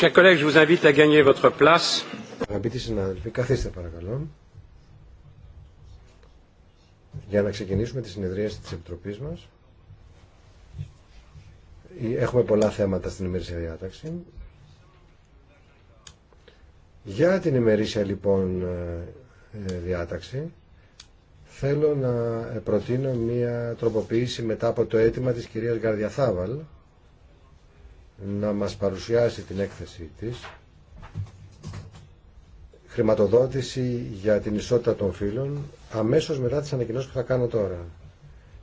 Chers Αγαπητοί συνάδελφοι, καθίστε παρακαλώ για να ξεκινήσουμε τη συνεδρίαση της Επιτροπής μας. Ε, έχουμε πολλά θέματα στην ημερήσια διάταξη. Για την ημερήσια λοιπόν ε, ε, διάταξη θέλω να προτείνω μια τροποποίηση μετά από το αίτημα της κυρίας Γκαρδιαθάβαλ να μας παρουσιάσει την έκθεσή της χρηματοδότηση για την ισότητα των φύλων αμέσως μετά τις ανακοινώσεις που θα κάνω τώρα.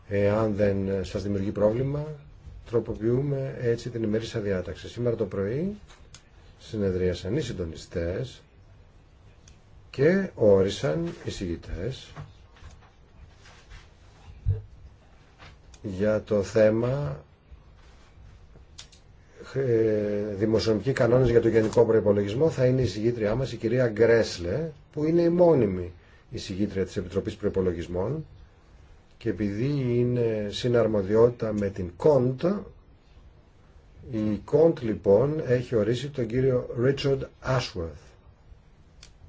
Εάν δεν σας δημιουργεί πρόβλημα, τροποποιούμε έτσι την ημερήσια διάταξη. Σήμερα το πρωί συνεδρίασαν οι συντονιστές και όρισαν οι συγητές για το θέμα ε, δημοσιονομικοί κανόνες για το γενικό προϋπολογισμό θα είναι η συγγήτριά μας η κυρία Γκρέσλε που είναι η μόνιμη η συγγήτρια της Επιτροπής Προϋπολογισμών και επειδή είναι συναρμοδιότητα με την Κοντ η Κοντ λοιπόν έχει ορίσει τον κύριο Ρίτσορντ Ashworth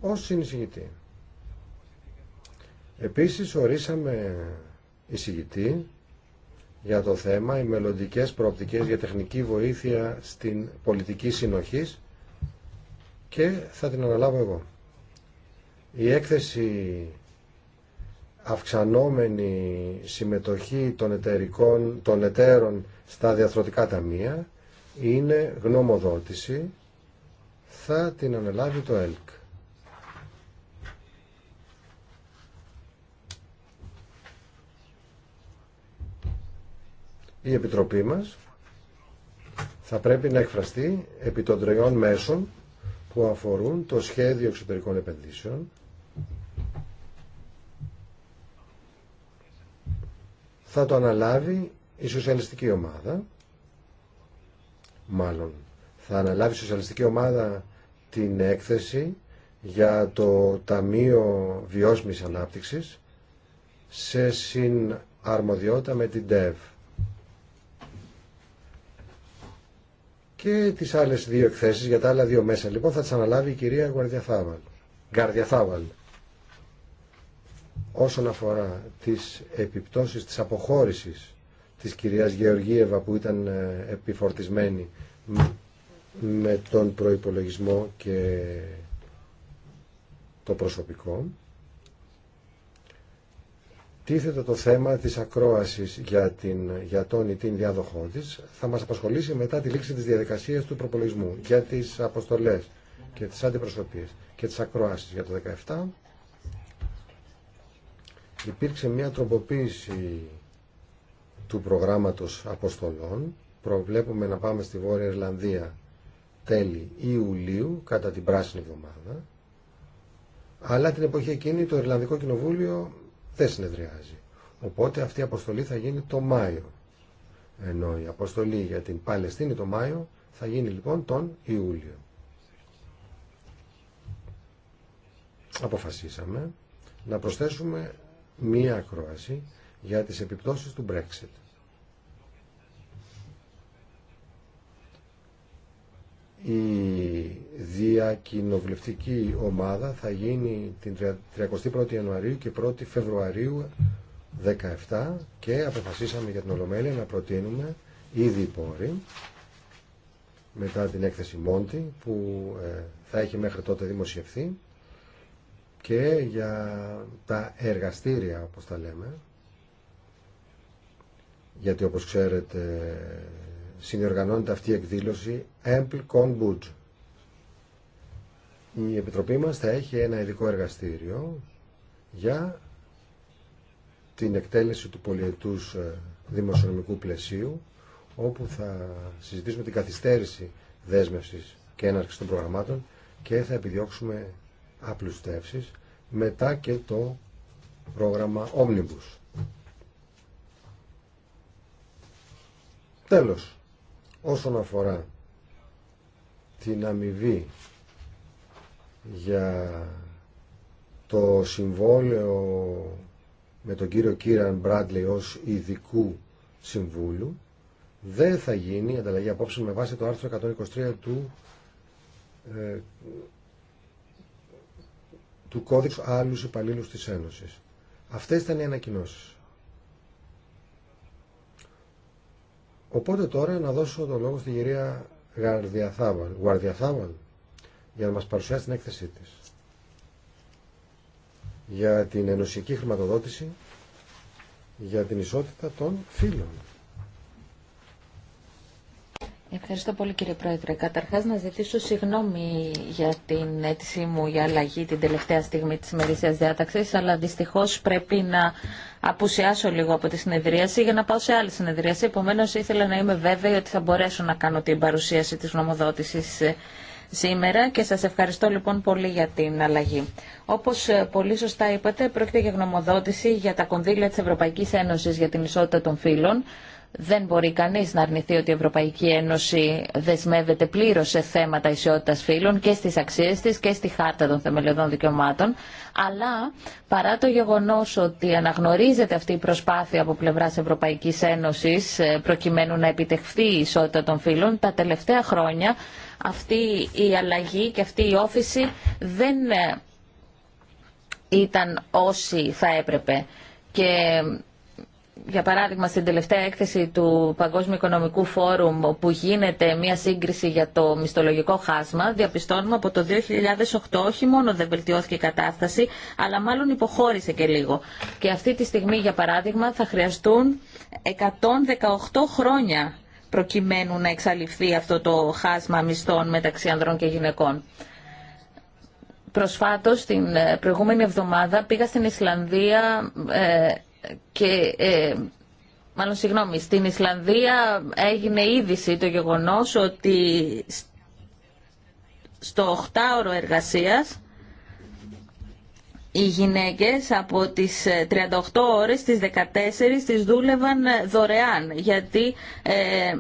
ως συνεισηγητή. Επίσης ορίσαμε εισηγητή για το θέμα οι μελλοντικέ προοπτικές για τεχνική βοήθεια στην πολιτική συνοχή και θα την αναλάβω εγώ. Η έκθεση αυξανόμενη συμμετοχή των, εταιρικών, των εταίρων στα διαθροτικά ταμεία είναι γνωμοδότηση θα την αναλάβει το ΕΛΚ. η Επιτροπή μας θα πρέπει να εκφραστεί επί των τριών μέσων που αφορούν το σχέδιο εξωτερικών επενδύσεων θα το αναλάβει η σοσιαλιστική ομάδα μάλλον θα αναλάβει η σοσιαλιστική ομάδα την έκθεση για το Ταμείο Βιώσιμης Ανάπτυξης σε συναρμοδιότητα με την ΤΕΒ. και τις άλλε δύο εκθέσεις για τα άλλα δύο μέσα. Λοιπόν θα τι αναλάβει η κυρία Γκαρδιαθάβαλ. Όσον αφορά τις επιπτώσεις της αποχώρηση της κυρίας Γεωργίευα που ήταν ε, επιφορτισμένη με τον προϋπολογισμό και το προσωπικό τίθεται το θέμα της ακρόασης για, την, για τον ή την διάδοχό της θα μας απασχολήσει μετά τη λήξη της διαδικασίας του προπολογισμού για τις αποστολές και τις αντιπροσωπείες και τις ακρόασεις για το 2017 υπήρξε μια τροποποίηση του προγράμματος αποστολών προβλέπουμε να πάμε στη Βόρεια Ιρλανδία τέλη Ιουλίου κατά την Πράσινη Εβδομάδα αλλά την εποχή εκείνη το Ιρλανδικό Κοινοβούλιο δεν συνεδριάζει. Οπότε αυτή η αποστολή θα γίνει το Μάιο. Ενώ η αποστολή για την Παλαιστίνη το Μάιο θα γίνει λοιπόν τον Ιούλιο. Αποφασίσαμε να προσθέσουμε μία ακρόαση για τις επιπτώσεις του Brexit. η διακοινοβουλευτική ομάδα θα γίνει την 31η Ιανουαρίου και 1η Φεβρουαρίου 17 και αποφασίσαμε για την Ολομέλεια να προτείνουμε ήδη πόροι μετά την έκθεση Μόντι που ε, θα έχει μέχρι τότε δημοσιευθεί και για τα εργαστήρια όπως τα λέμε γιατί όπως ξέρετε συνεργανώνεται αυτή η εκδήλωση EMPL Η Επιτροπή μας θα έχει ένα ειδικό εργαστήριο για την εκτέλεση του πολιετούς ε, δημοσιονομικού πλαισίου όπου θα συζητήσουμε την καθυστέρηση δέσμευσης και έναρξη των προγραμμάτων και θα επιδιώξουμε απλουστεύσεις μετά και το πρόγραμμα Omnibus. Τέλος όσον αφορά την αμοιβή για το συμβόλαιο με τον κύριο Κίραν Μπράντλεϊ ως ειδικού συμβούλου δεν θα γίνει ανταλλαγή απόψε με βάση το άρθρο 123 του ε, του κώδικου άλλους υπαλλήλου της Ένωσης. Αυτές ήταν οι ανακοινώσεις. Οπότε τώρα να δώσω το λόγο στη κυρία Γουαρδιαθάβαλ για να μας παρουσιάσει την έκθεσή της για την ενωσική χρηματοδότηση για την ισότητα των φίλων. Ευχαριστώ πολύ κύριε Πρόεδρε. Καταρχάς να ζητήσω συγγνώμη για την αίτησή μου για αλλαγή την τελευταία στιγμή της ημερήσιας διάταξης, αλλά δυστυχώς πρέπει να απουσιάσω λίγο από τη συνεδρίαση για να πάω σε άλλη συνεδρίαση. Επομένως ήθελα να είμαι βέβαιη ότι θα μπορέσω να κάνω την παρουσίαση της νομοδότησης ε, σήμερα και σας ευχαριστώ λοιπόν πολύ για την αλλαγή. Όπως ε, πολύ σωστά είπατε, πρόκειται για γνωμοδότηση για τα κονδύλια της Ευρωπαϊκής Ένωσης για την ισότητα των φύλων, δεν μπορεί κανείς να αρνηθεί ότι η Ευρωπαϊκή Ένωση δεσμεύεται πλήρως σε θέματα ισότητας φύλων και στις αξίες της και στη χάρτα των θεμελιωδών δικαιωμάτων, αλλά παρά το γεγονός ότι αναγνωρίζεται αυτή η προσπάθεια από πλευράς Ευρωπαϊκής Ένωσης ε, προκειμένου να επιτευχθεί η ισότητα των φύλων, τα τελευταία χρόνια αυτή η αλλαγή και αυτή η όφηση δεν ε, ήταν όσοι θα έπρεπε. Και για παράδειγμα στην τελευταία έκθεση του Παγκόσμιου Οικονομικού Φόρουμ που γίνεται μια σύγκριση για το μισθολογικό χάσμα, διαπιστώνουμε από το 2008 όχι μόνο δεν βελτιώθηκε η κατάσταση, αλλά μάλλον υποχώρησε και λίγο. Και αυτή τη στιγμή, για παράδειγμα, θα χρειαστούν 118 χρόνια προκειμένου να εξαλειφθεί αυτό το χάσμα μισθών μεταξύ ανδρών και γυναικών. Προσφάτως, την ε, προηγούμενη εβδομάδα, πήγα στην Ισλανδία ε, και ε, μάλλον συγγνώμη, στην Ισλανδία έγινε είδηση το γεγονός ότι στο 8ωρο εργασίας οι γυναίκες από τις 38 ώρες, τις 14 τις δούλευαν δωρεάν γιατί ε,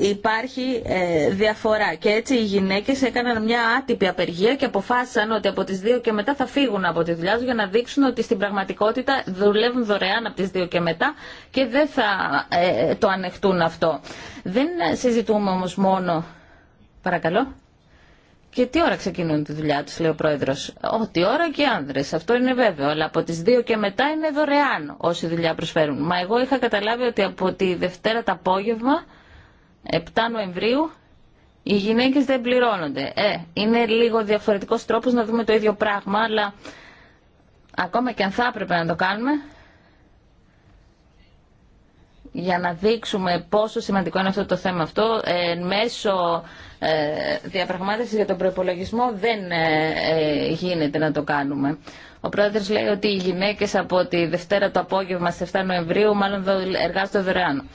υπάρχει ε, διαφορά και έτσι οι γυναίκες έκαναν μια άτυπη απεργία και αποφάσισαν ότι από τις δύο και μετά θα φύγουν από τη δουλειά για να δείξουν ότι στην πραγματικότητα δουλεύουν δωρεάν από τις δύο και μετά και δεν θα ε, το ανεχτούν αυτό. Δεν συζητούμε όμως μόνο... Παρακαλώ. Και τι ώρα ξεκινούν τη δουλειά του, λέει ο πρόεδρο. Ό,τι ώρα και οι άνδρε. Αυτό είναι βέβαιο. Αλλά από τι δύο και μετά είναι δωρεάν όσοι δουλειά προσφέρουν. Μα εγώ είχα καταλάβει ότι από τη Δευτέρα το απόγευμα 7 Νοεμβρίου οι γυναίκες δεν πληρώνονται. Ε, είναι λίγο διαφορετικός τρόπος να δούμε το ίδιο πράγμα, αλλά ακόμα και αν θα έπρεπε να το κάνουμε, για να δείξουμε πόσο σημαντικό είναι αυτό το θέμα αυτό, ε, μέσω ε, διαπραγμάτευση για τον προπολογισμό δεν ε, ε, γίνεται να το κάνουμε. Ο πρόεδρος λέει ότι οι γυναίκε από τη Δευτέρα το απόγευμα στι 7 Νοεμβρίου μάλλον εργάζονται δωρεάν.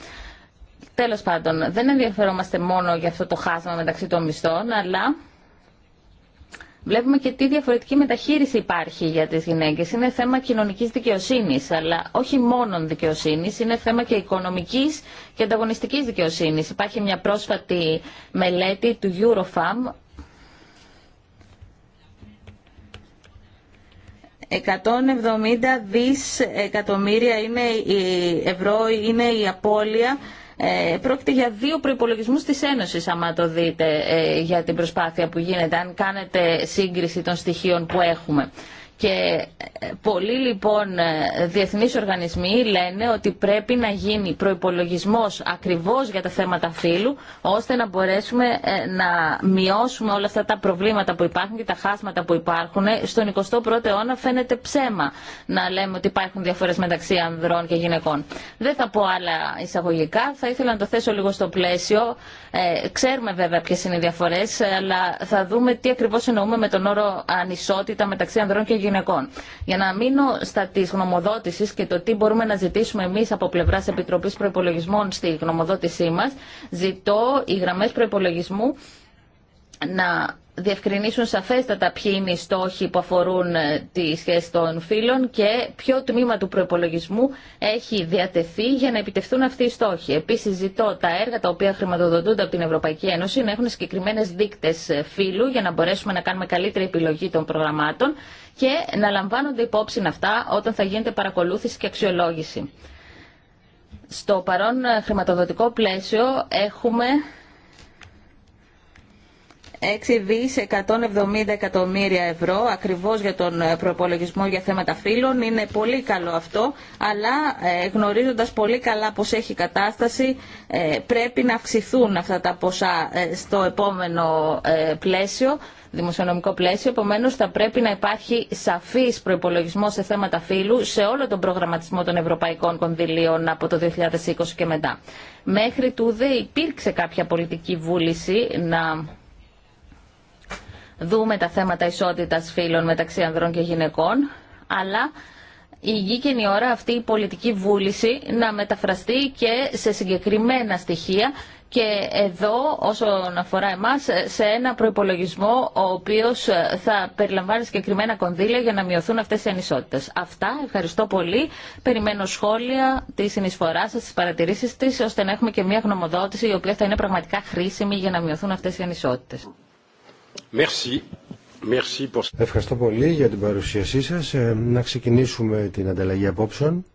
Τέλος πάντων, δεν ενδιαφερόμαστε μόνο για αυτό το χάσμα μεταξύ των μισθών, αλλά βλέπουμε και τι διαφορετική μεταχείριση υπάρχει για τις γυναίκες. Είναι θέμα κοινωνικής δικαιοσύνης, αλλά όχι μόνο δικαιοσύνης, είναι θέμα και οικονομικής και ανταγωνιστικής δικαιοσύνης. Υπάρχει μια πρόσφατη μελέτη του Eurofam, 170 δις εκατομμύρια είναι η ευρώ είναι η απώλεια ε, πρόκειται για δύο προπολογισμού τη Ένωση, άμα το δείτε, ε, για την προσπάθεια που γίνεται, αν κάνετε σύγκριση των στοιχείων που έχουμε. Και ε, πολλοί λοιπόν ε, διεθνείς οργανισμοί λένε ότι πρέπει να γίνει προϋπολογισμός ακριβώς για τα θέματα φύλου ώστε να μπορέσουμε ε, να μειώσουμε όλα αυτά τα προβλήματα που υπάρχουν και τα χάσματα που υπάρχουν. Στον 21ο αιώνα φαίνεται ψέμα να λέμε ότι υπάρχουν διαφορές μεταξύ ανδρών και γυναικών. Δεν θα πω άλλα εισαγωγικά, θα ήθελα να το θέσω λίγο στο πλαίσιο. ξέρουμε βέβαια ποιε είναι οι διαφορές, αλλά θα δούμε τι ακριβώς εννοούμε με τον όρο ανισότητα μεταξύ ανδρών και γυναικών γυναικών. Για να μείνω στα τη γνωμοδότηση και το τι μπορούμε να ζητήσουμε εμεί από πλευρά Επιτροπή Προπολογισμών στη γνωμοδότησή μα, ζητώ οι γραμμέ προπολογισμού να διευκρινίσουν σαφέστατα ποιοι είναι οι στόχοι που αφορούν ε, τη σχέση των φύλων και ποιο τμήμα του προπολογισμού έχει διατεθεί για να επιτευθούν αυτοί οι στόχοι. Επίση, ζητώ τα έργα τα οποία χρηματοδοτούνται από την Ευρωπαϊκή Ένωση να έχουν συγκεκριμένε δείκτε ε, φύλου για να μπορέσουμε να κάνουμε καλύτερη επιλογή των προγραμμάτων και να λαμβάνονται υπόψη αυτά όταν θα γίνεται παρακολούθηση και αξιολόγηση. Στο παρόν ε, χρηματοδοτικό πλαίσιο έχουμε 6 170 εκατομμύρια ευρώ ακριβώς για τον ε, προπολογισμό για θέματα φύλων. Είναι πολύ καλό αυτό, αλλά ε, γνωρίζοντας πολύ καλά πως έχει κατάσταση πρέπει να αυξηθούν αυτά τα ποσά στο επόμενο πλαίσιο δημοσιονομικό πλαίσιο. Επομένω, θα πρέπει να υπάρχει σαφή προπολογισμό σε θέματα φύλου σε όλο τον προγραμματισμό των ευρωπαϊκών κονδυλίων από το 2020 και μετά. Μέχρι τούδε υπήρξε κάποια πολιτική βούληση να δούμε τα θέματα ισότητας φύλων μεταξύ ανδρών και γυναικών, αλλά η γήκενη η ώρα αυτή η πολιτική βούληση να μεταφραστεί και σε συγκεκριμένα στοιχεία και εδώ όσον αφορά εμάς σε ένα προϋπολογισμό ο οποίος θα περιλαμβάνει συγκεκριμένα κονδύλια για να μειωθούν αυτές οι ανισότητες. Αυτά, ευχαριστώ πολύ. Περιμένω σχόλια, τη συνεισφορά σας, τις παρατηρήσεις της, ώστε να έχουμε και μια γνωμοδότηση η οποία θα είναι πραγματικά χρήσιμη για να μειωθούν αυτές οι ανισότητες. Merci. Merci pour... Ευχαριστώ πολύ για την παρουσίασή σας. Ε, να ξεκινήσουμε την ανταλλαγή απόψεων.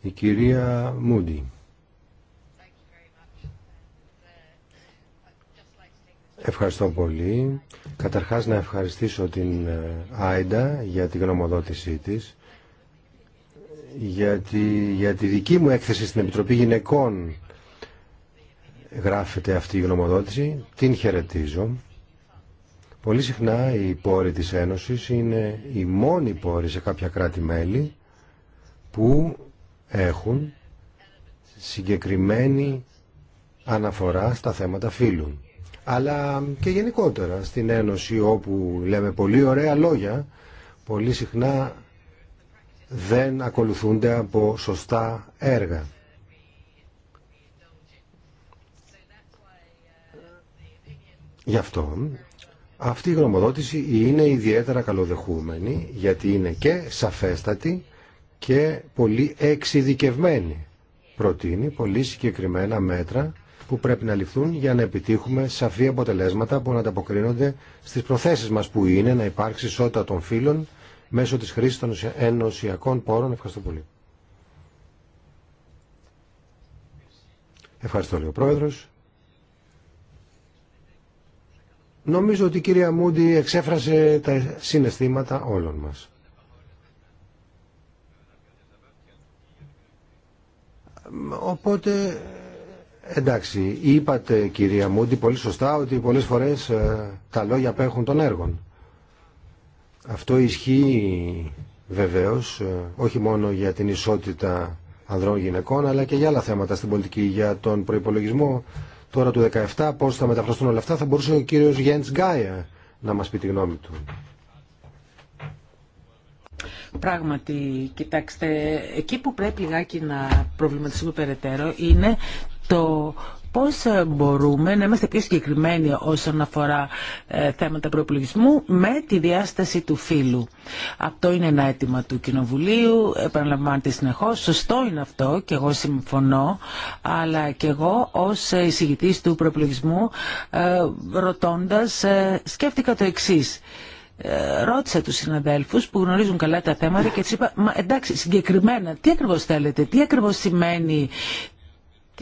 Η κυρία Μούντι. Ευχαριστώ πολύ. Καταρχάς να ευχαριστήσω την ε, Άιντα για την γνωμοδότησή της, για τη δική μου έκθεση στην Επιτροπή Γυναικών γράφεται αυτή η γνωμοδότηση, την χαιρετίζω. Πολύ συχνά η πόροι της Ένωσης είναι οι μόνη πόροι σε κάποια κράτη-μέλη που έχουν συγκεκριμένη αναφορά στα θέματα φύλου αλλά και γενικότερα στην Ένωση όπου λέμε πολύ ωραία λόγια, πολύ συχνά δεν ακολουθούνται από σωστά έργα. Γι' αυτό αυτή η γνωμοδότηση είναι ιδιαίτερα καλοδεχούμενη γιατί είναι και σαφέστατη και πολύ εξειδικευμένη. Προτείνει πολύ συγκεκριμένα μέτρα που πρέπει να ληφθούν για να επιτύχουμε σαφή αποτελέσματα που να ανταποκρίνονται στις προθέσεις μας που είναι να υπάρξει ισότητα των φύλων μέσω της χρήσης των ενωσιακών πόρων. Ευχαριστώ πολύ. Ευχαριστώ, λέει Πρόεδρος. Νομίζω ότι η κυρία Μούντι εξέφρασε τα συναισθήματα όλων μας. Οπότε Εντάξει, είπατε κυρία Μούντι πολύ σωστά ότι πολλές φορές ε, τα λόγια απέχουν των έργων. Αυτό ισχύει βεβαίως ε, όχι μόνο για την ισότητα ανδρών γυναικών αλλά και για άλλα θέματα στην πολιτική για τον προϋπολογισμό τώρα του 17 πώς θα μεταφραστούν όλα αυτά θα μπορούσε ο κύριος Γιέντς Γκάια να μας πει τη γνώμη του. Πράγματι, κοιτάξτε, εκεί που πρέπει λιγάκι να προβληματιστούμε περαιτέρω είναι το πώς μπορούμε να είμαστε πιο συγκεκριμένοι όσον αφορά ε, θέματα προπολογισμού με τη διάσταση του φύλου. Αυτό είναι ένα αίτημα του Κοινοβουλίου, επαναλαμβάνεται συνεχώ, σωστό είναι αυτό και εγώ συμφωνώ, αλλά και εγώ ως εισηγητής του προπολογισμού ε, ρωτώντας ε, σκέφτηκα το εξής ρώτησα τους συναδέλφους που γνωρίζουν καλά τα θέματα και τους είπα, μα εντάξει συγκεκριμένα τι ακριβώς θέλετε, τι ακριβώς σημαίνει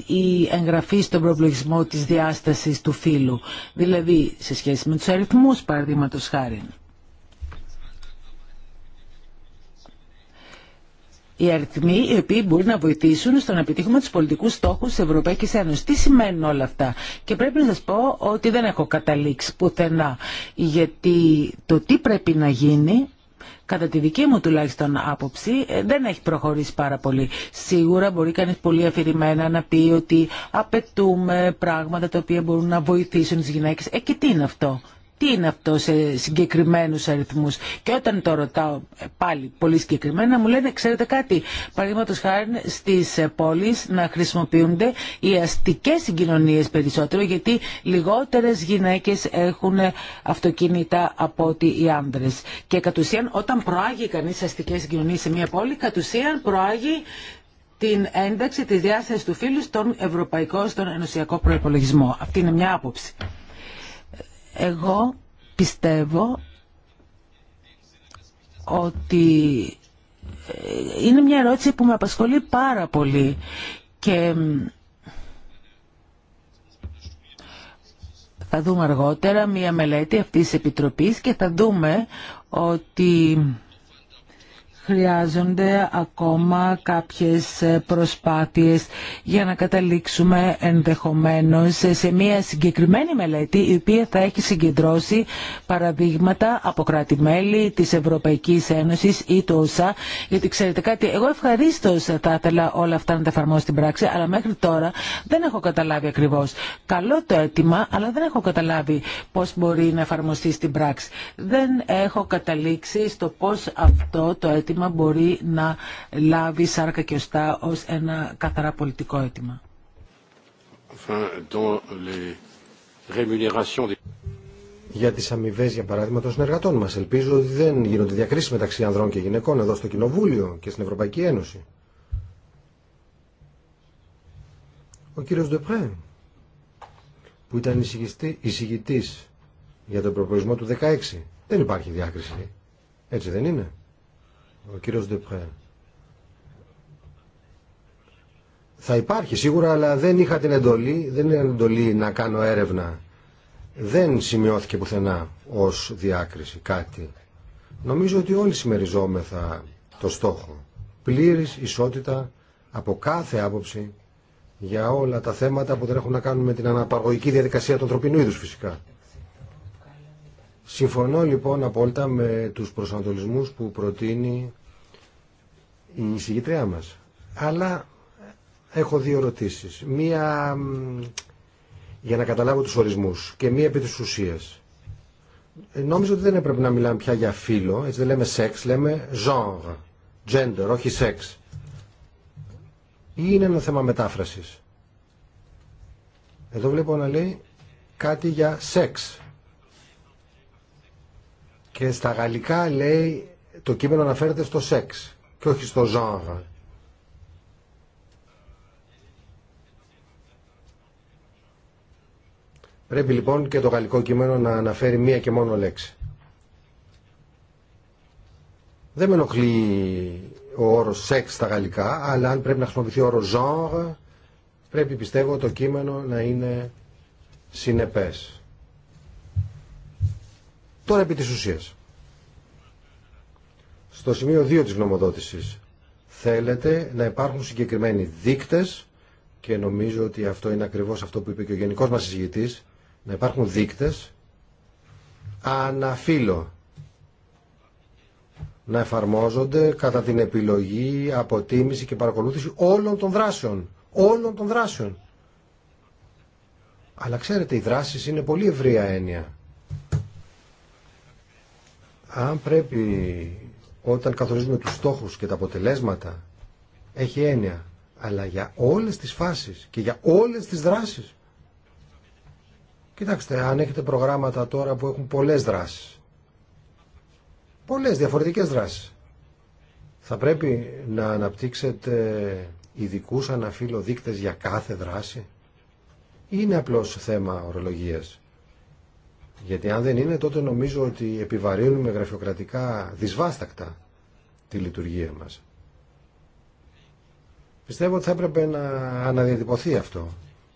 η εγγραφή στον προβλογισμό της διάστασης του φύλου, δηλαδή σε σχέση με τους αριθμούς παραδείγματο χάρη. Οι αριθμοί οι οποίοι μπορεί να βοηθήσουν στο να επιτύχουμε τους πολιτικούς στόχους της Ευρωπαϊκής Ένωσης. Τι σημαίνουν όλα αυτά. Και πρέπει να σας πω ότι δεν έχω καταλήξει πουθενά. Γιατί το τι πρέπει να γίνει κατά τη δική μου τουλάχιστον άποψη, ε, δεν έχει προχωρήσει πάρα πολύ. Σίγουρα μπορεί κανείς πολύ αφηρημένα να πει ότι απαιτούμε πράγματα τα οποία μπορούν να βοηθήσουν τις γυναίκες. Ε, και τι είναι αυτό τι είναι αυτό σε συγκεκριμένου αριθμού, Και όταν το ρωτάω ε, πάλι πολύ συγκεκριμένα μου λένε ξέρετε κάτι, παραδείγματο χάρη στι ε, πόλει να χρησιμοποιούνται οι αστικέ συγκοινωνίε περισσότερο γιατί λιγότερε γυναίκε έχουν ε, αυτοκίνητα από ότι οι άντρε. Και κατ' ουσίαν όταν προάγει κανεί αστικέ συγκοινωνίε σε μια πόλη κατ' ουσίαν προάγει την ένταξη τη διάσταση του φίλου στον ευρωπαϊκό, στον ενωσιακό Προπολογισμό. Αυτή είναι μια άποψη. Εγώ πιστεύω ότι ε, είναι μια ερώτηση που με απασχολεί πάρα πολύ και θα δούμε αργότερα μια μελέτη αυτής της Επιτροπής και θα δούμε ότι χρειάζονται ακόμα κάποιες προσπάθειες για να καταλήξουμε ενδεχομένως σε μια συγκεκριμένη μελέτη η οποία θα έχει συγκεντρώσει παραδείγματα από κράτη-μέλη της Ευρωπαϊκής Ένωσης ή το ΩΣΑ γιατί ξέρετε κάτι, εγώ ευχαρίστω θα ήθελα όλα αυτά να τα εφαρμόσω στην πράξη αλλά μέχρι τώρα δεν έχω καταλάβει ακριβώς καλό το αίτημα αλλά δεν έχω καταλάβει πώς μπορεί να εφαρμοστεί στην πράξη δεν έχω καταλήξει στο πώς αυτό το αίτημα αίτημα μπορεί να λάβει σάρκα και οστά ως ένα καθαρά πολιτικό αίτημα. Για τις αμοιβέ, για παράδειγμα, των συνεργατών μας. Ελπίζω ότι δεν γίνονται διακρίσεις μεταξύ ανδρών και γυναικών εδώ στο Κοινοβούλιο και στην Ευρωπαϊκή Ένωση. Ο κύριος Ντεπρέ, που ήταν εισηγητής για τον προπολογισμό του 16. Δεν υπάρχει διάκριση. Έτσι δεν είναι ο κύριος Ντεπρέ. Θα υπάρχει σίγουρα, αλλά δεν είχα την εντολή, δεν είναι εντολή να κάνω έρευνα. Δεν σημειώθηκε πουθενά ως διάκριση κάτι. Νομίζω ότι όλοι συμμεριζόμεθα το στόχο. Πλήρης ισότητα από κάθε άποψη για όλα τα θέματα που δεν έχουν να κάνουν με την αναπαραγωγική διαδικασία των είδους φυσικά. Συμφωνώ λοιπόν απόλυτα με τους προσανατολισμούς που προτείνει η συγκητριά μας. Αλλά έχω δύο ερωτήσεις. Μία για να καταλάβω τους ορισμούς και μία επί της ουσίας. Ε, νόμιζα ότι δεν έπρεπε να μιλάμε πια για φύλλο, έτσι δεν λέμε σεξ, λέμε genre, gender, όχι σεξ. Ή είναι ένα θέμα μετάφρασης. Εδώ βλέπω να λέει κάτι για σεξ. Και στα γαλλικά λέει το κείμενο αναφέρεται στο σεξ και όχι στο genre. Πρέπει λοιπόν και το γαλλικό κείμενο να αναφέρει μία και μόνο λέξη. Δεν με ενοχλεί ο όρος σεξ στα γαλλικά, αλλά αν πρέπει να χρησιμοποιηθεί ο όρος genre, πρέπει πιστεύω το κείμενο να είναι συνεπές. Τώρα επί της ουσίας. Στο σημείο 2 της γνωμοδότησης θέλετε να υπάρχουν συγκεκριμένοι δείκτες και νομίζω ότι αυτό είναι ακριβώς αυτό που είπε και ο γενικός μας συζητητής να υπάρχουν δείκτες αναφύλλω να εφαρμόζονται κατά την επιλογή, αποτίμηση και παρακολούθηση όλων των δράσεων. Όλων των δράσεων. Αλλά ξέρετε, οι δράσεις είναι πολύ ευρία έννοια. Αν πρέπει όταν καθορίζουμε τους στόχους και τα αποτελέσματα έχει έννοια αλλά για όλες τις φάσεις και για όλες τις δράσεις κοιτάξτε αν έχετε προγράμματα τώρα που έχουν πολλές δράσεις πολλές διαφορετικές δράσεις θα πρέπει να αναπτύξετε ειδικού αναφύλο δείκτες για κάθε δράση ή είναι απλώς θέμα ορολογίας γιατί αν δεν είναι, τότε νομίζω ότι επιβαρύνουμε γραφειοκρατικά δυσβάστακτα τη λειτουργία μας. Πιστεύω ότι θα έπρεπε να αναδιατυπωθεί αυτό,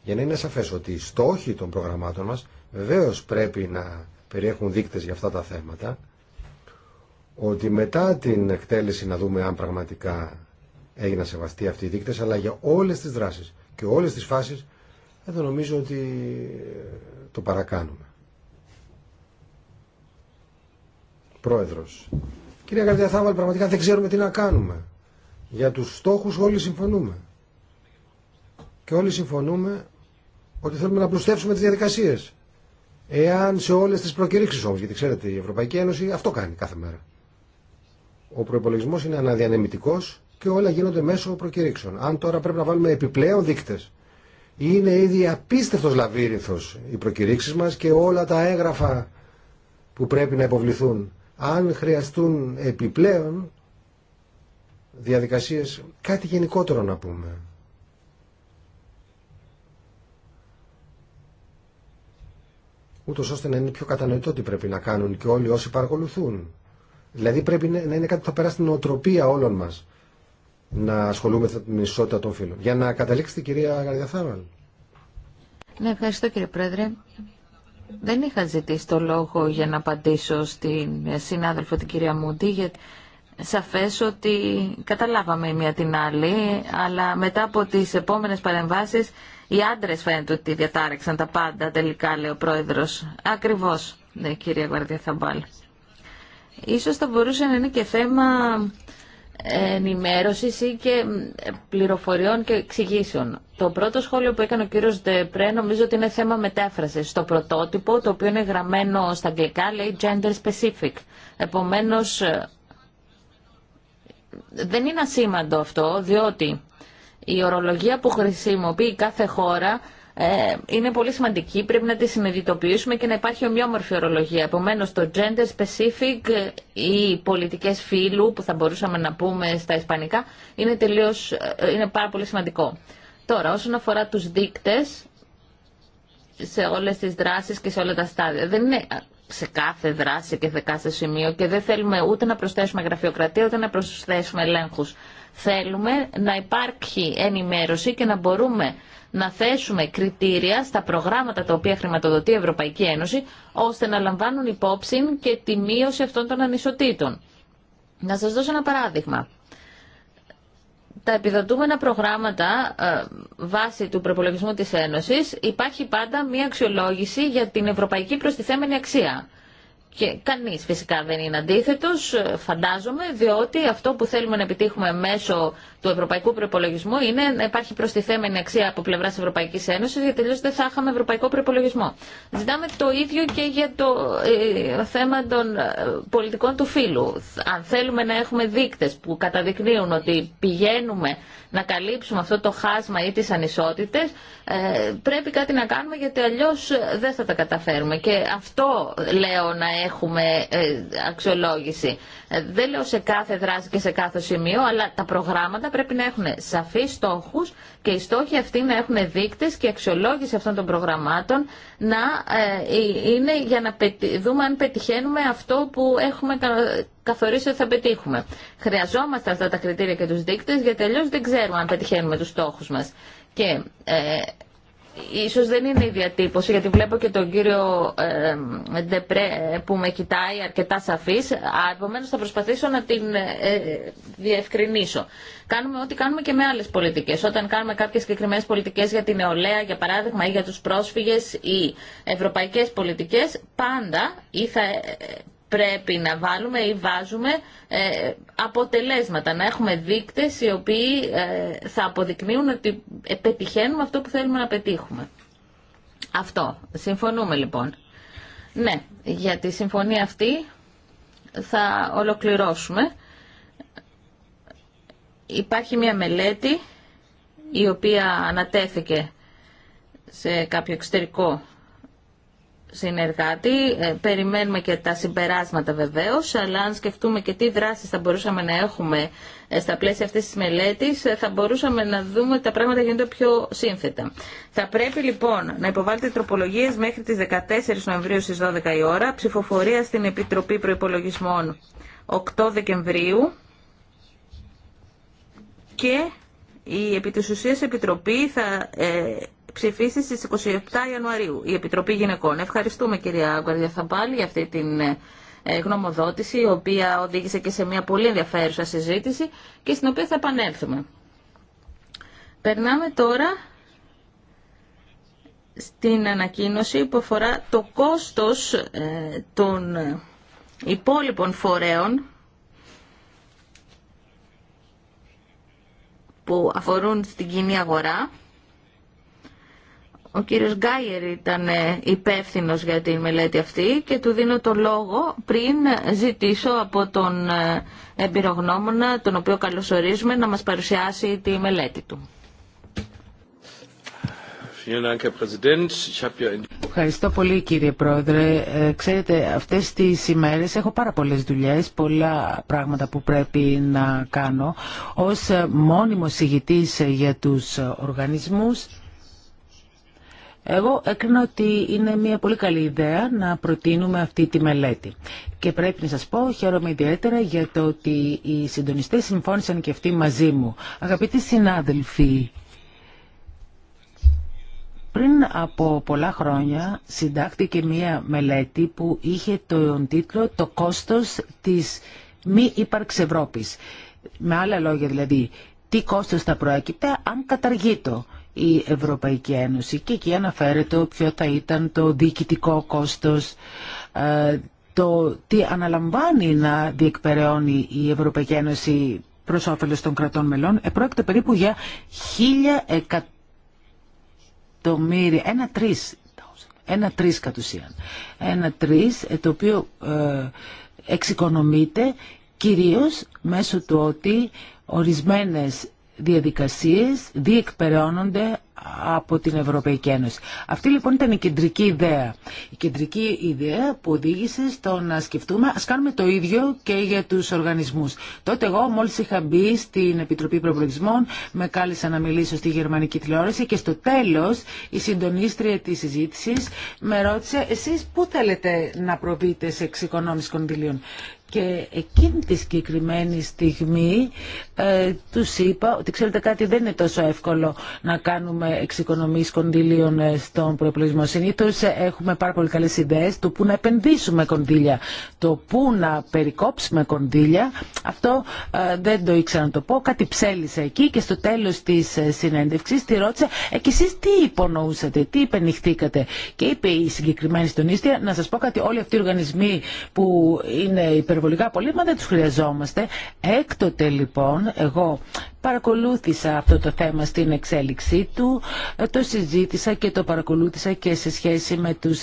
για να είναι σαφές ότι οι στόχοι των προγραμμάτων μας βεβαίω πρέπει να περιέχουν δείκτες για αυτά τα θέματα, ότι μετά την εκτέλεση να δούμε αν πραγματικά έγιναν σεβαστοί αυτοί οι δείκτες, αλλά για όλες τις δράσεις και όλες τις φάσεις, εδώ νομίζω ότι το παρακάνουμε. Πρόεδρος. Κυρία Καρδιά πραγματικά δεν ξέρουμε τι να κάνουμε. Για τους στόχους όλοι συμφωνούμε. Και όλοι συμφωνούμε ότι θέλουμε να πλουστεύσουμε τις διαδικασίες. Εάν σε όλες τις προκηρύξεις όμως, γιατί ξέρετε η Ευρωπαϊκή Ένωση αυτό κάνει κάθε μέρα. Ο προπολογισμό είναι αναδιανεμητικός και όλα γίνονται μέσω προκηρύξεων. Αν τώρα πρέπει να βάλουμε επιπλέον δείκτες, είναι ήδη απίστευτος λαβύρινθος οι προκηρύξεις μας και όλα τα έγγραφα που πρέπει να υποβληθούν αν χρειαστούν επιπλέον διαδικασίες, κάτι γενικότερο να πούμε. ούτω ώστε να είναι πιο κατανοητό τι πρέπει να κάνουν και όλοι όσοι παρακολουθούν. Δηλαδή πρέπει να είναι κάτι που θα περάσει την οτροπία όλων μα να ασχολούμαστε με την ισότητα των φίλων. Για να καταλήξει την κυρία Γαρδιαθάβαλ. Ναι, ευχαριστώ κύριε Πρόεδρε. Δεν είχα ζητήσει το λόγο για να απαντήσω στην συνάδελφο την κυρία Μούντι, γιατί σαφές ότι καταλάβαμε η μία την άλλη, αλλά μετά από τις επόμενες παρεμβάσεις οι άντρες φαίνεται ότι διατάρεξαν τα πάντα τελικά, λέει ο πρόεδρος. Ακριβώς, ναι, κυρία Γουαρδία Θαμπάλ. Ίσως θα μπορούσε να είναι και θέμα Ενημέρωση ή και πληροφοριών και εξηγήσεων. Το πρώτο σχόλιο που έκανε ο κύριο Ντεπρέ νομίζω ότι είναι θέμα μετάφρασης. Στο πρωτότυπο, το οποίο είναι γραμμένο στα αγγλικά, λέει gender specific. Επομένως, ε, δεν είναι ασήμαντο αυτό, διότι η ορολογία που χρησιμοποιεί κάθε χώρα ε, είναι πολύ σημαντική, πρέπει να τη συνειδητοποιήσουμε και να υπάρχει ομοιόμορφη ορολογία. Επομένω, το gender specific ή πολιτικέ φύλου, που θα μπορούσαμε να πούμε στα ισπανικά, είναι, τελείως, ε, είναι πάρα πολύ σημαντικό. Τώρα, όσον αφορά τους δείκτε σε όλες τι δράσει και σε όλα τα στάδια, δεν είναι σε κάθε δράση και σε κάθε σημείο και δεν θέλουμε ούτε να προσθέσουμε γραφειοκρατία ούτε να προσθέσουμε ελέγχου. Θέλουμε να υπάρχει ενημέρωση και να μπορούμε να θέσουμε κριτήρια στα προγράμματα τα οποία χρηματοδοτεί η Ευρωπαϊκή Ένωση, ώστε να λαμβάνουν υπόψη και τη μείωση αυτών των ανισοτήτων. Να σας δώσω ένα παράδειγμα. Τα επιδοτούμενα προγράμματα ε, βάσει του προπολογισμού της Ένωσης υπάρχει πάντα μία αξιολόγηση για την ευρωπαϊκή προστιθέμενη αξία. Και κανείς φυσικά δεν είναι αντίθετος, ε, φαντάζομαι, διότι αυτό που θέλουμε να επιτύχουμε μέσω του ευρωπαϊκού προπολογισμού είναι να υπάρχει προστιθέμενη αξία από πλευρά τη Ευρωπαϊκή Ένωση, γιατί τελείω δεν θα είχαμε ευρωπαϊκό προπολογισμό. Ζητάμε το ίδιο και για το ε, θέμα των ε, πολιτικών του φύλου. Αν θέλουμε να έχουμε δείκτε που καταδεικνύουν ότι πηγαίνουμε να καλύψουμε αυτό το χάσμα ή τι ανισότητε, ε, πρέπει κάτι να κάνουμε γιατί αλλιώ δεν θα τα καταφέρουμε. Και αυτό λέω να έχουμε αξιολόγηση. Δεν λέω σε κάθε δράση και σε κάθε σημείο, αλλά τα προγράμματα πρέπει να έχουν σαφείς στόχου και οι στόχοι αυτοί να έχουν δείκτες και αξιολόγηση αυτών των προγραμμάτων να ε, ε, είναι για να δούμε αν πετυχαίνουμε αυτό που έχουμε καθορίσει ότι θα πετύχουμε. Χρειαζόμαστε αυτά τα κριτήρια και τους δείκτες γιατί αλλιώ δεν ξέρουμε αν πετυχαίνουμε του στόχου μα. Και ε, Ίσως δεν είναι η διατύπωση, γιατί βλέπω και τον κύριο Ντεπρέ που με κοιτάει αρκετά σαφής. Επομένω θα προσπαθήσω να την ε, διευκρινίσω. Κάνουμε ό,τι κάνουμε και με άλλες πολιτικές. Όταν κάνουμε κάποιες συγκεκριμένες πολιτικές για την νεολαία, για παράδειγμα, ή για τους πρόσφυγες ή ευρωπαϊκές πολιτικές, πάντα ή θα ε, πρέπει να βάλουμε ή βάζουμε ε, αποτελέσματα, να έχουμε δείκτες οι οποίοι ε, θα αποδεικνύουν ότι πετυχαίνουμε αυτό που θέλουμε να πετύχουμε. Αυτό. Συμφωνούμε λοιπόν. Ναι, για τη συμφωνία αυτή θα ολοκληρώσουμε. Υπάρχει μια μελέτη η οποία ανατέθηκε σε κάποιο εξωτερικό συνεργάτη. Ε, περιμένουμε και τα συμπεράσματα βεβαίως, αλλά αν σκεφτούμε και τι δράσεις θα μπορούσαμε να έχουμε ε, στα πλαίσια αυτής της μελέτης, ε, θα μπορούσαμε να δούμε ότι τα πράγματα γίνονται πιο σύνθετα. Θα πρέπει λοιπόν να υποβάλλετε τροπολογίες μέχρι τις 14 Νοεμβρίου στις 12 η ώρα, ψηφοφορία στην Επιτροπή Προϋπολογισμών 8 Δεκεμβρίου και η επί Επιτροπή θα ψηφίσει στις 27 Ιανουαρίου η Επιτροπή Γυναικών. Ευχαριστούμε κυρία Θαμπάλη για αυτή την ε, γνωμοδότηση η οποία οδήγησε και σε μια πολύ ενδιαφέρουσα συζήτηση και στην οποία θα επανέλθουμε. Περνάμε τώρα στην ανακοίνωση που αφορά το κόστος ε, των υπόλοιπων φορέων που αφορούν στην κοινή αγορά ο κύριος Γκάιερ ήταν ε, υπεύθυνο για τη μελέτη αυτή και του δίνω το λόγο πριν ζητήσω από τον ε, εμπειρογνώμονα, τον οποίο καλωσορίζουμε, να μας παρουσιάσει τη μελέτη του. Ευχαριστώ πολύ κύριε Πρόεδρε. Ε, ξέρετε αυτές τις ημέρες έχω πάρα πολλές δουλειές, πολλά πράγματα που πρέπει να κάνω. Ως μόνιμος ηγητής για τους οργανισμούς εγώ έκρινα ότι είναι μια πολύ καλή ιδέα να προτείνουμε αυτή τη μελέτη. Και πρέπει να σας πω, χαίρομαι ιδιαίτερα για το ότι οι συντονιστές συμφώνησαν και αυτοί μαζί μου. Αγαπητοί συνάδελφοι, πριν από πολλά χρόνια συντάχθηκε μία μελέτη που είχε τον τίτλο «Το κόστος της μη ύπαρξη Ευρώπης». Με άλλα λόγια δηλαδή, τι κόστος θα προέκυπτε αν καταργεί το η Ευρωπαϊκή Ένωση και εκεί αναφέρεται ποιο θα ήταν το διοικητικό κόστος ε, το τι αναλαμβάνει να διεκπεραιώνει η Ευρωπαϊκή Ένωση προς όφελος των κρατών μελών επρόκειται περίπου για 1.000 εκατομμύρια, ένα τρεις, ένα τρεις κατ' ουσίαν. Ένα τρεις ε, το οποίο ε, εξοικονομείται κυρίως μέσω του ότι ορισμένες διαδικασίες διεκπεραιώνονται από την Ευρωπαϊκή Ένωση. Αυτή λοιπόν ήταν η κεντρική ιδέα. Η κεντρική ιδέα που οδήγησε στο να σκεφτούμε ας κάνουμε το ίδιο και για τους οργανισμούς. Τότε εγώ μόλις είχα μπει στην Επιτροπή Προπολογισμών με κάλεσα να μιλήσω στη γερμανική τηλεόραση και στο τέλος η συντονίστρια της συζήτηση με ρώτησε εσείς πού θέλετε να προβείτε σε εξοικονόμηση κονδυλίων. Και εκείνη τη συγκεκριμένη στιγμή ε, τους είπα ότι ξέρετε κάτι δεν είναι τόσο εύκολο να κάνουμε εξοικονομή κονδύλιων ε, στον προεπλογισμό. Συνήθω ε, έχουμε πάρα πολύ καλέ ιδέε του που να επενδύσουμε κονδύλια, το που να περικόψουμε κονδύλια. Αυτό ε, δεν το ήξερα να το πω. Κάτι ψέλισε εκεί και στο τέλο της συνέντευξη τη ρώτησα ε, και εσεί τι υπονοούσατε, τι υπενηχθήκατε Και είπε η συγκεκριμένη Ίστια να σα πω κάτι όλοι αυτοί οι οργανισμοί που είναι υπερβολικά πολύ μα δεν του χρειαζόμαστε. Έκτοτε λοιπόν εγώ παρακολούθησα αυτό το θέμα στην εξέλιξή του, ε, το συζήτησα και το παρακολούθησα και σε σχέση με τους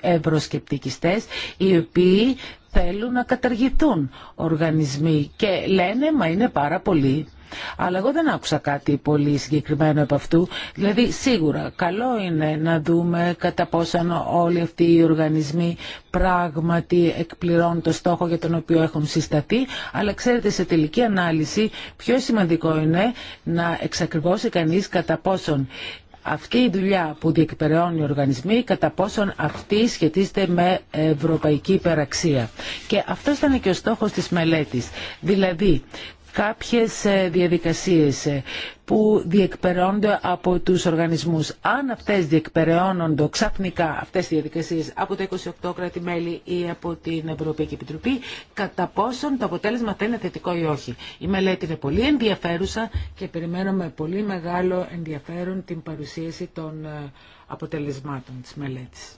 ευρωσκεπτικιστές, οι οποίοι θέλουν να καταργηθούν οργανισμοί και λένε «μα είναι πάρα πολύ». Αλλά εγώ δεν άκουσα κάτι πολύ συγκεκριμένο από αυτού. Δηλαδή σίγουρα καλό είναι να δούμε κατά πόσον όλοι αυτοί οι οργανισμοί πράγματι εκπληρώνουν το στόχο για τον οποίο έχουν συσταθεί. Αλλά ξέρετε σε τελική ανάλυση πιο σημαντικό είναι να εξακριβώσει κανείς κατά πόσον αυτή η δουλειά που διεκπεραιώνει οι οργανισμοί κατά πόσον αυτή σχετίζεται με ευρωπαϊκή υπεραξία. Και αυτό ήταν και ο στόχος της μελέτης. Δηλαδή, κάποιες ε, διαδικασίες ε, που διεκπεραιώνονται από τους οργανισμούς. Αν αυτές διεκπεραιώνονται ξαφνικά αυτές οι διαδικασίες από τα 28 κράτη-μέλη ή από την Ευρωπαϊκή Επιτροπή, κατά πόσον το αποτέλεσμα θα είναι θετικό ή όχι. Η μελέτη είναι πολύ ενδιαφέρουσα και περιμένω με πολύ μεγάλο ενδιαφέρον την παρουσίαση των ε, αποτελεσμάτων της μελέτης.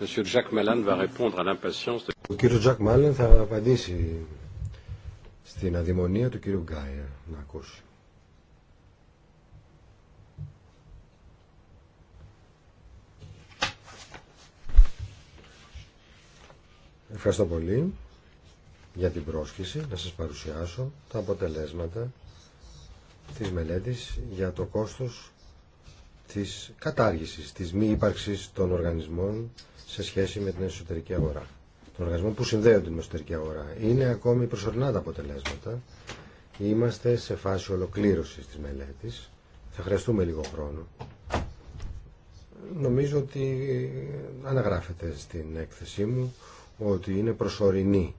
Ο κύριος Τζακ Μάλεν θα απαντήσει στην αδημονία του κύριου Γκάιερ να ακούσει. Ευχαριστώ πολύ για την πρόσκληση να σας παρουσιάσω τα αποτελέσματα της μελέτης για το κόστος της κατάργησης, της μη ύπαρξης των οργανισμών σε σχέση με την εσωτερική αγορά. Τον οργανισμό που συνδέονται με εσωτερική αγορά. Είναι ακόμη προσωρινά τα αποτελέσματα. Είμαστε σε φάση ολοκλήρωσης της μελέτης. Θα χρειαστούμε λίγο χρόνο. Νομίζω ότι αναγράφεται στην έκθεσή μου ότι είναι προσωρινή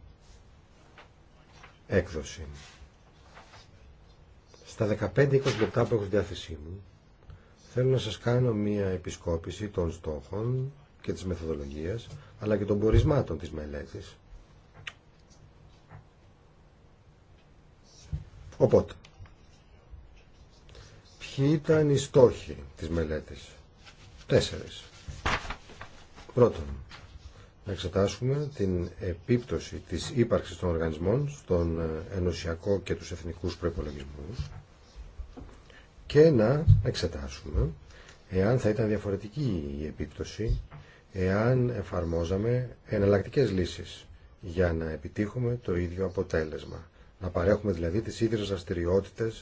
έκδοση. Στα 15-20 λεπτά που έχω διάθεσή μου, θέλω να σας κάνω μία επισκόπηση των στόχων και της μεθοδολογίας, αλλά και των πορισμάτων της μελέτης. Οπότε, ποιοι ήταν οι στόχοι της μελέτης. Τέσσερις. Πρώτον, να εξετάσουμε την επίπτωση της ύπαρξης των οργανισμών στον ενωσιακό και τους εθνικούς προϋπολογισμούς και να εξετάσουμε εάν θα ήταν διαφορετική η επίπτωση εάν εφαρμόζαμε εναλλακτικές λύσεις για να επιτύχουμε το ίδιο αποτέλεσμα. Να παρέχουμε δηλαδή τις ίδιες δραστηριότητε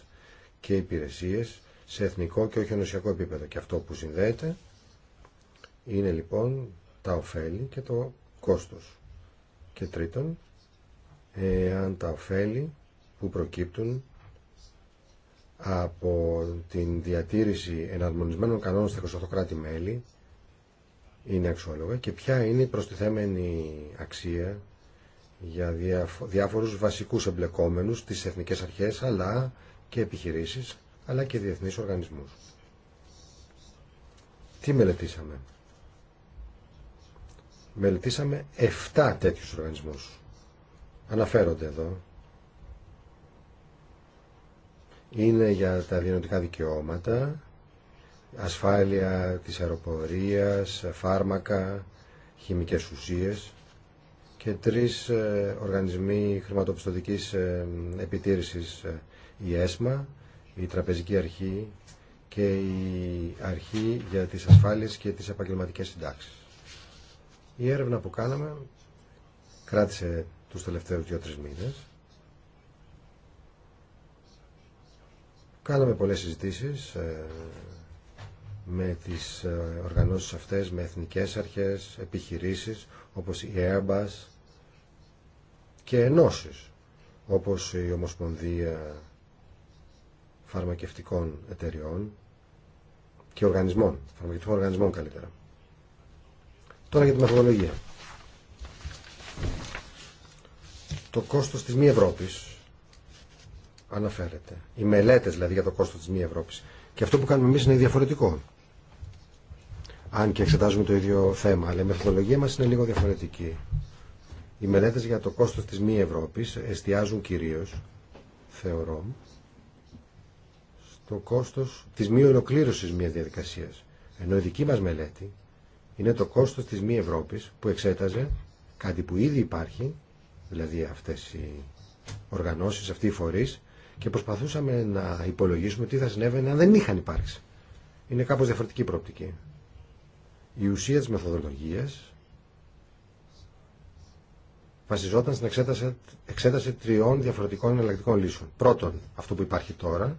και υπηρεσίες σε εθνικό και όχι ενωσιακό επίπεδο. Και αυτό που συνδέεται είναι λοιπόν τα ωφέλη και το κόστος. Και τρίτον, εάν τα ωφέλη που προκύπτουν από την διατήρηση εναρμονισμένων κανόνων στα 28 κράτη-μέλη είναι αξιόλογα και ποια είναι η προστιθέμενη αξία για διάφορους βασικούς εμπλεκόμενους, τις εθνικές αρχές, αλλά και επιχειρήσεις, αλλά και διεθνείς οργανισμούς. Τι μελετήσαμε. Μελετήσαμε 7 τέτοιους οργανισμούς. Αναφέρονται εδώ. Είναι για τα διενωτικά δικαιώματα, ασφάλεια της αεροπορίας, φάρμακα, χημικές ουσίες και τρεις ε, οργανισμοί χρηματοπιστωτικής ε, επιτήρησης, ε, η ΕΣΜΑ, η Τραπεζική Αρχή και η Αρχή για τις ασφάλειες και τις επαγγελματικές συντάξεις. Η έρευνα που κάναμε κράτησε τους τελευταίους δύο-τρεις μήνες. Κάναμε πολλές συζητήσεις με τις ε, οργανώσεις αυτές, με εθνικές αρχές, επιχειρήσεις όπως η Airbus και ενώσεις όπως η Ομοσπονδία Φαρμακευτικών Εταιριών και οργανισμών, φαρμακευτικών οργανισμών καλύτερα. Τώρα για τη μεθοδολογία. Το κόστος της μη Ευρώπης αναφέρεται. Οι μελέτες δηλαδή για το κόστος της μη Ευρώπης. Και αυτό που κάνουμε εμείς είναι διαφορετικό αν και εξετάζουμε το ίδιο θέμα, αλλά η μεθοδολογία μας είναι λίγο διαφορετική. Οι μελέτες για το κόστος της μη Ευρώπης εστιάζουν κυρίως, θεωρώ, στο κόστος της μη ολοκλήρωσης μιας διαδικασίας. Ενώ η δική μας μελέτη είναι το κόστος της μη Ευρώπης που εξέταζε κάτι που ήδη υπάρχει, δηλαδή αυτές οι οργανώσεις, αυτοί οι φορείς, και προσπαθούσαμε να υπολογίσουμε τι θα συνέβαινε αν δεν είχαν υπάρξει. Είναι κάπως διαφορετική προοπτική. Η ουσία της μεθοδολογίας βασιζόταν στην εξέταση, τριών διαφορετικών εναλλακτικών λύσεων. Πρώτον, αυτό που υπάρχει τώρα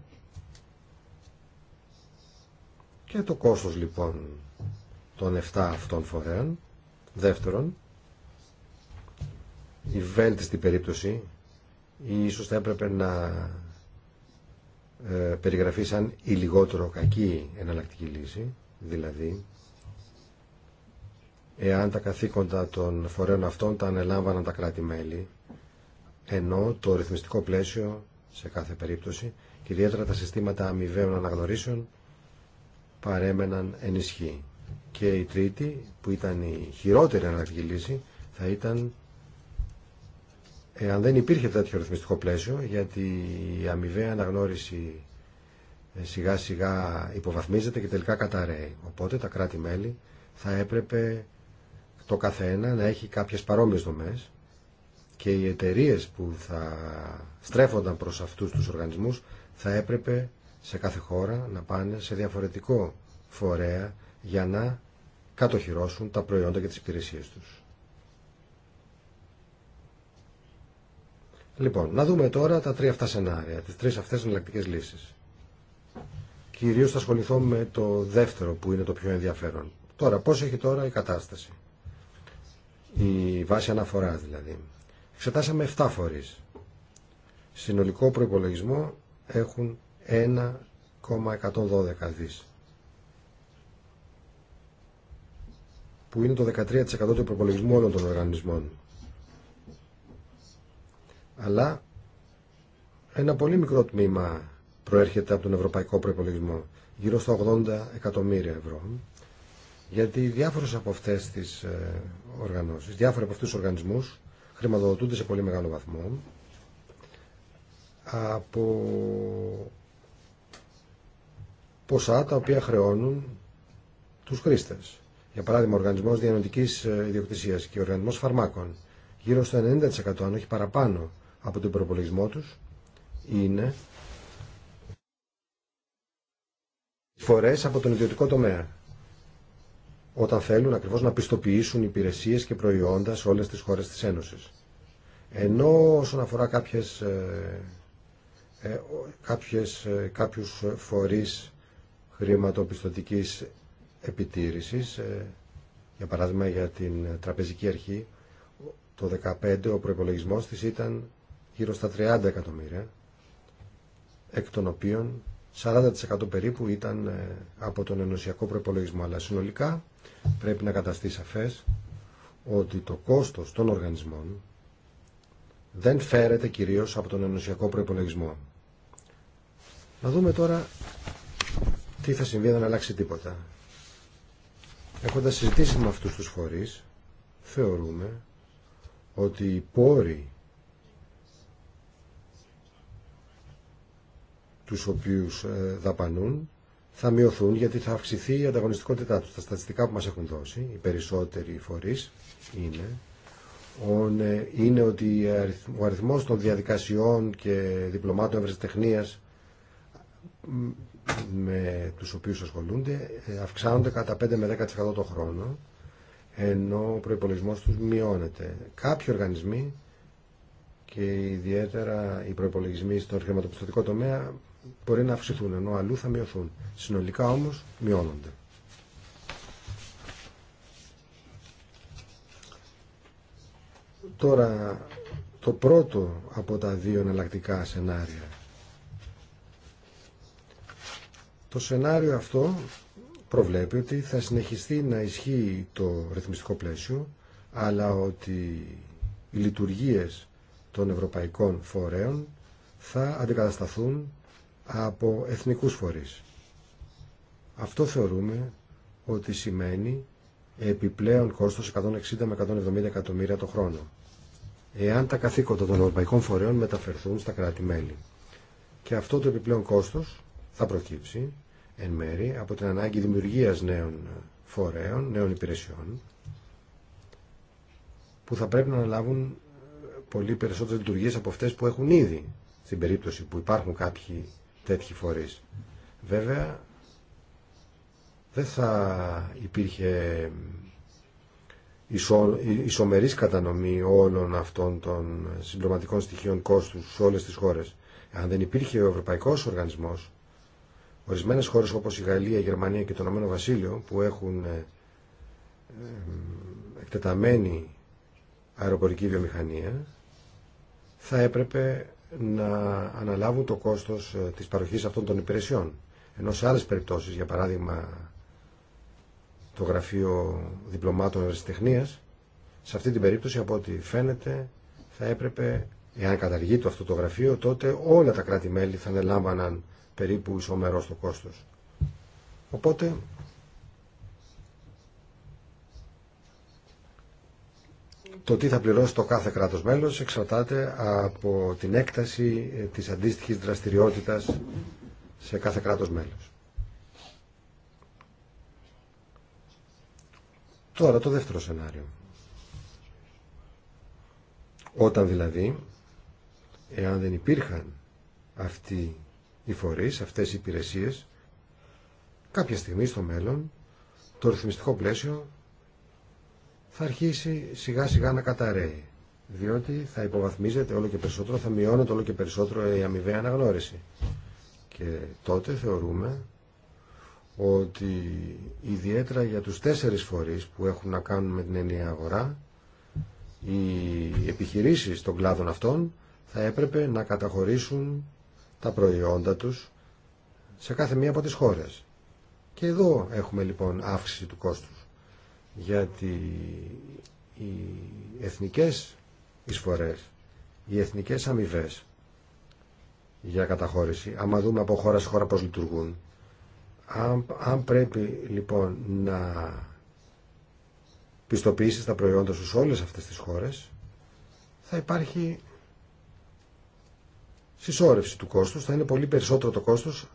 και το κόστος λοιπόν των 7 αυτών φορέων. Δεύτερον, η βέλτιστη περίπτωση ή ίσως θα έπρεπε να ε, περιγραφεί σαν η λιγότερο κακή εναλλακτική λύση, δηλαδή εάν τα καθήκοντα των φορέων αυτών τα ανελάμβαναν τα κράτη-μέλη, ενώ το ρυθμιστικό πλαίσιο σε κάθε περίπτωση και ιδιαίτερα τα συστήματα αμοιβαίων αναγνωρίσεων παρέμεναν ενισχύ. Και η τρίτη, που ήταν η χειρότερη αναλλακτική λύση, θα ήταν εάν δεν υπήρχε τέτοιο ρυθμιστικό πλαίσιο, γιατί η αμοιβαία αναγνώριση ε, σιγά σιγά υποβαθμίζεται και τελικά καταραίει. Οπότε τα κράτη-μέλη θα έπρεπε το καθένα να έχει κάποιες παρόμοιες δομές και οι εταιρείε που θα στρέφονταν προς αυτούς τους οργανισμούς θα έπρεπε σε κάθε χώρα να πάνε σε διαφορετικό φορέα για να κατοχυρώσουν τα προϊόντα και τις υπηρεσίες τους. Λοιπόν, να δούμε τώρα τα τρία αυτά σενάρια, τις τρεις αυτές εναλλακτικές λύσεις. Κυρίως θα ασχοληθώ με το δεύτερο που είναι το πιο ενδιαφέρον. Τώρα, πώς έχει τώρα η κατάσταση η βάση αναφοράς δηλαδή. Εξετάσαμε 7 φορεί. Συνολικό προπολογισμό έχουν 1,112 δι. Που είναι το 13% του προπολογισμού όλων των οργανισμών. Αλλά ένα πολύ μικρό τμήμα προέρχεται από τον ευρωπαϊκό προπολογισμό, Γύρω στα 80 εκατομμύρια ευρώ. Γιατί διάφορες από αυτές τις ε, οργανώσεις, διάφοροι από αυτούς τους οργανισμούς χρηματοδοτούνται σε πολύ μεγάλο βαθμό από ποσά τα οποία χρεώνουν τους χρήστες. Για παράδειγμα, ο Οργανισμός Διανοτικής ε, Ιδιοκτησίας και ο Οργανισμός Φαρμάκων γύρω στο 90% αν όχι παραπάνω από τον προπολογισμό τους είναι φορές από τον ιδιωτικό τομέα όταν θέλουν ακριβώ να πιστοποιήσουν υπηρεσίε και προϊόντα σε όλες τις χώρες της Ένωσης. Ενώ όσον αφορά κάποιες, ε, ε, κάποιες, ε, κάποιους φορείς επιτήρησης, για παράδειγμα για την τραπεζική αρχή, το 2015 ο προϋπολογισμός της ήταν γύρω στα 30 εκατομμύρια, εκ των οποίων 40% περίπου ήταν από τον ενωσιακό προϋπολογισμό, αλλά συνολικά Πρέπει να καταστεί σαφές ότι το κόστος των οργανισμών δεν φέρεται κυρίως από τον ενωσιακό προϋπολογισμό. Να δούμε τώρα τι θα συμβεί αν αλλάξει τίποτα. Έχοντας συζητήσει με αυτούς τους φορείς, θεωρούμε ότι οι πόροι τους οποίους ε, δαπανούν θα μειωθούν γιατί θα αυξηθεί η ανταγωνιστικότητά του. Τα στατιστικά που μας έχουν δώσει, οι περισσότεροι φορεί είναι, ε, είναι ότι ο αριθμό των διαδικασιών και διπλωμάτων ευρεσιτεχνία με τους οποίους ασχολούνται ε, αυξάνονται κατά 5 με 10% το χρόνο ενώ ο προπολογισμό τους μειώνεται. Κάποιοι οργανισμοί και ιδιαίτερα οι προπολογισμοί στον χρηματοπιστωτικό τομέα μπορεί να αυξηθούν, ενώ αλλού θα μειωθούν. Συνολικά όμως μειώνονται. Τώρα, το πρώτο από τα δύο εναλλακτικά σενάρια. Το σενάριο αυτό προβλέπει ότι θα συνεχιστεί να ισχύει το ρυθμιστικό πλαίσιο, αλλά ότι οι λειτουργίες των ευρωπαϊκών φορέων θα αντικατασταθούν από εθνικούς φορείς. Αυτό θεωρούμε ότι σημαίνει επιπλέον κόστος 160 με 170 εκατομμύρια το χρόνο, εάν τα καθήκοντα των ευρωπαϊκών φορέων μεταφερθούν στα κράτη-μέλη. Και αυτό το επιπλέον κόστος θα προκύψει εν μέρη από την ανάγκη δημιουργίας νέων φορέων, νέων υπηρεσιών, που θα πρέπει να αναλάβουν πολύ περισσότερες λειτουργίες από αυτές που έχουν ήδη, στην περίπτωση που υπάρχουν κάποιοι τέτοιοι φορείς. Βέβαια, δεν θα υπήρχε ισο, ισομερής κατανομή όλων αυτών των συμπληρωματικών στοιχείων κόστους σε όλες τις χώρες. Αν δεν υπήρχε ο Ευρωπαϊκός Οργανισμός, ορισμένες χώρες όπως η Γαλλία, η Γερμανία και το Ηνωμένο Βασίλειο που έχουν ε, ε, εκτεταμένη αεροπορική βιομηχανία θα έπρεπε να αναλάβουν το κόστος ε, της παροχής αυτών των υπηρεσιών. Ενώ σε άλλες περιπτώσεις, για παράδειγμα το Γραφείο Διπλωμάτων Αριστεχνίας, σε αυτή την περίπτωση από ό,τι φαίνεται θα έπρεπε, εάν καταργεί το αυτό το γραφείο, τότε όλα τα κράτη-μέλη θα ανελάμβαναν περίπου ισομερό το κόστος. Οπότε Το τι θα πληρώσει το κάθε κράτος μέλος εξαρτάται από την έκταση ε, της αντίστοιχης δραστηριότητας σε κάθε κράτος μέλος. Τώρα το δεύτερο σενάριο. Όταν δηλαδή, εάν δεν υπήρχαν αυτοί οι φορείς, αυτές οι υπηρεσίες, κάποια στιγμή στο μέλλον, το ρυθμιστικό πλαίσιο θα αρχίσει σιγά σιγά να καταραίει. Διότι θα υποβαθμίζεται όλο και περισσότερο, θα μειώνεται όλο και περισσότερο η αμοιβαία αναγνώριση. Και τότε θεωρούμε ότι ιδιαίτερα για τους τέσσερις φορείς που έχουν να κάνουν με την ενιαία αγορά, οι επιχειρήσεις των κλάδων αυτών θα έπρεπε να καταχωρήσουν τα προϊόντα τους σε κάθε μία από τις χώρες. Και εδώ έχουμε λοιπόν αύξηση του κόστου γιατί οι εθνικές εισφορές, οι εθνικές αμοιβέ για καταχώρηση, άμα δούμε από χώρα σε χώρα πώς λειτουργούν, αν, αν πρέπει λοιπόν να πιστοποιήσεις τα προϊόντα σου σε όλες αυτές τις χώρες, θα υπάρχει συσσόρευση του κόστους, θα είναι πολύ περισσότερο το κόστος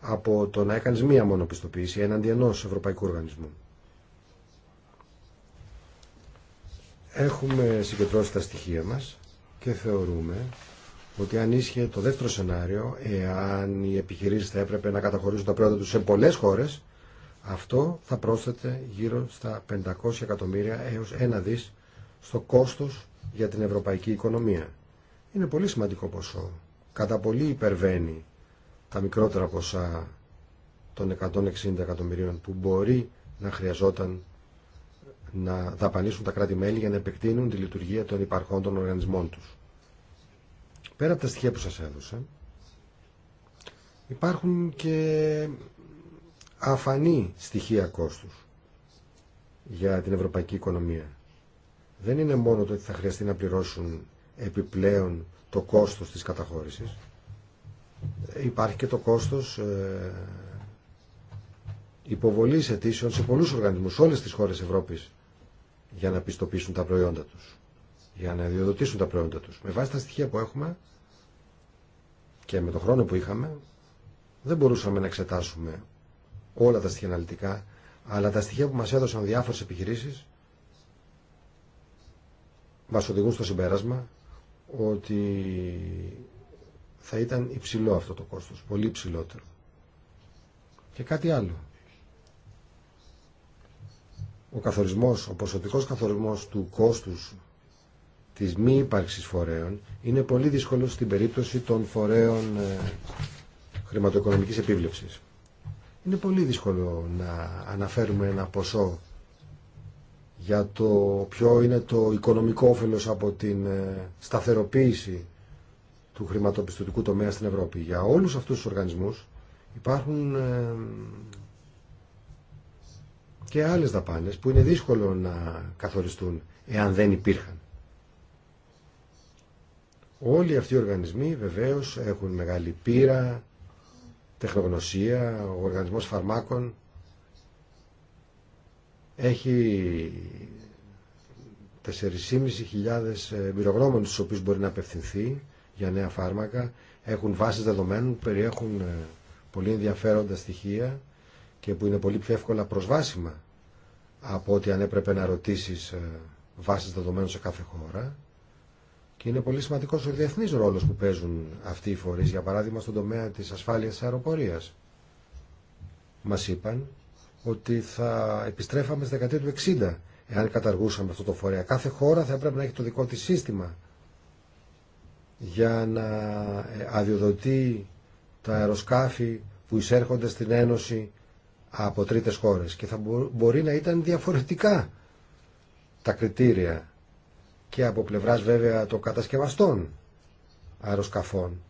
από το να έκανες μία μόνο πιστοποίηση έναντι ενός ευρωπαϊκού οργανισμού. Έχουμε συγκεντρώσει τα στοιχεία μας και θεωρούμε ότι αν ίσχυε το δεύτερο σενάριο, εάν οι επιχειρήσεις θα έπρεπε να καταχωρήσουν τα προϊόντα τους σε πολλές χώρες, αυτό θα πρόσθεται γύρω στα 500 εκατομμύρια έως 1 δις στο κόστος για την ευρωπαϊκή οικονομία. Είναι πολύ σημαντικό ποσό. Κατά πολύ υπερβαίνει τα μικρότερα ποσά των 160 εκατομμυρίων που μπορεί να χρειαζόταν να δαπανίσουν τα κράτη-μέλη για να επεκτείνουν τη λειτουργία των υπαρχόντων οργανισμών τους. Πέρα από τα στοιχεία που σας έδωσα, υπάρχουν και αφανή στοιχεία κόστους για την ευρωπαϊκή οικονομία. Δεν είναι μόνο το ότι θα χρειαστεί να πληρώσουν επιπλέον το κόστος της καταχώρησης. Υπάρχει και το κόστος ε, υποβολής αιτήσεων σε πολλούς οργανισμούς, σε όλες τις χώρες Ευρώπης για να πιστοποιήσουν τα προϊόντα τους, για να διοδοτήσουν τα προϊόντα τους. Με βάση τα στοιχεία που έχουμε και με τον χρόνο που είχαμε, δεν μπορούσαμε να εξετάσουμε όλα τα στοιχεία αναλυτικά, αλλά τα στοιχεία που μας έδωσαν διάφορες επιχειρήσεις μας οδηγούν στο συμπέρασμα ότι θα ήταν υψηλό αυτό το κόστος, πολύ υψηλότερο. Και κάτι άλλο ο καθορισμός, ο ποσοτικός καθορισμός του κόστους της μη ύπαρξης φορέων είναι πολύ δύσκολο στην περίπτωση των φορέων ε, χρηματοοικονομικής επίβλεψης. Είναι πολύ δύσκολο να αναφέρουμε ένα ποσό για το ποιο είναι το οικονομικό όφελος από την ε, σταθεροποίηση του χρηματοπιστωτικού τομέα στην Ευρώπη. Για όλους αυτούς τους οργανισμούς υπάρχουν ε, και άλλες δαπάνες που είναι δύσκολο να καθοριστούν εάν δεν υπήρχαν. Όλοι αυτοί οι οργανισμοί βεβαίως έχουν μεγάλη πείρα, τεχνογνωσία, ο οργανισμός φαρμάκων έχει 4.500 εμπειρογνώμων στους οποίους μπορεί να απευθυνθεί για νέα φάρμακα, έχουν βάσεις δεδομένων που περιέχουν ε, πολύ ενδιαφέροντα στοιχεία και που είναι πολύ πιο εύκολα προσβάσιμα από ότι αν έπρεπε να ρωτήσεις ε, βάσεις δεδομένων σε κάθε χώρα και είναι πολύ σημαντικός ο διεθνής ρόλος που παίζουν αυτοί οι φορείς για παράδειγμα στον τομέα της ασφάλειας της αεροπορίας μας είπαν ότι θα επιστρέφαμε στη δεκαετία του 60 εάν καταργούσαμε αυτό το φορέα κάθε χώρα θα έπρεπε να έχει το δικό της σύστημα για να ε, αδειοδοτεί τα αεροσκάφη που εισέρχονται στην Ένωση από τρίτες χώρες και θα μπορεί να ήταν διαφορετικά τα κριτήρια και από πλευράς βέβαια των κατασκευαστών αεροσκαφών.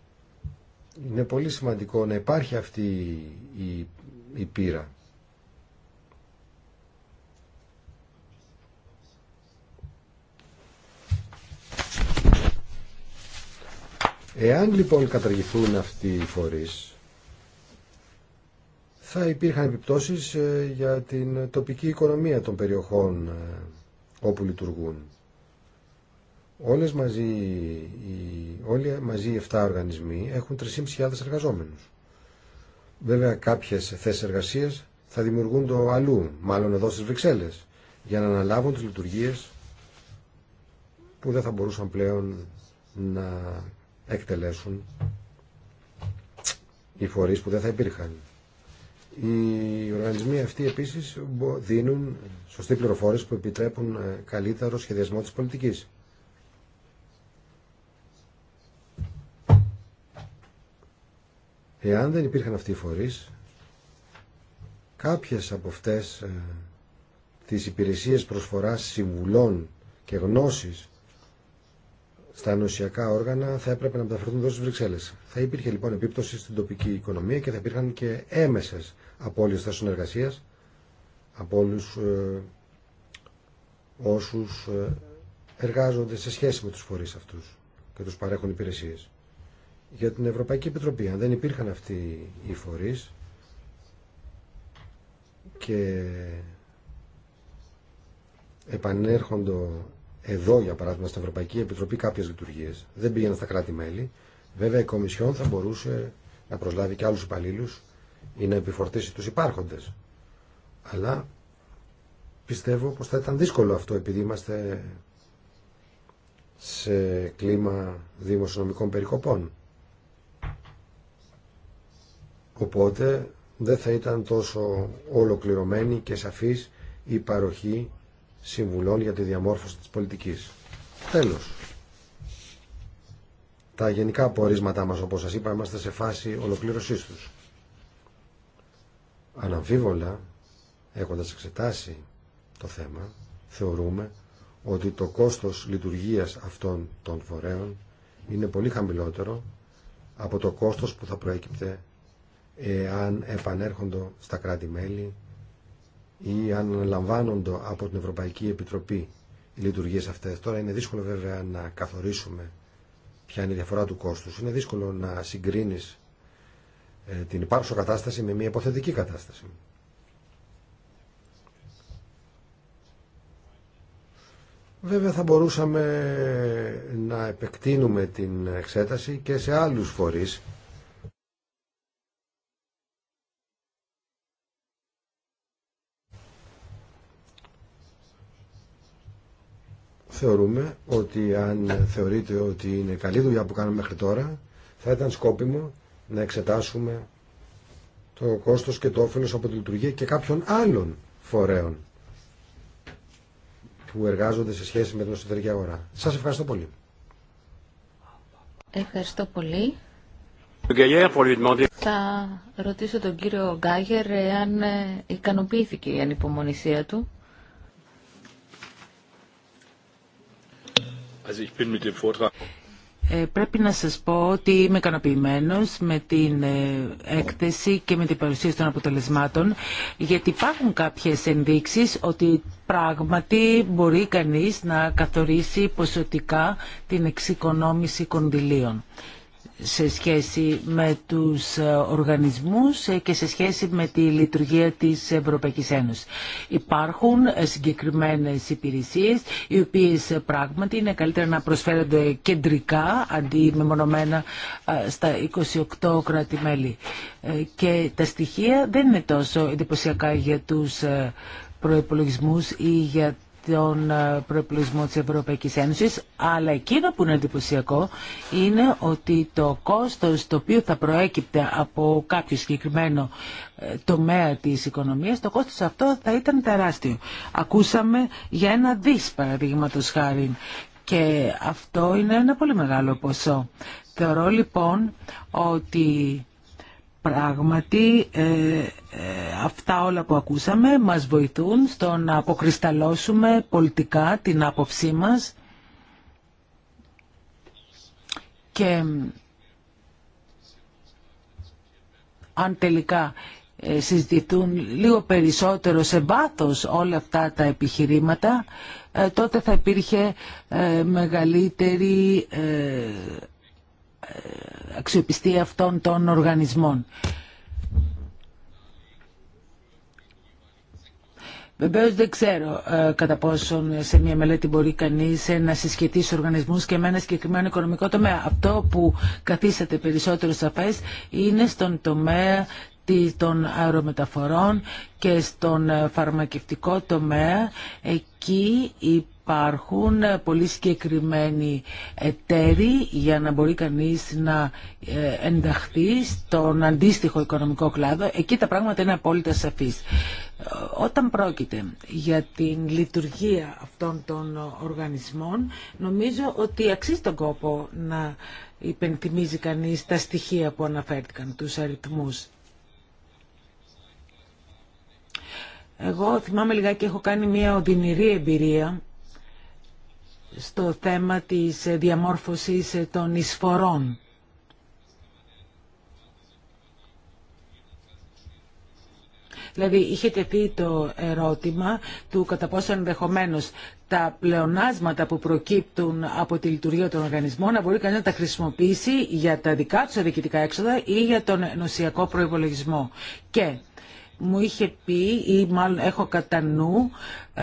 Είναι πολύ σημαντικό να υπάρχει αυτή η, η πείρα. Εάν λοιπόν καταργηθούν αυτοί οι φορείς, θα υπήρχαν επιπτώσεις ε, για την τοπική οικονομία των περιοχών ε, όπου λειτουργούν. Όλες μαζί, όλοι μαζί οι 7 οργανισμοί έχουν 3.500 εργαζόμενους. Βέβαια κάποιες θέσεις εργασίας θα δημιουργούν το αλλού, μάλλον εδώ στις Βρυξέλλες, για να αναλάβουν τις λειτουργίες που δεν θα μπορούσαν πλέον να εκτελέσουν οι φορείς που δεν θα υπήρχαν. Οι οργανισμοί αυτοί επίση δίνουν σωστή πληροφόρηση που επιτρέπουν ε, καλύτερο σχεδιασμό της πολιτικής. Εάν δεν υπήρχαν αυτοί οι φορείς, κάποιες από αυτές ε, τι υπηρεσίε προσφοράς συμβουλών και γνώσης στα ενωσιακά όργανα θα έπρεπε να μεταφερθούν εδώ στι Βρυξέλλε. Θα υπήρχε λοιπόν επίπτωση στην τοπική οικονομία και θα υπήρχαν και έμεσε απώλειε θέσεων εργασία από όλου ε, όσου ε, εργάζονται σε σχέση με του φορεί αυτού και του παρέχουν υπηρεσίε. Για την Ευρωπαϊκή Επιτροπή, αν δεν υπήρχαν αυτοί οι φορεί και επανέρχονται εδώ, για παράδειγμα, στην Ευρωπαϊκή Επιτροπή κάποιε λειτουργίε. Δεν πήγαινε στα κράτη-μέλη. Βέβαια, η Κομισιόν θα μπορούσε να προσλάβει και άλλου υπαλλήλου ή να επιφορτήσει του υπάρχοντε. Αλλά πιστεύω πω θα ήταν δύσκολο αυτό επειδή είμαστε σε κλίμα δημοσιονομικών περικοπών. Οπότε δεν θα ήταν τόσο ολοκληρωμένη και σαφής η παροχή συμβουλών για τη διαμόρφωση της πολιτικής. Τέλος. Τα γενικά απορίσματά μας, όπως σας είπα, είμαστε σε φάση ολοκλήρωσής τους. Αναμφίβολα, έχοντας εξετάσει το θέμα, θεωρούμε ότι το κόστος λειτουργίας αυτών των φορέων είναι πολύ χαμηλότερο από το κόστος που θα προέκυπτε εάν επανέρχονται στα κράτη-μέλη ή αν αναλαμβάνονται από την Ευρωπαϊκή Επιτροπή οι λειτουργίες αυτές. Τώρα είναι δύσκολο βέβαια να καθορίσουμε ποια είναι η διαφορά του κόστους. Είναι δύσκολο να συγκρίνεις ε, την υπάρχουσα κατάσταση με μια υποθετική κατάσταση. Βέβαια θα μπορούσαμε να επεκτείνουμε την εξέταση και σε άλλους φορείς θεωρούμε ότι αν θεωρείτε ότι είναι καλή δουλειά που κάνουμε μέχρι τώρα, θα ήταν σκόπιμο να εξετάσουμε το κόστος και το όφελος από τη λειτουργία και κάποιων άλλων φορέων που εργάζονται σε σχέση με την εσωτερική αγορά. Σας ευχαριστώ πολύ. Ευχαριστώ πολύ. Θα ρωτήσω τον κύριο Γκάγερ εάν ικανοποιήθηκε η ανυπομονησία του. Ε, πρέπει να σας πω ότι είμαι ικανοποιημένο με την ε, έκθεση και με την παρουσίαση των αποτελεσμάτων, γιατί υπάρχουν κάποιες ενδείξεις ότι πράγματι μπορεί κανείς να καθορίσει ποσοτικά την εξοικονόμηση κονδυλίων σε σχέση με τους ε, οργανισμούς ε, και σε σχέση με τη λειτουργία της Ευρωπαϊκής Ένωσης. Υπάρχουν ε, συγκεκριμένες υπηρεσίες οι οποίες πράγματι είναι καλύτερα να προσφέρονται κεντρικά αντί μεμονωμένα στα 28 κράτη-μέλη. Και τα στοιχεία δεν είναι τόσο εντυπωσιακά για τους προϋπολογισμούς ή για τον ε, προεπλογισμό της Ευρωπαϊκής Ένωσης, αλλά εκείνο που είναι εντυπωσιακό είναι ότι το κόστος το οποίο θα προέκυπτε από κάποιο συγκεκριμένο ε, τομέα της οικονομίας, το κόστος αυτό θα ήταν τεράστιο. Ακούσαμε για ένα δις παραδείγματο χάρη και αυτό είναι ένα πολύ μεγάλο ποσό. Θεωρώ λοιπόν ότι Πράγματι, ε, ε, αυτά όλα που ακούσαμε μας βοηθούν στο να αποκρισταλώσουμε πολιτικά την άποψή μας και αν τελικά ε, συζητηθούν λίγο περισσότερο σε βάθος όλα αυτά τα επιχειρήματα, τότε θα υπήρχε μεγαλύτερη αξιοπιστία αυτών των οργανισμών. Βεβαίω δεν ξέρω ε, κατά πόσον σε μια μελέτη μπορεί κανείς ε, να συσχετίσει οργανισμούς και με ένα συγκεκριμένο οικονομικό τομέα. Αυτό που καθίσατε περισσότερο σαφέ είναι στον τομέα των αερομεταφορών και στον ε, φαρμακευτικό τομέα. Εκεί η υπάρχουν πολύ συγκεκριμένοι εταίροι για να μπορεί κανείς να ε, ενταχθεί στον αντίστοιχο οικονομικό κλάδο. Εκεί τα πράγματα είναι απόλυτα σαφείς. Ε, όταν πρόκειται για την λειτουργία αυτών των οργανισμών, νομίζω ότι αξίζει τον κόπο να υπενθυμίζει κανείς τα στοιχεία που αναφέρθηκαν, τους αριθμούς. Εγώ θυμάμαι λιγάκι, έχω κάνει μια οδυνηρή εμπειρία στο θέμα της διαμόρφωσης των εισφορών. Δηλαδή είχε τεθεί το ερώτημα του κατά πόσο ενδεχομένω τα πλεονάσματα που προκύπτουν από τη λειτουργία των οργανισμών να μπορεί κανείς να τα χρησιμοποιήσει για τα δικά του αδικητικά έξοδα ή για τον νοσιακό προϋπολογισμό. Και μου είχε πει ή μάλλον έχω κατά νου ε,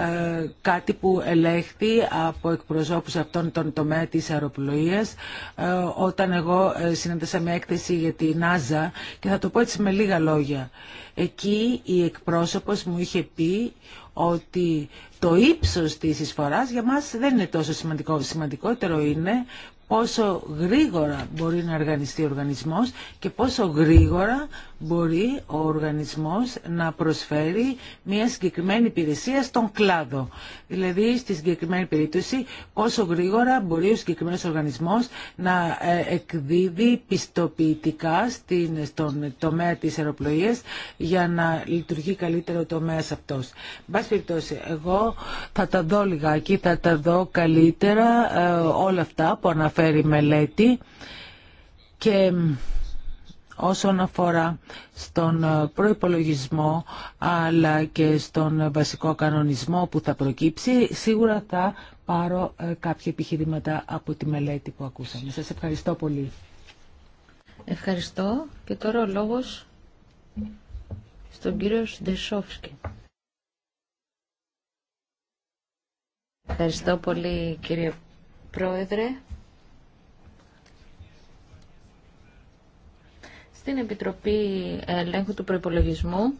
κάτι που ελέγχθη από εκπροσώπους αυτών των τομέα της αεροπλοείας ε, όταν εγώ ε, συνέντασα μια έκθεση για την ΝΑΖΑ και θα το πω έτσι με λίγα λόγια. Εκεί η εκπρόσωπος μου είχε πει ότι το ύψος της εισφοράς για μας δεν είναι τόσο σημαντικό. Σημαντικότερο είναι πόσο γρήγορα μπορεί να οργανιστεί ο οργανισμός και πόσο γρήγορα μπορεί ο οργανισμός να προσφέρει μια συγκεκριμένη υπηρεσία στον κλάδο. Δηλαδή, στη συγκεκριμένη περίπτωση, πόσο γρήγορα μπορεί ο συγκεκριμένο οργανισμό να ε, εκδίδει πιστοποιητικά στην, στον τομέα της αεροπλοεία για να λειτουργεί καλύτερο ο αυτό. αυτός. περιπτώσει, εγώ θα τα δω λιγάκι, θα τα δω καλύτερα ε, όλα αυτά που αναφέρει η μελέτη και όσον αφορά στον ε, προϋπολογισμό αλλά και στον βασικό κανονισμό που θα προκύψει, σίγουρα θα πάρω ε, κάποια επιχειρήματα από τη μελέτη που ακούσαμε. Σας ευχαριστώ πολύ. Ευχαριστώ. Και τώρα ο λόγος στον κύριο Σντεσόφσκι. Ευχαριστώ πολύ κύριε Πρόεδρε. Στην Επιτροπή Ελέγχου του Προϋπολογισμού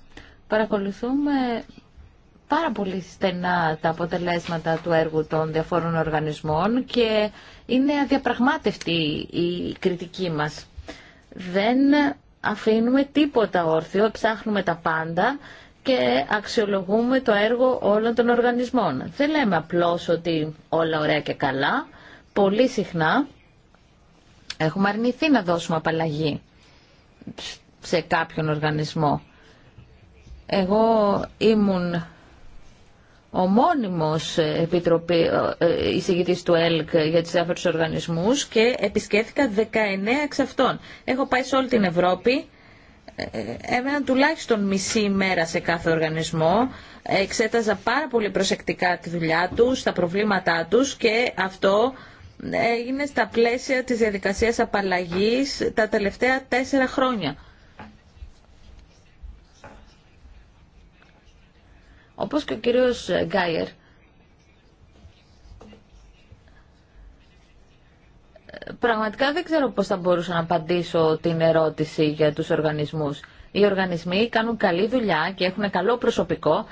παρακολουθούμε πάρα πολύ στενά τα αποτελέσματα του έργου των διαφόρων οργανισμών και είναι αδιαπραγμάτευτη η κριτική μας. Δεν αφήνουμε τίποτα όρθιο, ψάχνουμε τα πάντα και αξιολογούμε το έργο όλων των οργανισμών. Δεν λέμε απλώς ότι όλα ωραία και καλά. Πολύ συχνά έχουμε αρνηθεί να δώσουμε απαλλαγή σε κάποιον οργανισμό. Εγώ ήμουν ο μόνιμος ε, επιτροπή, ε, ε, εισηγητής του ΕΛΚ για τις διάφορους οργανισμούς και επισκέφθηκα 19 εξ αυτών. Έχω πάει σε όλη την Ευρώπη, έμεναν τουλάχιστον μισή ημέρα σε κάθε οργανισμό, εξέταζα πάρα πολύ προσεκτικά τη δουλειά τους, τα προβλήματά τους και αυτό έγινε στα πλαίσια της διαδικασίας απαλλαγής τα τελευταία τέσσερα χρόνια. Όπως και ο κύριος Γκάιερ, πραγματικά δεν ξέρω πώς θα μπορούσα να απαντήσω την ερώτηση για τους οργανισμούς. Οι οργανισμοί κάνουν καλή δουλειά και έχουν καλό προσωπικό,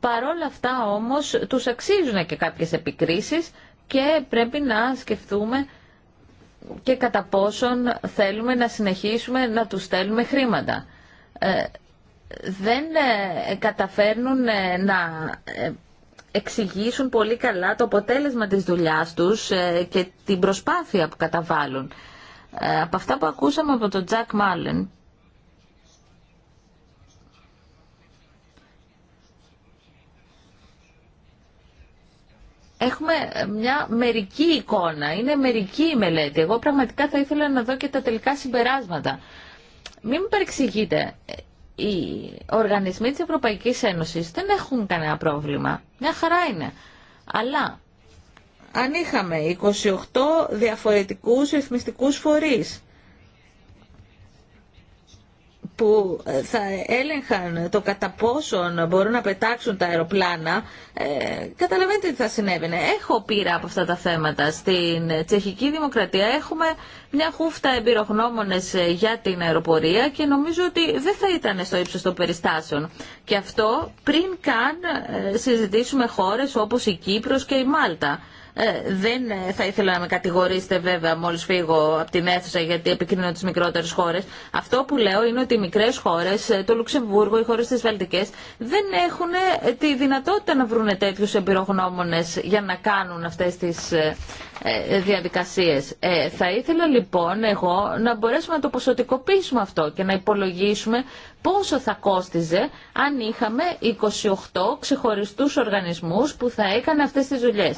παρόλα αυτά όμως τους αξίζουν και κάποιες επικρίσεις και πρέπει να σκεφτούμε και κατά πόσον θέλουμε να συνεχίσουμε να τους στέλνουμε χρήματα. Ε, δεν ε, καταφέρνουν ε, να εξηγήσουν πολύ καλά το αποτέλεσμα της δουλειάς τους και την προσπάθεια που καταβάλουν. Από αυτά που ακούσαμε από τον Τζακ Μάλεν, έχουμε μια μερική εικόνα, είναι μερική η μελέτη. Εγώ πραγματικά θα ήθελα να δω και τα τελικά συμπεράσματα. Μην με παρεξηγείτε, ε, οι οργανισμοί της Ευρωπαϊκής Ένωσης δεν έχουν κανένα πρόβλημα. Μια χαρά είναι. Αλλά αν είχαμε 28 διαφορετικούς ρυθμιστικούς φορείς που ε, θα έλεγχαν το κατά πόσον μπορούν να πετάξουν τα αεροπλάνα, ε, καταλαβαίνετε τι θα συνέβαινε. Έχω πείρα από αυτά τα θέματα. Στην Τσεχική Δημοκρατία έχουμε μια χούφτα εμπειρογνώμονες ε, για την αεροπορία και νομίζω ότι δεν θα ήταν στο ύψος των περιστάσεων. Και αυτό πριν καν συζητήσουμε χώρες όπως η Κύπρος και η Μάλτα. Ε, δεν ε, θα ήθελα να με κατηγορήσετε βέβαια μόλις φύγω από την αίθουσα γιατί επικρίνω τις μικρότερες χώρες. Αυτό που λέω είναι ότι οι μικρές χώρες, ε, το Λουξεμβούργο, οι χώρες της Βαλτικής δεν έχουν τη δυνατότητα να βρουν τέτοιους εμπειρογνώμονες για να κάνουν αυτές τις διαδικασίες. θα ήθελα λοιπόν εγώ να μπορέσουμε να το ποσοτικοποιήσουμε αυτό και να υπολογίσουμε πόσο θα κόστιζε αν είχαμε 28 ξεχωριστούς οργανισμούς που θα έκανε αυτές τις δουλειέ.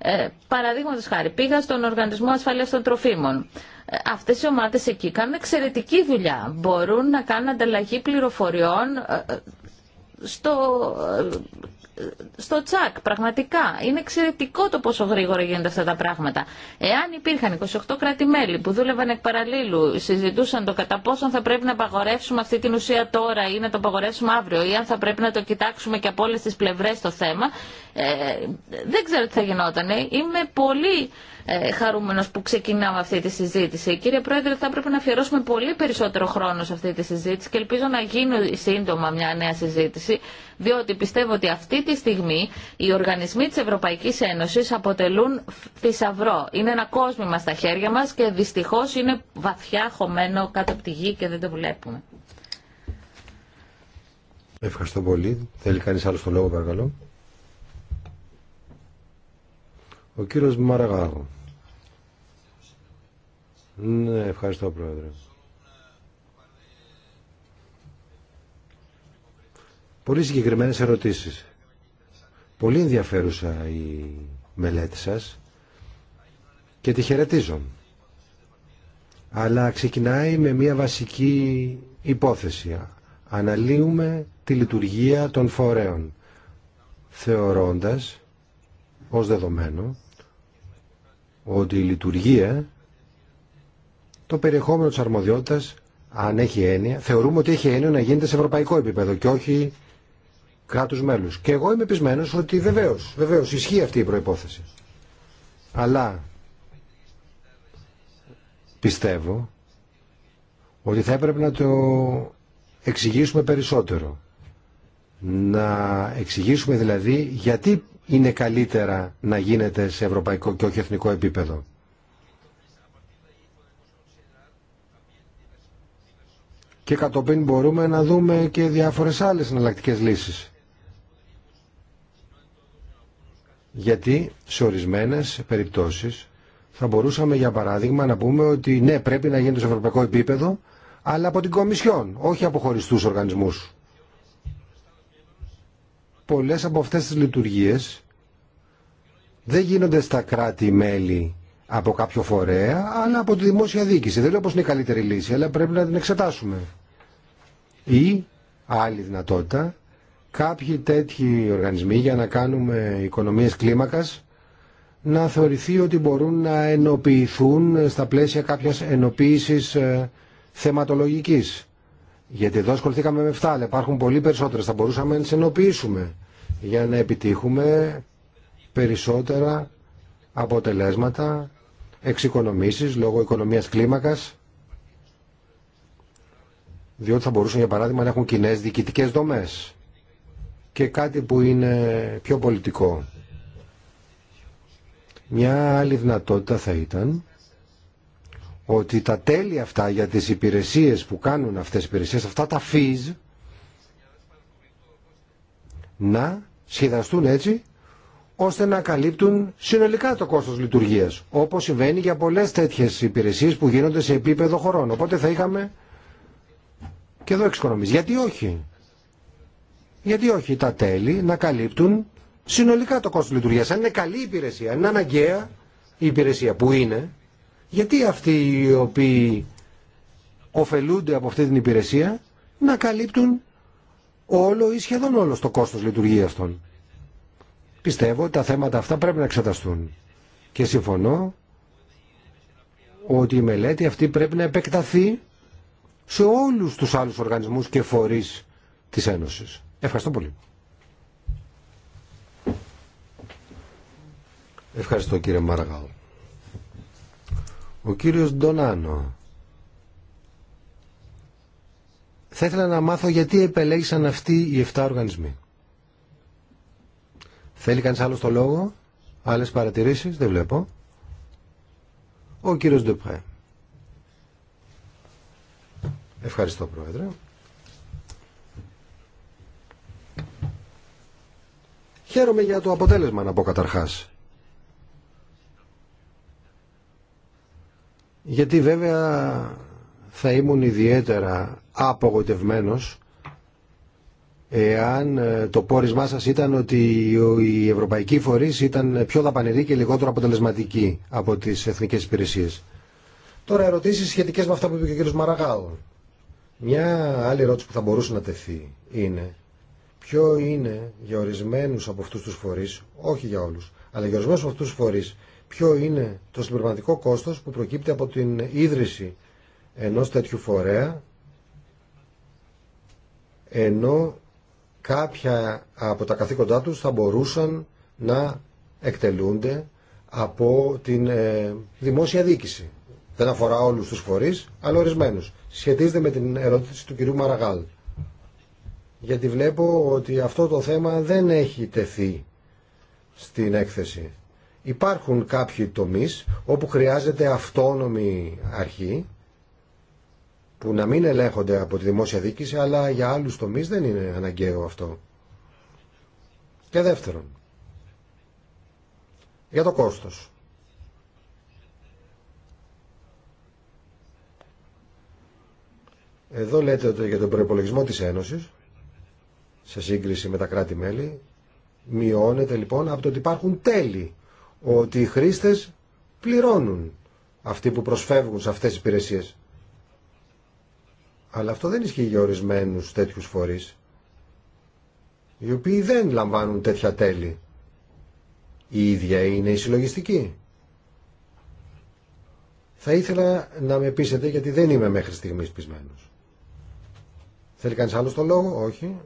Ε, Παραδείγματο χάρη, πήγα στον Οργανισμό Ασφαλεία των Τροφίμων. Ε, Αυτέ οι ομάδε εκεί κάνουν εξαιρετική δουλειά. Μπορούν να κάνουν ανταλλαγή πληροφοριών ε, ε, στο στο τσακ, πραγματικά. Είναι εξαιρετικό το πόσο γρήγορα γίνονται αυτά τα πράγματα. Εάν υπήρχαν 28 κράτη-μέλη που δούλευαν εκ παραλίλου, συζητούσαν το κατά πόσο θα πρέπει να απαγορεύσουμε αυτή την ουσία τώρα ή να το απαγορεύσουμε αύριο ή αν θα πρέπει να το κοιτάξουμε και από όλε τι πλευρέ το θέμα, ε, δεν ξέρω τι θα γινόταν. Είμαι πολύ ε, Χαρούμενο που ξεκινάμε αυτή τη συζήτηση. Κύριε Πρόεδρε, θα πρέπει να αφιερώσουμε πολύ περισσότερο χρόνο σε αυτή τη συζήτηση και ελπίζω να γίνει σύντομα μια νέα συζήτηση, διότι πιστεύω ότι αυτή τη στιγμή οι οργανισμοί τη Ευρωπαϊκή Ένωση αποτελούν θησαυρό. Είναι ένα κόσμημα στα χέρια μα και δυστυχώ είναι βαθιά χωμένο κάτω από τη γη και δεν το βλέπουμε. Ευχαριστώ πολύ. Θέλει κανείς άλλο το λόγο, παρακαλώ. Ο κύριος Μαραγάγου. Ναι, ευχαριστώ Πρόεδρε. Πολύ συγκεκριμένες ερωτήσεις. Πολύ ενδιαφέρουσα η μελέτη σας και τη χαιρετίζω. Αλλά ξεκινάει με μια βασική υπόθεση. Αναλύουμε τη λειτουργία των φορέων, θεωρώντας ως δεδομένο ότι η λειτουργία το περιεχόμενο της αρμοδιότητας, αν έχει έννοια, θεωρούμε ότι έχει έννοια να γίνεται σε ευρωπαϊκό επίπεδο και όχι κράτους μέλους. Και εγώ είμαι πεισμένος ότι βεβαίως, βεβαίως ισχύει αυτή η προϋπόθεση. Αλλά πιστεύω ότι θα έπρεπε να το εξηγήσουμε περισσότερο. Να εξηγήσουμε δηλαδή γιατί είναι καλύτερα να γίνεται σε ευρωπαϊκό και όχι εθνικό επίπεδο. και κατόπιν μπορούμε να δούμε και διάφορες άλλες εναλλακτικέ λύσεις. Γιατί σε ορισμένες περιπτώσεις θα μπορούσαμε για παράδειγμα να πούμε ότι ναι πρέπει να γίνεται σε ευρωπαϊκό επίπεδο αλλά από την Κομισιόν, όχι από χωριστούς οργανισμούς. Πολλές από αυτές τις λειτουργίες δεν γίνονται στα κράτη-μέλη από κάποιο φορέα, αλλά από τη δημόσια δίκηση. Δεν λέω πως είναι η καλύτερη λύση, αλλά πρέπει να την εξετάσουμε. Ή άλλη δυνατότητα, κάποιοι τέτοιοι οργανισμοί για να κάνουμε οικονομίες κλίμακας, να θεωρηθεί ότι μπορούν να ενοποιηθούν στα πλαίσια κάποιας ενοποίησης ε, θεματολογικής. Γιατί εδώ ασχοληθήκαμε με 7, αλλά υπάρχουν πολύ περισσότερες. Θα μπορούσαμε να τις ενοποιήσουμε για να επιτύχουμε περισσότερα αποτελέσματα εξοικονομήσεις λόγω οικονομίας κλίμακας διότι θα μπορούσαν για παράδειγμα να έχουν κοινέ διοικητικέ δομές και κάτι που είναι πιο πολιτικό. Μια άλλη δυνατότητα θα ήταν ότι τα τέλη αυτά για τις υπηρεσίες που κάνουν αυτές οι υπηρεσίες, αυτά τα fees, να σχεδαστούν έτσι ώστε να καλύπτουν συνολικά το κόστος λειτουργίας, όπως συμβαίνει για πολλές τέτοιες υπηρεσίες που γίνονται σε επίπεδο χωρών. Οπότε θα είχαμε και εδώ εξοικονομίες. Γιατί όχι. Γιατί όχι τα τέλη να καλύπτουν συνολικά το κόστος λειτουργίας. Αν είναι καλή υπηρεσία, αν είναι αναγκαία η υπηρεσία που είναι, γιατί αυτοί οι οποίοι ωφελούνται από αυτή την υπηρεσία να καλύπτουν όλο ή σχεδόν όλο το κόστος λειτουργίας των. Πιστεύω ότι τα θέματα αυτά πρέπει να εξεταστούν. Και συμφωνώ ότι η μελέτη αυτή πρέπει να επεκταθεί σε όλους τους άλλους οργανισμούς και φορείς της Ένωσης. Ευχαριστώ πολύ. Ευχαριστώ κύριε Μαργάλ. Ο κύριος Ντονάνο. Θα ήθελα να μάθω γιατί επελέγησαν αυτοί οι 7 οργανισμοί. Θέλει κανείς άλλο το λόγο. Άλλες παρατηρήσεις. Δεν βλέπω. Ο κύριος Ντεπρέ. Ευχαριστώ Πρόεδρε. Χαίρομαι για το αποτέλεσμα να πω καταρχάς. Γιατί βέβαια θα ήμουν ιδιαίτερα απογοητευμένος εάν ε, το πόρισμά σας ήταν ότι οι ευρωπαϊκοί φορείς ήταν πιο δαπανηροί και λιγότερο αποτελεσματικοί από τις εθνικές υπηρεσίες. Τώρα ερωτήσεις σχετικές με αυτά που είπε και ο κ. Μαραγάου. Μια άλλη ερώτηση που θα μπορούσε να τεθεί είναι ποιο είναι για ορισμένους από αυτούς τους φορείς, όχι για όλους, αλλά για ορισμένους από αυτούς τους φορείς, ποιο είναι το συμπληρωματικό κόστος που προκύπτει από την ίδρυση ενός τέτοιου φορέα ενώ κάποια από τα καθήκοντά τους θα μπορούσαν να εκτελούνται από την ε, δημόσια διοίκηση. Δεν αφορά όλους τους φορείς, αλλά ορισμένους. Σχετίζεται με την ερώτηση του κυρίου Μαραγάλ. Γιατί βλέπω ότι αυτό το θέμα δεν έχει τεθεί στην έκθεση. Υπάρχουν κάποιοι τομείς όπου χρειάζεται αυτόνομη αρχή που να μην ελέγχονται από τη δημόσια δίκηση, αλλά για άλλους τομείς δεν είναι αναγκαίο αυτό. Και δεύτερον, για το κόστος. Εδώ λέτε ότι για τον προπολογισμό της Ένωσης, σε σύγκριση με τα κράτη-μέλη, μειώνεται λοιπόν από το ότι υπάρχουν τέλη, ότι οι χρήστες πληρώνουν αυτοί που προσφεύγουν σε αυτές τις υπηρεσίες. Αλλά αυτό δεν ισχύει για ορισμένου τέτοιου φορεί, οι οποίοι δεν λαμβάνουν τέτοια τέλη. Η ίδια είναι η συλλογιστική. Θα ήθελα να με πείσετε γιατί δεν είμαι μέχρι στιγμής πεισμένο. Θέλει κάνει άλλο το λόγο, όχι.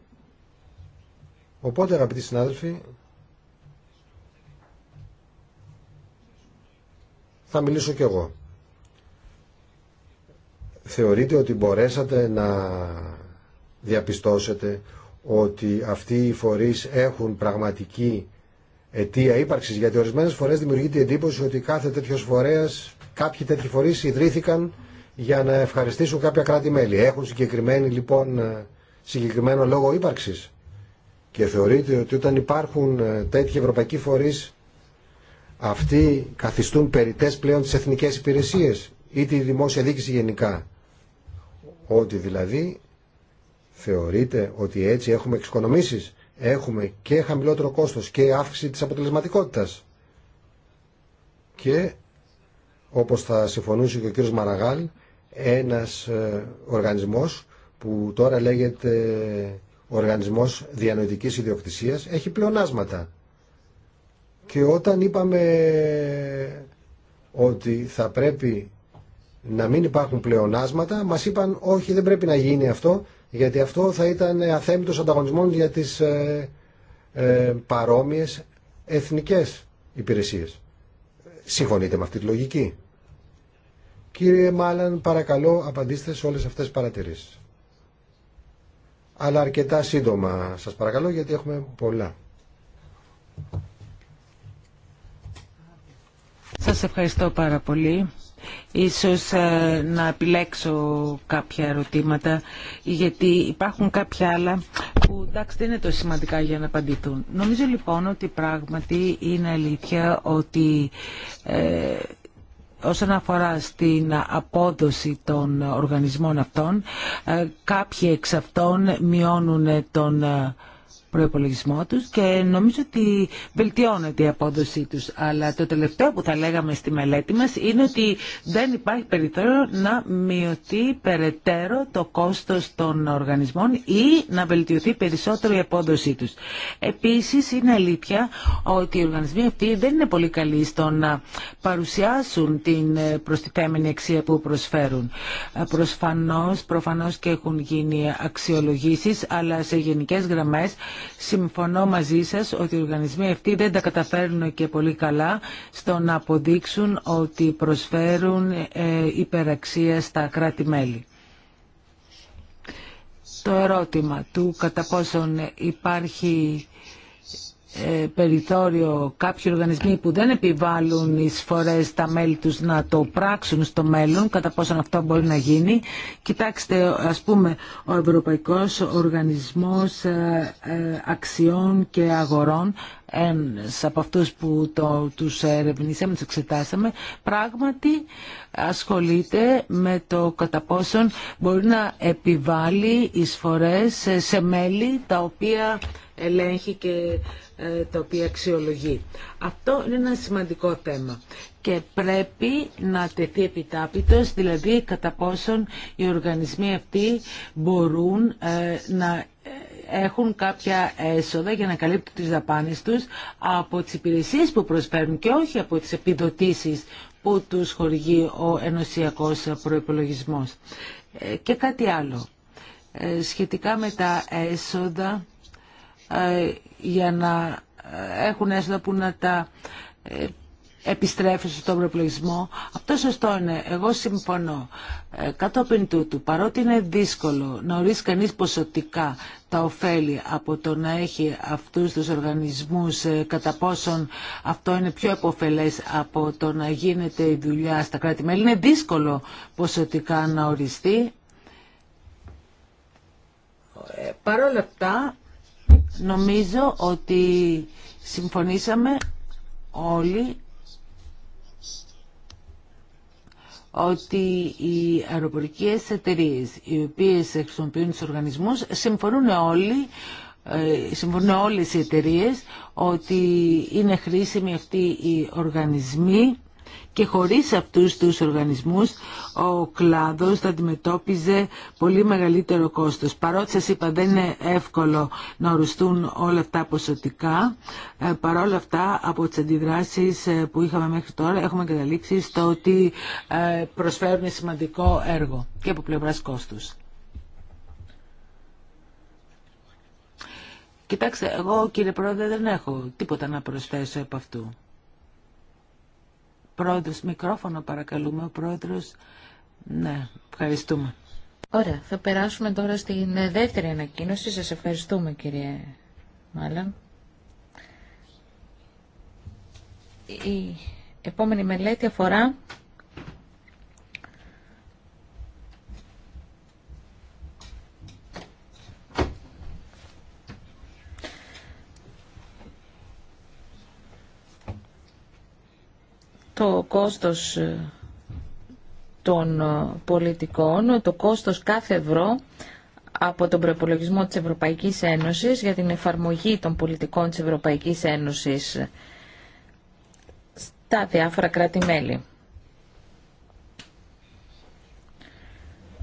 Οπότε αγαπητοί συνάδελφοι, θα μιλήσω κι εγώ θεωρείτε ότι μπορέσατε να διαπιστώσετε ότι αυτοί οι φορείς έχουν πραγματική αιτία ύπαρξης γιατί ορισμένες φορές δημιουργείται η εντύπωση ότι κάθε τέτοιος φορέας κάποιοι τέτοιοι φορείς ιδρύθηκαν για να ευχαριστήσουν κάποια κράτη-μέλη έχουν συγκεκριμένη λοιπόν ε, συγκεκριμένο λόγο ύπαρξης και θεωρείτε ότι όταν υπάρχουν ε, τέτοιοι ευρωπαϊκοί φορείς αυτοί καθιστούν περιτές πλέον τις εθνικές υπηρεσίες ή τη δημόσια δίκηση γενικά ότι δηλαδή θεωρείτε ότι έτσι έχουμε εξοικονομήσεις, έχουμε και χαμηλότερο κόστος και αύξηση της αποτελεσματικότητας. Και όπως θα συμφωνούσε και ο κύριος Μαραγάλ, ένας ε, οργανισμός που τώρα λέγεται οργανισμός διανοητικής ιδιοκτησίας έχει πλεονάσματα. Και όταν είπαμε ότι θα πρέπει να μην υπάρχουν πλεονάσματα, Μα είπαν όχι δεν πρέπει να γίνει αυτό γιατί αυτό θα ήταν αθέμητο ανταγωνισμός για τις ε, ε, παρόμοιες εθνικές υπηρεσίες. Συμφωνείτε με αυτή τη λογική. Κύριε Μάλαν, παρακαλώ απαντήστε σε όλες αυτές τις παρατηρήσεις. Αλλά αρκετά σύντομα σας παρακαλώ γιατί έχουμε πολλά. Σας ευχαριστώ πάρα πολύ. Ίσως ε, να επιλέξω κάποια ερωτήματα, γιατί υπάρχουν κάποια άλλα που εντάξει δεν είναι τόσο σημαντικά για να απαντηθούν. Νομίζω λοιπόν ότι πράγματι είναι αλήθεια ότι ε, όσον αφορά στην απόδοση των οργανισμών αυτών, ε, κάποιοι εξ αυτών μειώνουν τον ε, προπολογισμό του και νομίζω ότι βελτιώνεται η απόδοσή του. Αλλά το τελευταίο που θα λέγαμε στη μελέτη μα είναι ότι δεν υπάρχει περιθώριο να μειωθεί περαιτέρω το κόστο των οργανισμών ή να βελτιωθεί περισσότερο η απόδοσή του. Επίση είναι αλήθεια ότι οι οργανισμοί αυτοί δεν είναι πολύ καλοί στο να παρουσιάσουν την προστιθέμενη αξία που προσφέρουν. Προσφανώς, προφανώς και έχουν γίνει αξιολογήσεις, αλλά σε γενικές γραμμές Συμφωνώ μαζί σας ότι οι οργανισμοί αυτοί δεν τα καταφέρνουν και πολύ καλά στο να αποδείξουν ότι προσφέρουν ε, υπεραξία στα κράτη-μέλη. Το ερώτημα του κατά πόσον υπάρχει ε, περιθώριο κάποιοι οργανισμοί που δεν επιβάλλουν εισφορές στα μέλη τους να το πράξουν στο μέλλον, κατά πόσον αυτό μπορεί να γίνει. Κοιτάξτε, ας πούμε, ο Ευρωπαϊκός Οργανισμός ε, ε, Αξιών και Αγορών, ένας από αυτούς που τους ερευνήσαμε, τους εξετάσαμε, πράγματι ασχολείται με το κατά πόσον μπορεί να επιβάλλει εισφορές σε μέλη τα οποία ελέγχει και ε, τα οποία αξιολογεί. Αυτό είναι ένα σημαντικό θέμα και πρέπει να τεθεί επιτάπητος, δηλαδή κατά πόσον οι οργανισμοί αυτοί μπορούν ε, να ε, έχουν κάποια έσοδα για να καλύπτουν τις δαπάνες τους από τις υπηρεσίες που προσφέρουν και όχι από τις επιδοτήσεις που τους χορηγεί ο ενωσιακός προϋπολογισμός. Και κάτι άλλο, σχετικά με τα έσοδα ε, για να ε, έχουν έσοδα που να τα ε, επιστρέφουν στον προπλογισμό. Αυτό σωστό είναι. Εγώ συμφωνώ. Ε, κατόπιν τούτου, παρότι είναι δύσκολο να ορίσει κανεί ποσοτικά τα ωφέλη από το να έχει αυτούς τους οργανισμούς ε, κατά πόσον αυτό είναι πιο επωφελές από το να γίνεται η δουλειά στα κράτη-μέλη. Είναι δύσκολο ποσοτικά να οριστεί. Ε, Παρ' όλα αυτά, Νομίζω ότι συμφωνήσαμε όλοι ότι οι αεροπορικές εταιρείε οι οποίες χρησιμοποιούν τους οργανισμούς συμφωνούν όλοι ε, συμφωνούν όλες οι εταιρείε ότι είναι χρήσιμοι αυτοί οι οργανισμοί και χωρίς αυτούς τους οργανισμούς ο κλάδος θα αντιμετώπιζε πολύ μεγαλύτερο κόστος. Παρότι σας είπα δεν είναι εύκολο να οριστούν όλα αυτά ποσοτικά, ε, παρόλα αυτά από τις αντιδράσεις ε, που είχαμε μέχρι τώρα έχουμε καταλήξει στο ότι ε, προσφέρουν σημαντικό έργο και από πλευράς κόστους. Κοιτάξτε, εγώ κύριε Πρόεδρε δεν έχω τίποτα να προσθέσω από αυτού. Πρόεδρος, μικρόφωνο παρακαλούμε, ο Πρόεδρος. Ναι, ευχαριστούμε. Ωραία, θα περάσουμε τώρα στην ε, δεύτερη ανακοίνωση. Σας ευχαριστούμε κύριε Μάλλον. Η επόμενη μελέτη αφορά το κόστος ε, των ε, πολιτικών, το κόστος κάθε ευρώ από τον προπολογισμό της Ευρωπαϊκής Ένωσης για την εφαρμογή των πολιτικών της Ευρωπαϊκής Ένωσης στα διάφορα κράτη-μέλη.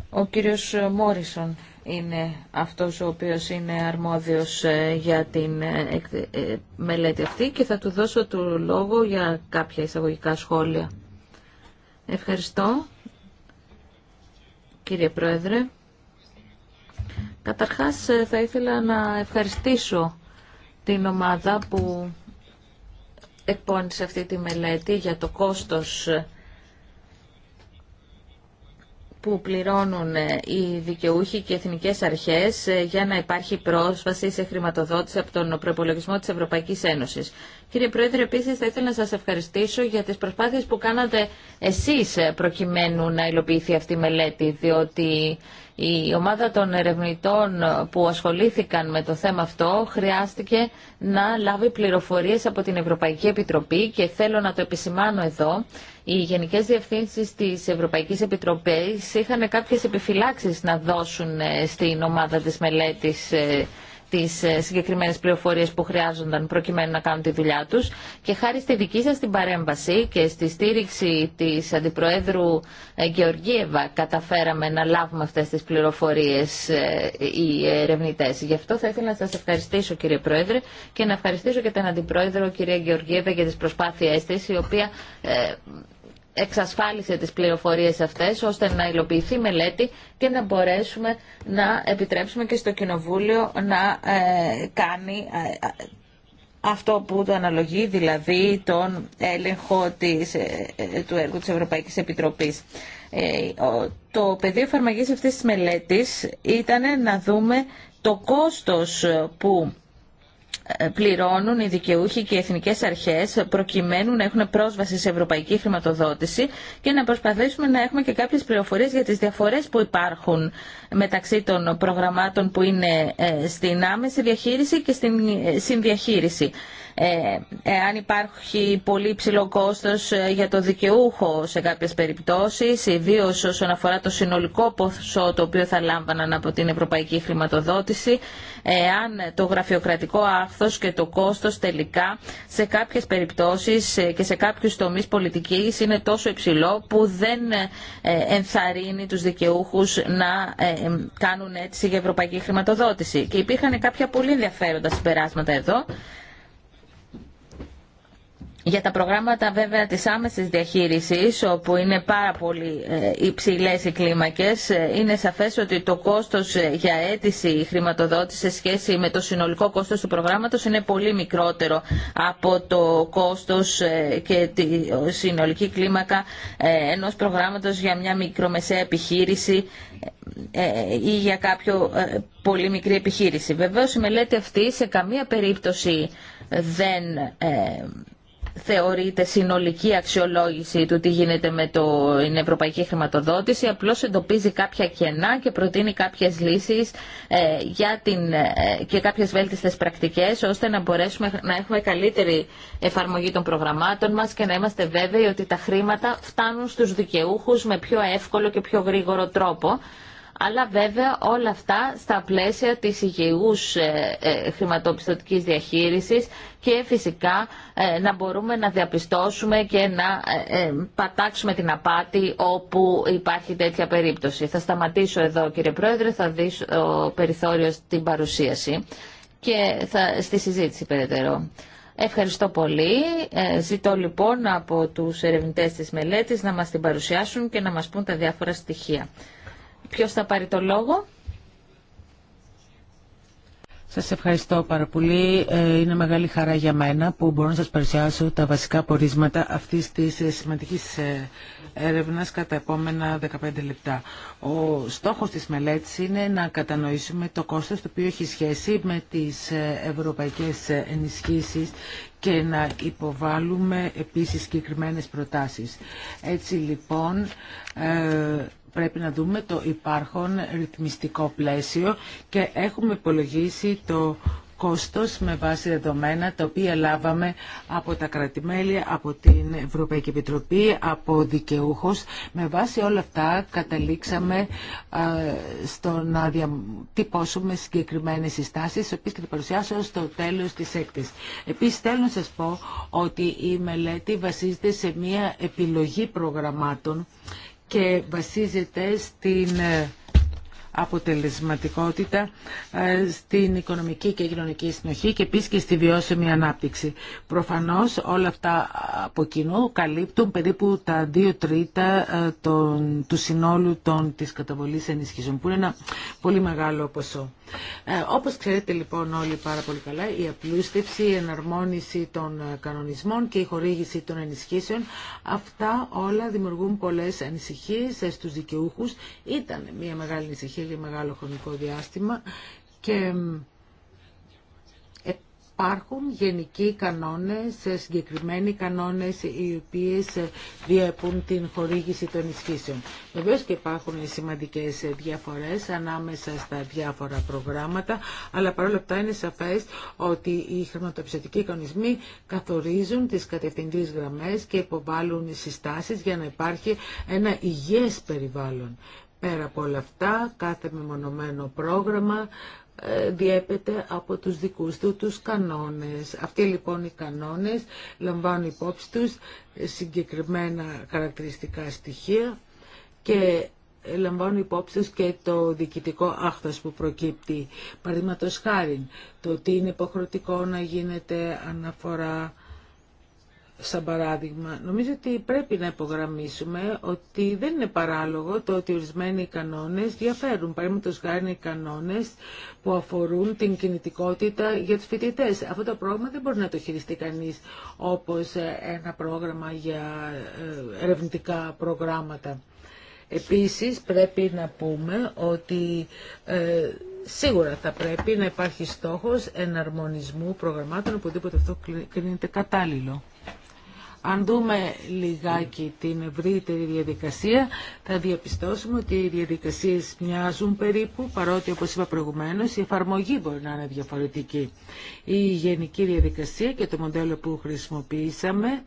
Ο κύριος Μόρισον είναι αυτός ο οποίος είναι αρμόδιος ε, για την ε, ε, μελέτη αυτή και θα του δώσω του λόγο για κάποια εισαγωγικά σχόλια. Ευχαριστώ, κύριε Πρόεδρε. Καταρχάς θα ήθελα να ευχαριστήσω την ομάδα που εκπώνησε αυτή τη μελέτη για το κόστος που πληρώνουν ε, οι δικαιούχοι και οι εθνικές αρχές ε, για να υπάρχει πρόσβαση σε χρηματοδότηση από τον προπολογισμό της Ευρωπαϊκής Ένωσης. Κύριε Πρόεδρε, επίσης θα ήθελα να σας ευχαριστήσω για τις προσπάθειες που κάνατε εσείς ε, προκειμένου να υλοποιηθεί αυτή η μελέτη, διότι η ομάδα των ερευνητών που ασχολήθηκαν με το θέμα αυτό χρειάστηκε να λάβει πληροφορίες από την Ευρωπαϊκή Επιτροπή και θέλω να το επισημάνω εδώ. Οι γενικές διευθύνσεις της Ευρωπαϊκής Επιτροπής είχαν κάποιες επιφυλάξεις να δώσουν ε, στην ομάδα της μελέτης ε, τις ε, συγκεκριμένες πληροφορίες που χρειάζονταν προκειμένου να κάνουν τη δουλειά τους και χάρη στη δική σα την παρέμβαση και στη στήριξη της Αντιπροέδρου ε, Γεωργίευα καταφέραμε να λάβουμε αυτές τις πληροφορίες ε, οι ερευνητέ. Γι' αυτό θα ήθελα να σας ευχαριστήσω κύριε Πρόεδρε και να ευχαριστήσω και τον Αντιπρόεδρο κυρία Γεωργίευα για τι προσπάθειε, της η οποία εξασφάλισε τις πληροφορίες αυτές ώστε να υλοποιηθεί μελέτη και να μπορέσουμε να επιτρέψουμε και στο Κοινοβούλιο να ε, κάνει ε, αυτό που το αναλογεί, δηλαδή τον έλεγχο της, ε, του έργου της Ευρωπαϊκής Επιτροπής. Το πεδίο εφαρμογής αυτής της μελέτης ήταν να δούμε το κόστος που πληρώνουν οι δικαιούχοι και οι εθνικές αρχές προκειμένου να έχουν πρόσβαση σε ευρωπαϊκή χρηματοδότηση και να προσπαθήσουμε να έχουμε και κάποιες πληροφορίες για τις διαφορές που υπάρχουν μεταξύ των προγραμμάτων που είναι ε, στην άμεση διαχείριση και στην ε, συνδιαχείριση. Ε, αν υπάρχει πολύ ψηλό κόστος για το δικαιούχο σε κάποιες περιπτώσεις, ιδίω όσον αφορά το συνολικό ποσό το οποίο θα λάμβαναν από την ευρωπαϊκή χρηματοδότηση, αν το γραφειοκρατικό άρθος και το κόστος τελικά σε κάποιες περιπτώσεις και σε κάποιους τομείς πολιτικής είναι τόσο υψηλό που δεν ενθαρρύνει τους δικαιούχους να κάνουν έτσι για ευρωπαϊκή χρηματοδότηση. Και υπήρχαν κάποια πολύ ενδιαφέροντα συμπεράσματα εδώ. Για τα προγράμματα βέβαια της άμεσης διαχείρισης, όπου είναι πάρα πολύ ε, υψηλές οι κλίμακες, ε, είναι σαφές ότι το κόστος ε, για αίτηση χρηματοδότηση σε σχέση με το συνολικό κόστος του προγράμματος είναι πολύ μικρότερο από το κόστος και τη συνολική κλίμακα ενός προγράμματος για μια μικρομεσαία επιχείρηση ή για κάποιο πολύ μικρή επιχείρηση. Βεβαίως η μελέτη αυτή σε καμία περίπτωση δεν θεωρείται συνολική αξιολόγηση του τι γίνεται με το, την ευρωπαϊκή χρηματοδότηση, απλώς εντοπίζει κάποια κενά και προτείνει κάποιες λύσεις ε, για την, ε, και κάποιες βέλτιστες πρακτικές, ώστε να μπορέσουμε να έχουμε καλύτερη εφαρμογή των προγραμμάτων μας και να είμαστε βέβαιοι ότι τα χρήματα φτάνουν στους δικαιούχους με πιο εύκολο και πιο γρήγορο τρόπο αλλά βέβαια όλα αυτά στα πλαίσια της υγιούς ε, ε, χρηματοπιστωτικής διαχείρισης και φυσικά ε, να μπορούμε να διαπιστώσουμε και να πατάξουμε την απάτη όπου υπάρχει τέτοια περίπτωση. Θα σταματήσω εδώ κύριε Πρόεδρε, θα ο περιθώριο στην παρουσίαση και θα, στη συζήτηση περαιτέρω. Ευχαριστώ πολύ. Ζητώ λοιπόν από τους ερευνητές της μελέτης να μας την παρουσιάσουν και να μας πούν τα διάφορα στοιχεία. Ποιος θα πάρει το λόγο. Σας ευχαριστώ πάρα πολύ. Ε, είναι μεγάλη χαρά για μένα που μπορώ να σας παρουσιάσω τα βασικά πορίσματα αυτής της ε, σημαντικής ε, έρευνας κατά επόμενα 15 λεπτά. Ο στόχος της μελέτης είναι να κατανοήσουμε το κόστος το οποίο έχει σχέση με τις ευρωπαϊκές ενισχύσεις και να υποβάλουμε επίσης συγκεκριμένες προτάσεις. Έτσι λοιπόν πρέπει να δούμε το υπάρχον ρυθμιστικό πλαίσιο και έχουμε υπολογίσει το κόστος με βάση δεδομένα τα οποία λάβαμε από τα κρατημέλη, από την Ευρωπαϊκή Επιτροπή, από δικαιούχους. Με βάση όλα αυτά καταλήξαμε στο να διατυπώσουμε συγκεκριμένες συστάσεις, οι οποίες θα παρουσιάσω στο τέλος της έκτης. Επίσης θέλω να σας πω ότι η μελέτη βασίζεται σε μια επιλογή προγραμμάτων και βασίζεται στην ε, αποτελεσματικότητα ε, στην οικονομική και κοινωνική συνοχή και επίσης και στη βιώσιμη ανάπτυξη. Προφανώς όλα αυτά από κοινού καλύπτουν περίπου τα δύο τρίτα ε, του συνόλου των, της καταβολής ενισχύσεων, που είναι ένα πολύ μεγάλο ποσό. Ε, όπως ξέρετε λοιπόν όλοι πάρα πολύ καλά, η απλούστευση, η εναρμόνιση των ε, κανονισμών και η χορήγηση των ενισχύσεων, αυτά όλα δημιουργούν πολλές ανησυχίες στους δικαιούχους. Ήταν μια μεγάλη ανησυχία για μεγάλο χρονικό διάστημα και υπάρχουν γενικοί κανόνες, ε, συγκεκριμένοι κανόνες οι οποίες ε, διέπουν την χορήγηση των ισχύσεων. Βεβαίω και υπάρχουν σημαντικές ε, διαφορές ανάμεσα στα διάφορα προγράμματα, αλλά παρόλα αυτά είναι σαφές ότι οι χρηματοπιστωτικοί κανονισμοί καθορίζουν τις κατευθυντήριες γραμμές και υποβάλλουν συστάσεις για να υπάρχει ένα υγιές περιβάλλον. Πέρα από όλα αυτά, κάθε μεμονωμένο πρόγραμμα ε, διέπεται από τους δικούς του τους κανόνες. Αυτοί λοιπόν οι κανόνες λαμβάνουν υπόψη τους συγκεκριμένα χαρακτηριστικά στοιχεία και λαμβάνουν υπόψη τους και το διοικητικό άχθος που προκύπτει. Παραδείγματο χάρη, το ότι είναι υποχρεωτικό να γίνεται αναφορά σαν παράδειγμα, νομίζω ότι πρέπει να υπογραμμίσουμε ότι δεν είναι παράλογο το ότι ορισμένοι κανόνες διαφέρουν. Παραδείγματος χάρη είναι οι κανόνες που αφορούν την κινητικότητα για τους φοιτητές. Αυτό το πρόγραμμα δεν μπορεί να το χειριστεί κανείς όπως ένα πρόγραμμα για ε, ερευνητικά προγράμματα. Επίσης πρέπει να πούμε ότι ε, σίγουρα θα πρέπει να υπάρχει στόχος εναρμονισμού προγραμμάτων, οπουδήποτε αυτό κρίνεται κατάλληλο. Αν δούμε λιγάκι την ευρύτερη διαδικασία, θα διαπιστώσουμε ότι οι διαδικασίες μοιάζουν περίπου, παρότι όπως είπα προηγουμένως η εφαρμογή μπορεί να είναι διαφορετική. Η γενική διαδικασία και το μοντέλο που χρησιμοποιήσαμε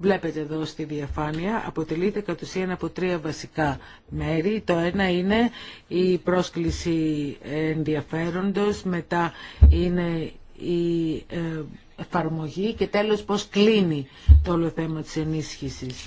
βλέπετε εδώ στη διαφάνεια αποτελείται κατ' ουσίαν από τρία βασικά μέρη. Το ένα είναι η πρόσκληση ενδιαφέροντος, μετά είναι η ε, εφαρμογή και τέλος πώς κλείνει το όλο θέμα της ενίσχυσης.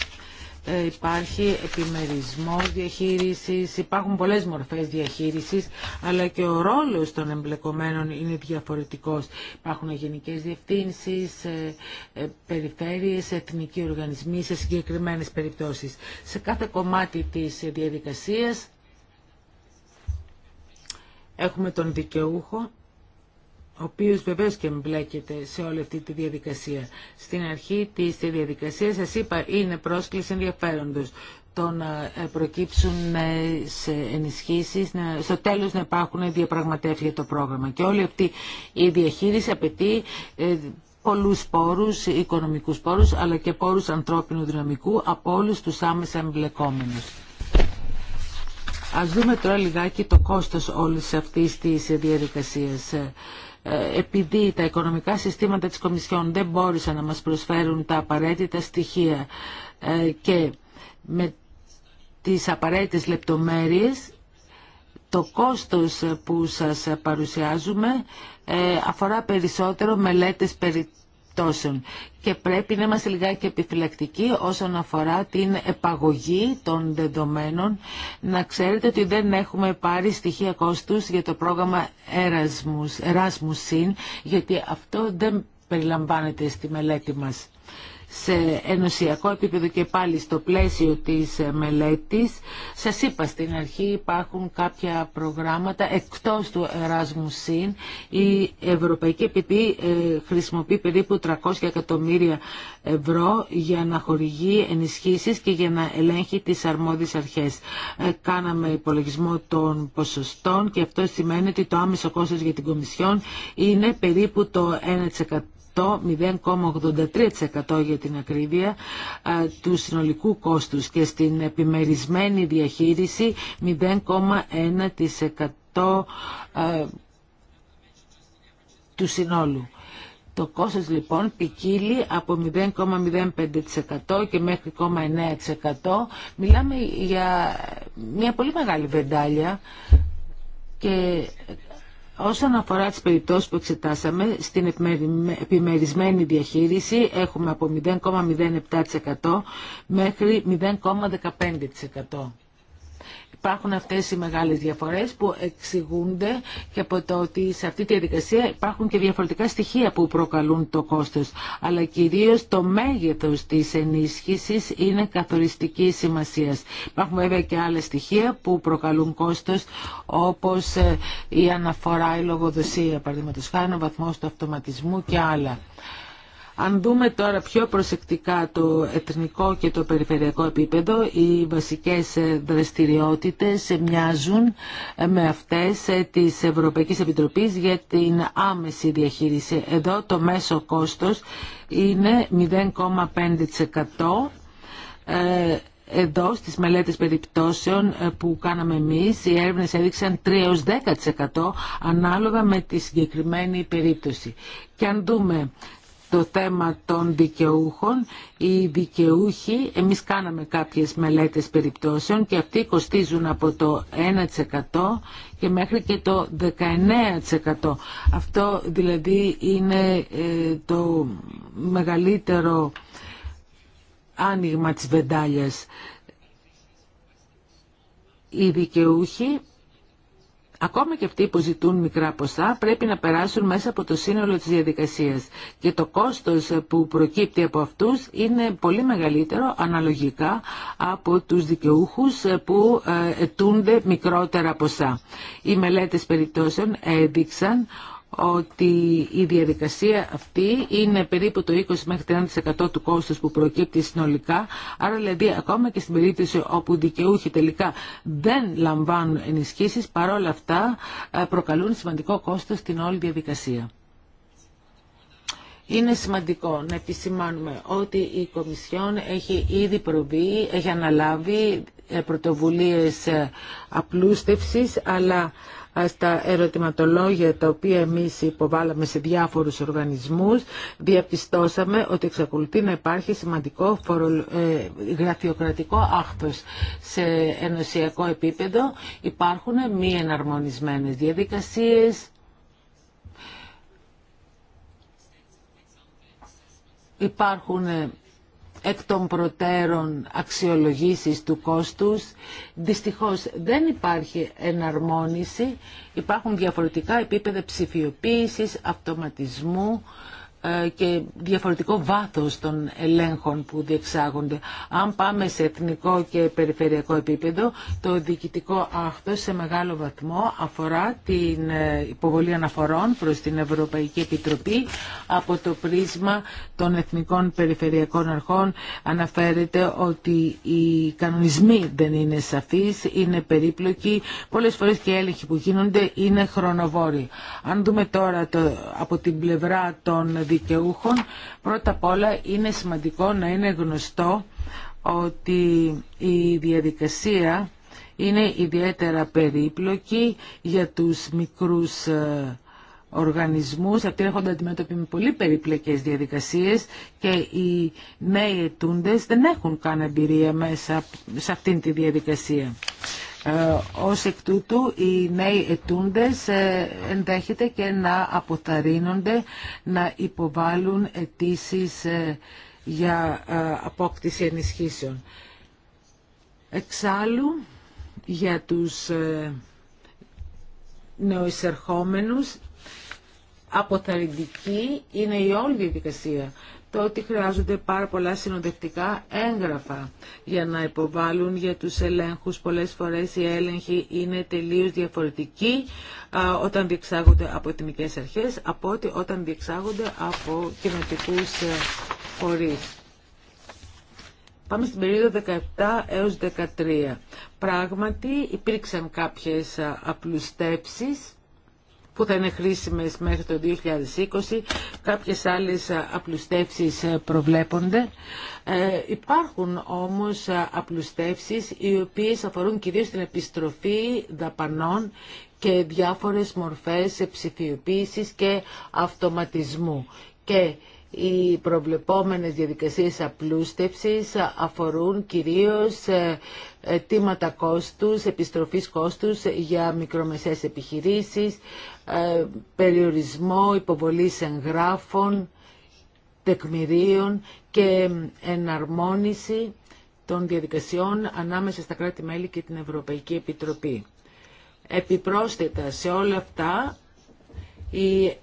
Ε, υπάρχει επιμερισμό διαχείρισης, υπάρχουν πολλές μορφές διαχείρισης, αλλά και ο ρόλος των εμπλεκομένων είναι διαφορετικός. Υπάρχουν γενικές διευθύνσεις, ε, ε περιφέρειες, εθνικοί οργανισμοί σε συγκεκριμένες περιπτώσεις. Σε κάθε κομμάτι της διαδικασίας έχουμε τον δικαιούχο ο οποίο βεβαίω και εμπλέκεται σε όλη αυτή τη διαδικασία. Στην αρχή τη διαδικασία, σα είπα είναι πρόσκληση ενδιαφέροντο το να ε, προκύψουν ε, σε ενισχύσεις, να, στο τέλος να υπάρχουν διαπραγματεύσει για το πρόγραμμα. Και όλη αυτή η διαχείριση απαιτεί ε, πολλούς πόρους, οικονομικούς πόρους, αλλά και πόρους ανθρώπινου δυναμικού από όλους τους άμεσα εμπλεκόμενους. Ας δούμε τώρα λιγάκι το κόστος όλης αυτής της διαδικασίας επειδή τα οικονομικά συστήματα της Κομισιόν δεν μπόρεσαν να μας προσφέρουν τα απαραίτητα στοιχεία ε, και με τις απαραίτητες λεπτομέρειες το κόστος που σας παρουσιάζουμε ε, αφορά περισσότερο μελέτες περί και πρέπει να είμαστε λιγάκι επιφυλακτικοί όσον αφορά την επαγωγή των δεδομένων. Να ξέρετε ότι δεν έχουμε πάρει στοιχεία κόστους για το πρόγραμμα Erasmus, Erasmus γιατί αυτό δεν περιλαμβάνεται στη μελέτη μας σε ενωσιακό επίπεδο και πάλι στο πλαίσιο της μελέτης. Σας είπα στην αρχή υπάρχουν κάποια προγράμματα εκτός του Erasmus ΣΥΝ. Η Ευρωπαϊκή Επιτή ε, χρησιμοποιεί περίπου 300 εκατομμύρια ευρώ για να χορηγεί ενισχύσεις και για να ελέγχει τις αρμόδιες αρχές. Ε, κάναμε υπολογισμό των ποσοστών και αυτό σημαίνει ότι το άμεσο κόστος για την Κομισιόν είναι περίπου το 1% το 0,83% για την ακρίβεια του συνολικού κόστους και στην επιμερισμένη διαχείριση 0,1% του συνόλου. Το κόστος λοιπόν ποικίλει από 0,05% και μέχρι 0,9%. Μιλάμε για μια πολύ μεγάλη βεντάλια και Όσον αφορά τις περιπτώσεις που εξετάσαμε, στην επιμερισμένη διαχείριση έχουμε από 0,07% μέχρι 0,15%. Υπάρχουν αυτές οι μεγάλες διαφορές που εξηγούνται και από το ότι σε αυτή τη διαδικασία υπάρχουν και διαφορετικά στοιχεία που προκαλούν το κόστος. Αλλά κυρίως το μέγεθος της ενίσχυσης είναι καθοριστική σημασίας. Υπάρχουν βέβαια και άλλα στοιχεία που προκαλούν κόστος όπως ε, η αναφορά, η λογοδοσία, παραδείγματος χάρη, ο βαθμός του αυτοματισμού και άλλα. Αν δούμε τώρα πιο προσεκτικά το εθνικό και το περιφερειακό επίπεδο, οι βασικές ε, δραστηριότητες μοιάζουν ε, με αυτές ε, της Ευρωπαϊκής Επιτροπής για την άμεση διαχείριση. Εδώ το μέσο κόστος είναι 0,5% εδώ στις μελέτες περιπτώσεων που κάναμε εμείς οι έρευνες έδειξαν 3-10% ανάλογα με τη συγκεκριμένη περίπτωση. Και αν δούμε το θέμα των δικαιούχων. Οι δικαιούχοι, εμείς κάναμε κάποιες μελέτες περιπτώσεων και αυτοί κοστίζουν από το 1% και μέχρι και το 19%. Αυτό δηλαδή είναι ε, το μεγαλύτερο άνοιγμα της βεντάλιας. Οι δικαιούχοι ακόμα και αυτοί που ζητούν μικρά ποσά πρέπει να περάσουν μέσα από το σύνολο της διαδικασίας και το κόστος που προκύπτει από αυτούς είναι πολύ μεγαλύτερο αναλογικά από τους δικαιούχους που ε, ετούνται μικρότερα ποσά. Οι μελέτες περιπτώσεων έδειξαν ότι η διαδικασία αυτή είναι περίπου το 20 μέχρι 30% του κόστους που προκύπτει συνολικά, άρα δηλαδή ακόμα και στην περίπτωση όπου οι δικαιούχοι τελικά δεν λαμβάνουν ενισχύσεις, παρόλα αυτά ε, προκαλούν σημαντικό κόστος στην όλη διαδικασία. Είναι σημαντικό να επισημάνουμε ότι η Κομισιόν έχει ήδη προβεί, έχει αναλάβει ε, πρωτοβουλίες ε, απλούστευσης, αλλά στα ερωτηματολόγια τα οποία εμείς υποβάλαμε σε διάφορους οργανισμούς διαπιστώσαμε ότι εξακολουθεί να υπάρχει σημαντικό φορο... Ε, γραφειοκρατικό άχθος σε ενωσιακό επίπεδο υπάρχουν μη εναρμονισμένες διαδικασίες υπάρχουν ε, εκ των προτέρων αξιολογήσεις του κόστους. Δυστυχώς δεν υπάρχει εναρμόνιση, υπάρχουν διαφορετικά επίπεδα ψηφιοποίησης, αυτοματισμού ε, και διαφορετικό βάθος των ελέγχων που διεξάγονται. Αν πάμε σε εθνικό και περιφερειακό επίπεδο, το διοικητικό αυτό σε μεγάλο βαθμό αφορά την ε, υποβολή αναφορών προς την Ευρωπαϊκή Επιτροπή από το πρίσμα των εθνικών περιφερειακών αρχών. Αναφέρεται ότι οι κανονισμοί δεν είναι σαφείς, είναι περίπλοκοι, πολλές φορές και οι έλεγχοι που γίνονται είναι χρονοβόροι. Αν δούμε τώρα το, από την πλευρά των δικαιούχων. Πρώτα απ' όλα είναι σημαντικό να είναι γνωστό ότι η διαδικασία είναι ιδιαίτερα περίπλοκη για τους μικρούς ε, οργανισμούς. Αυτοί έχουν αντιμέτωποι με πολύ περιπλοκές διαδικασίες και οι νέοι ετούντες δεν έχουν καν εμπειρία μέσα σε αυτήν τη διαδικασία. Ε, ως εκ τούτου οι νέοι ετούντες ε, ενδέχεται και να αποθαρρύνονται να υποβάλουν αιτήσει ε, για απόκτηση ενισχύσεων. Εξάλλου, για τους νεοεισερχόμενους, αποθαρρυντική είναι η όλη διαδικασία το ότι χρειάζονται πάρα πολλά συνοδευτικά έγγραφα για να υποβάλουν για τους ελέγχους. Πολλές φορές οι έλεγχοι είναι τελείως διαφορετικοί όταν διεξάγονται από εθνικές αρχές από ότι όταν διεξάγονται από κοινωτικούς ε, φορείς. Πάμε στην περίοδο 17 έως 13. Πράγματι υπήρξαν κάποιες απλουστέψεις που θα είναι χρήσιμες μέχρι το 2020. Κάποιες άλλες απλουστεύσεις προβλέπονται. Ε, υπάρχουν όμως απλουστεύσεις οι οποίες αφορούν κυρίως την επιστροφή δαπανών και διάφορες μορφές ψηφιοποίησης και αυτοματισμού. Και οι προβλεπόμενες διαδικασίες απλούστευσης αφορούν κυρίως ε, τίματα κόστους, επιστροφής κόστους για μικρομεσαίες επιχειρήσεις, ε, περιορισμό υποβολής εγγράφων, τεκμηρίων και εναρμόνιση των διαδικασιών ανάμεσα στα κράτη-μέλη και την Ευρωπαϊκή Επιτροπή. Επιπρόσθετα σε όλα αυτά, η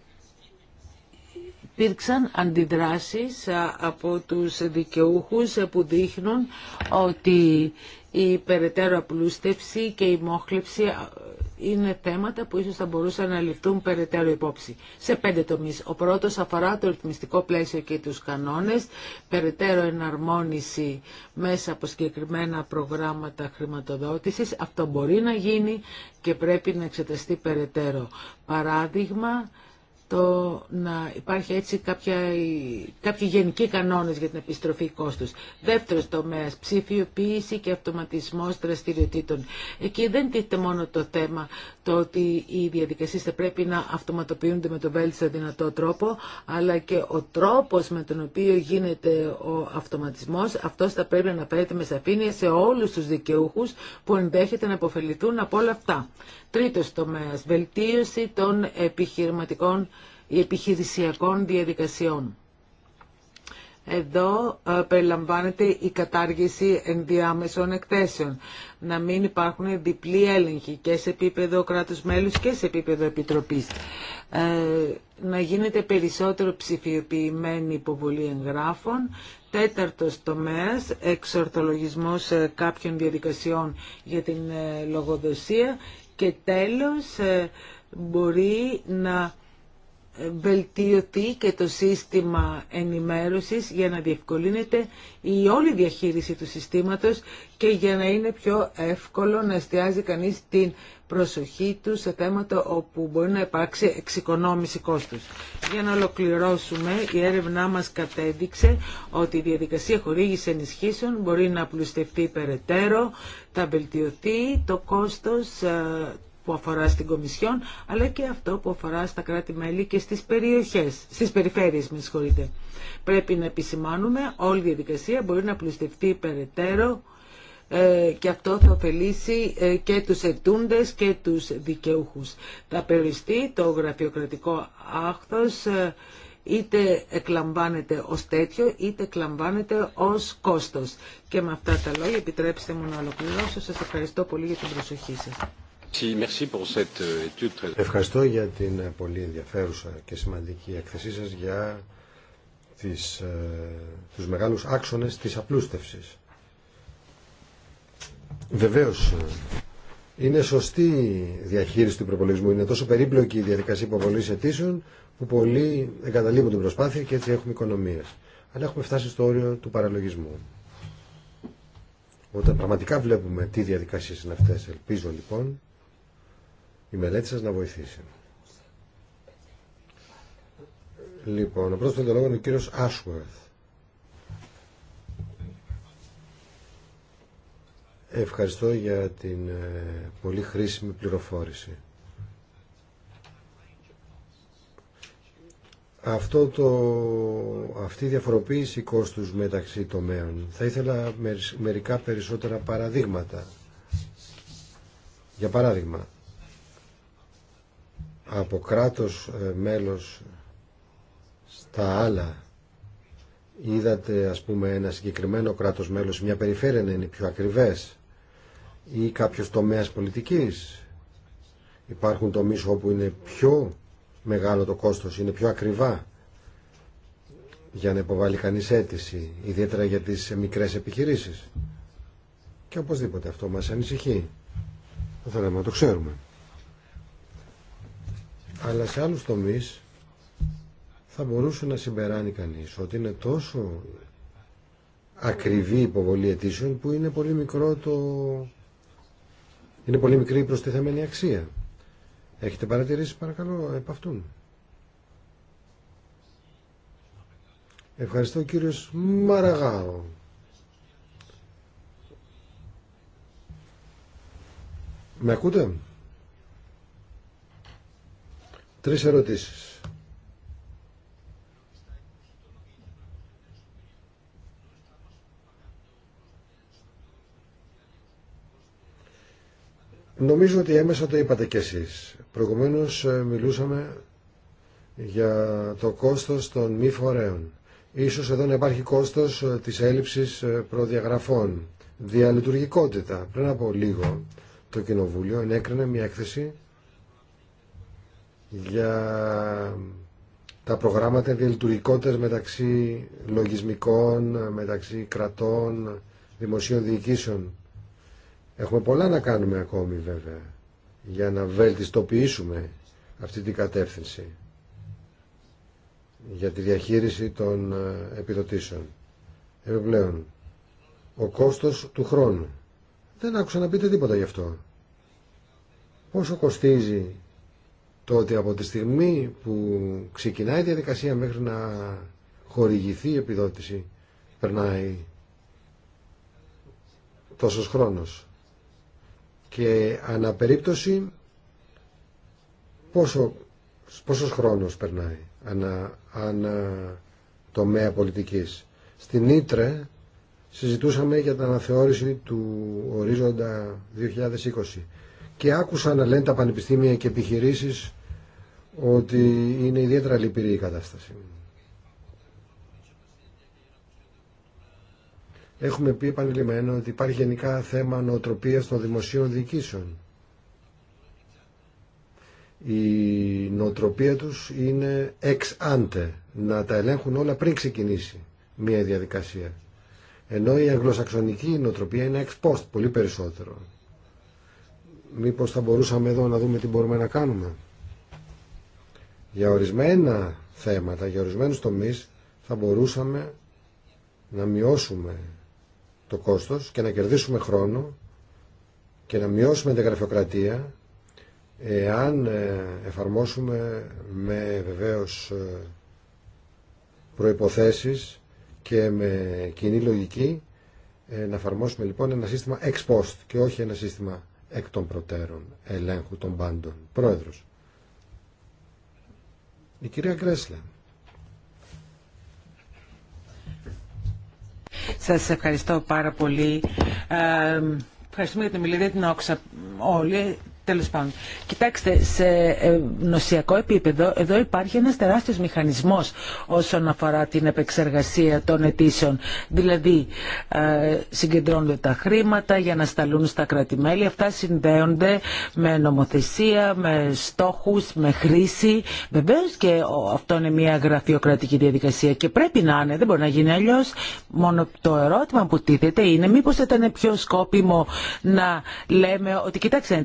υπήρξαν αντιδράσεις από τους δικαιούχους που δείχνουν ότι η περαιτέρω απλούστευση και η μόχλευση είναι θέματα που ίσως θα μπορούσαν να ληφθούν περαιτέρω υπόψη. Σε πέντε τομείς. Ο πρώτος αφορά το ρυθμιστικό πλαίσιο και τους κανόνες, περαιτέρω εναρμόνιση μέσα από συγκεκριμένα προγράμματα χρηματοδότησης. Αυτό μπορεί να γίνει και πρέπει να εξεταστεί περαιτέρω. Παράδειγμα, το να υπάρχει έτσι κάποια, κάποιοι γενικοί κανόνες για την επιστροφή κόστους. Δεύτερος τομέας, ψηφιοποίηση και αυτοματισμός δραστηριοτήτων. Εκεί δεν τίθεται μόνο το θέμα το ότι οι διαδικασίες θα πρέπει να αυτοματοποιούνται με τον βέλτιστο δυνατό τρόπο, αλλά και ο τρόπος με τον οποίο γίνεται ο αυτοματισμός, αυτός θα πρέπει να αναφέρεται με σαφήνεια σε όλους τους δικαιούχους που ενδέχεται να αποφεληθούν από όλα αυτά. Τρίτος τομέας, βελτίωση των επιχειρηματικών ή επιχειρησιακών διαδικασιών. Εδώ ε, περιλαμβάνεται η κατάργηση ενδιάμεσων εκθέσεων. Να μην υπάρχουν διπλή έλεγχοι και σε επίπεδο κράτους μέλους και σε επίπεδο επιτροπής. Ε, να γίνεται περισσότερο ψηφιοποιημένη υποβολή εγγράφων. Τέταρτος τομέας, εξορθολογισμός ε, κάποιων διαδικασιών για την λογοδοσία και τέλος ε, μπορεί να βελτιωθεί και το σύστημα ενημέρωσης για να διευκολύνεται η όλη διαχείριση του συστήματος και για να είναι πιο εύκολο να εστιάζει κανείς την προσοχή του σε θέματα όπου μπορεί να υπάρξει εξοικονόμηση κόστους. Για να ολοκληρώσουμε, η έρευνά μας κατέδειξε ότι η διαδικασία χορήγηση ενισχύσεων μπορεί να πλουστευτεί περαιτέρω, θα βελτιωθεί το κόστος ε, που αφορά στην Κομισιόν, αλλά και αυτό που αφορά στα κράτη-μέλη και στις περιοχές, στις περιφέρειες, με συγχωρείτε. Πρέπει να επισημάνουμε, όλη η διαδικασία μπορεί να πλουστευτεί περαιτέρω ε, και αυτό θα ωφελήσει ε, και τους ετούντες και τους δικαιούχους. Θα περιοριστεί το γραφειοκρατικό άχθος ε, είτε εκλαμβάνεται ως τέτοιο, είτε εκλαμβάνεται ως κόστος. Και με αυτά τα λόγια επιτρέψτε μου να ολοκληρώσω. Σας ευχαριστώ πολύ για την προσοχή σας. Euh, Ευχαριστώ για την ε, πολύ ενδιαφέρουσα και σημαντική εκθεσή σας για τις, ε, τους μεγάλους άξονες της απλούστευσης. Βεβαίως, ε, είναι σωστή η διαχείριση του προπολογισμού. Είναι τόσο περίπλοκη η διαδικασία υποβολή αιτήσεων που πολλοί εγκαταλείπουν την προσπάθεια και έτσι έχουμε οικονομίε. Αλλά έχουμε φτάσει στο όριο του παραλογισμού. Όταν πραγματικά βλέπουμε τι διαδικασίε είναι αυτέ, ελπίζω λοιπόν η μελέτη σας να βοηθήσει. Λοιπόν, ο πρώτος λόγο είναι ο κύριος Ashworth. Ευχαριστώ για την ε, πολύ χρήσιμη πληροφόρηση. Αυτό το, αυτή η διαφοροποίηση κόστους μεταξύ τομέων. Θα ήθελα μερικά περισσότερα παραδείγματα. Για παράδειγμα, από κράτος ε, μέλος στα άλλα είδατε ας πούμε ένα συγκεκριμένο κράτος μέλος μια περιφέρεια να είναι πιο ακριβές ή κάποιος τομέας πολιτικής υπάρχουν τομείς όπου είναι πιο μεγάλο το κόστος είναι πιο ακριβά για να υποβάλει κανείς αίτηση ιδιαίτερα για τις μικρές επιχειρήσεις και οπωσδήποτε αυτό μας ανησυχεί θα θέλαμε να το ξέρουμε αλλά σε άλλους τομείς θα μπορούσε να συμπεράνει κανείς ότι είναι τόσο ακριβή υποβολή αιτήσεων που είναι πολύ μικρό το... είναι πολύ μικρή η προστιθεμένη αξία. Έχετε παρατηρήσει παρακαλώ επ' αυτούν. Ευχαριστώ κύριος Μαραγάο. Με ακούτε? Τρεις ερωτήσεις. Νομίζω ότι έμεσα το είπατε κι εσείς. Προηγουμένως ε, μιλούσαμε για το κόστος των μη φορέων. Ίσως εδώ να υπάρχει κόστος ε, της έλλειψης ε, προδιαγραφών. Διαλειτουργικότητα. Πριν από λίγο το Κοινοβούλιο ενέκρινε μια έκθεση για τα προγράμματα διελτουργικότητας μεταξύ λογισμικών, μεταξύ κρατών, δημοσίων διοικήσεων. Έχουμε πολλά να κάνουμε ακόμη βέβαια για να βελτιστοποιήσουμε αυτή την κατεύθυνση για τη διαχείριση των ε, επιδοτήσεων. Επιπλέον, ο κόστος του χρόνου. Δεν άκουσα να πείτε τίποτα γι' αυτό. Πόσο κοστίζει το ότι από τη στιγμή που ξεκινάει η διαδικασία μέχρι να χορηγηθεί η επιδότηση περνάει τόσος χρόνος και αναπερίπτωση πόσο, πόσος χρόνος περνάει ανα, ανα τομέα πολιτικής. Στην Ήτρε συζητούσαμε για την αναθεώρηση του ορίζοντα 2020 και άκουσα να λένε τα πανεπιστήμια και επιχειρήσεις ότι είναι ιδιαίτερα λυπηρή η κατάσταση. Έχουμε πει επανειλημμένο ότι υπάρχει γενικά θέμα νοοτροπίας των δημοσίων διοικήσεων. Η νοοτροπία τους είναι ex ante, να τα ελέγχουν όλα πριν ξεκινήσει μια διαδικασία. Ενώ η αγγλοσαξονική νοοτροπία είναι ex post, πολύ περισσότερο. Μήπως θα μπορούσαμε εδώ να δούμε τι μπορούμε να κάνουμε. Για ορισμένα θέματα, για ορισμένους τομείς θα μπορούσαμε να μειώσουμε το κόστος και να κερδίσουμε χρόνο και να μειώσουμε την γραφειοκρατία εάν ε, εφαρμόσουμε με βεβαίως ε, προϋποθέσεις και με κοινή λογική ε, να εφαρμόσουμε λοιπόν ένα σύστημα ex post και όχι ένα σύστημα εκ των προτέρων ελέγχου των πάντων. Πρόεδρος, η κυρία Γκρέσλε. Σας ευχαριστώ πάρα πολύ. Ε, ευχαριστούμε για την μιλή, δεν την άκουσα όλοι. Τέλος πάντων, κοιτάξτε, σε ε, νοσιακό επίπεδο εδώ υπάρχει ένας τεράστιος μηχανισμός όσον αφορά την επεξεργασία των αιτήσεων. Δηλαδή, ε, συγκεντρώνονται τα χρήματα για να σταλούν στα κράτη-μέλη Αυτά συνδέονται με νομοθεσία, με στόχους, με χρήση. Βεβαίως και αυτό είναι μια γραφειοκρατική διαδικασία και πρέπει να είναι, δεν μπορεί να γίνει αλλιώ. Μόνο το ερώτημα που τίθεται είναι μήπως ήταν πιο σκόπιμο να λέμε ότι κοιτάξτε,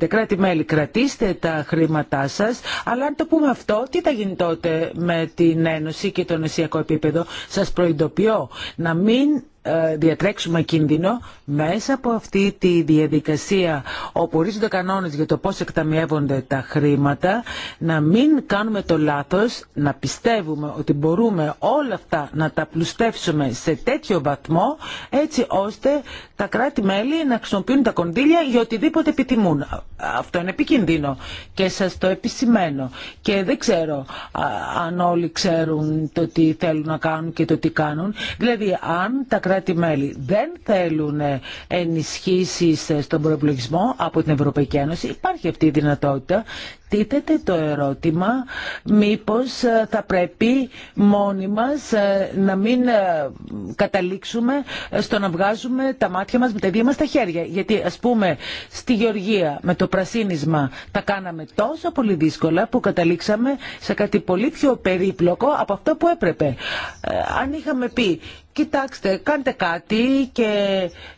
Κρατήστε τα χρήματά σας, αλλά αν το πούμε αυτό, τι θα γίνει τότε με την Ένωση και το νοσιακό επίπεδο. Σας προειδοποιώ να μην ε, διατρέξουμε κίνδυνο μέσα από αυτή τη διαδικασία όπου ορίζονται κανόνες για το πώς εκταμιεύονται τα χρήματα να μην κάνουμε το λάθος να πιστεύουμε ότι μπορούμε όλα αυτά να τα πλουστεύσουμε σε τέτοιο βαθμό έτσι ώστε τα κράτη-μέλη να χρησιμοποιούν τα κονδύλια για οτιδήποτε επιθυμούν. Αυτό είναι επικίνδυνο και σας το επισημαίνω. Και δεν ξέρω αν όλοι ξέρουν το τι θέλουν να κάνουν και το τι κάνουν. Δηλαδή, αν τα κράτη-μέλη δεν θέλουν ενισχύσεις στον προεπλογισμό από την Ευρωπαϊκή Ένωση, υπάρχει αυτή η δυνατότητα τίθεται το ερώτημα μήπως ε, θα πρέπει μόνοι μας ε, να μην ε, καταλήξουμε στο να βγάζουμε τα μάτια μας με τα ίδια μας τα χέρια. Γιατί ας πούμε στη Γεωργία με το πρασίνισμα τα κάναμε τόσο πολύ δύσκολα που καταλήξαμε σε κάτι πολύ πιο περίπλοκο από αυτό που έπρεπε. Αν είχαμε πει Κοιτάξτε, κάντε κάτι και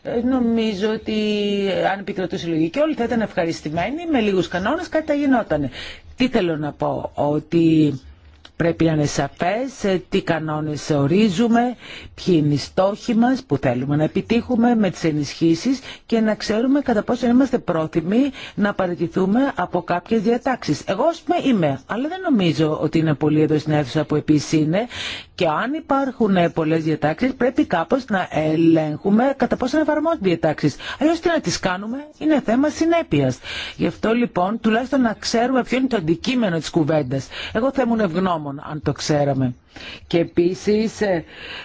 ε, νομίζω ότι ε, αν επικρατούσε η λογική όλοι θα ήταν ευχαριστημένοι με λίγους κανόνες, κάτι θα γινόταν. Τι θέλω να πω, ότι Πρέπει να είναι σαφές ε, τι κανόνες ορίζουμε, ποιοι είναι οι στόχοι μας που θέλουμε να επιτύχουμε με τις ενισχύσεις και να ξέρουμε κατά πόσο είμαστε πρόθυμοι να παραιτηθούμε από κάποιες διατάξεις. Εγώ ας πούμε είμαι, αλλά δεν νομίζω ότι είναι πολύ εδώ στην αίθουσα που επίση είναι και αν υπάρχουν ε, πολλές διατάξεις πρέπει κάπως να ελέγχουμε κατά πόσο εφαρμόζονται οι διατάξεις. Αλλιώς τι να τις κάνουμε είναι θέμα συνέπειας. Γι' αυτό λοιπόν τουλάχιστον να ξέρουμε ποιο είναι το αντικείμενο της κουβέντα. Εγώ θα ήμουν ευγνώμων αν το ξέραμε. Και επίσης ε,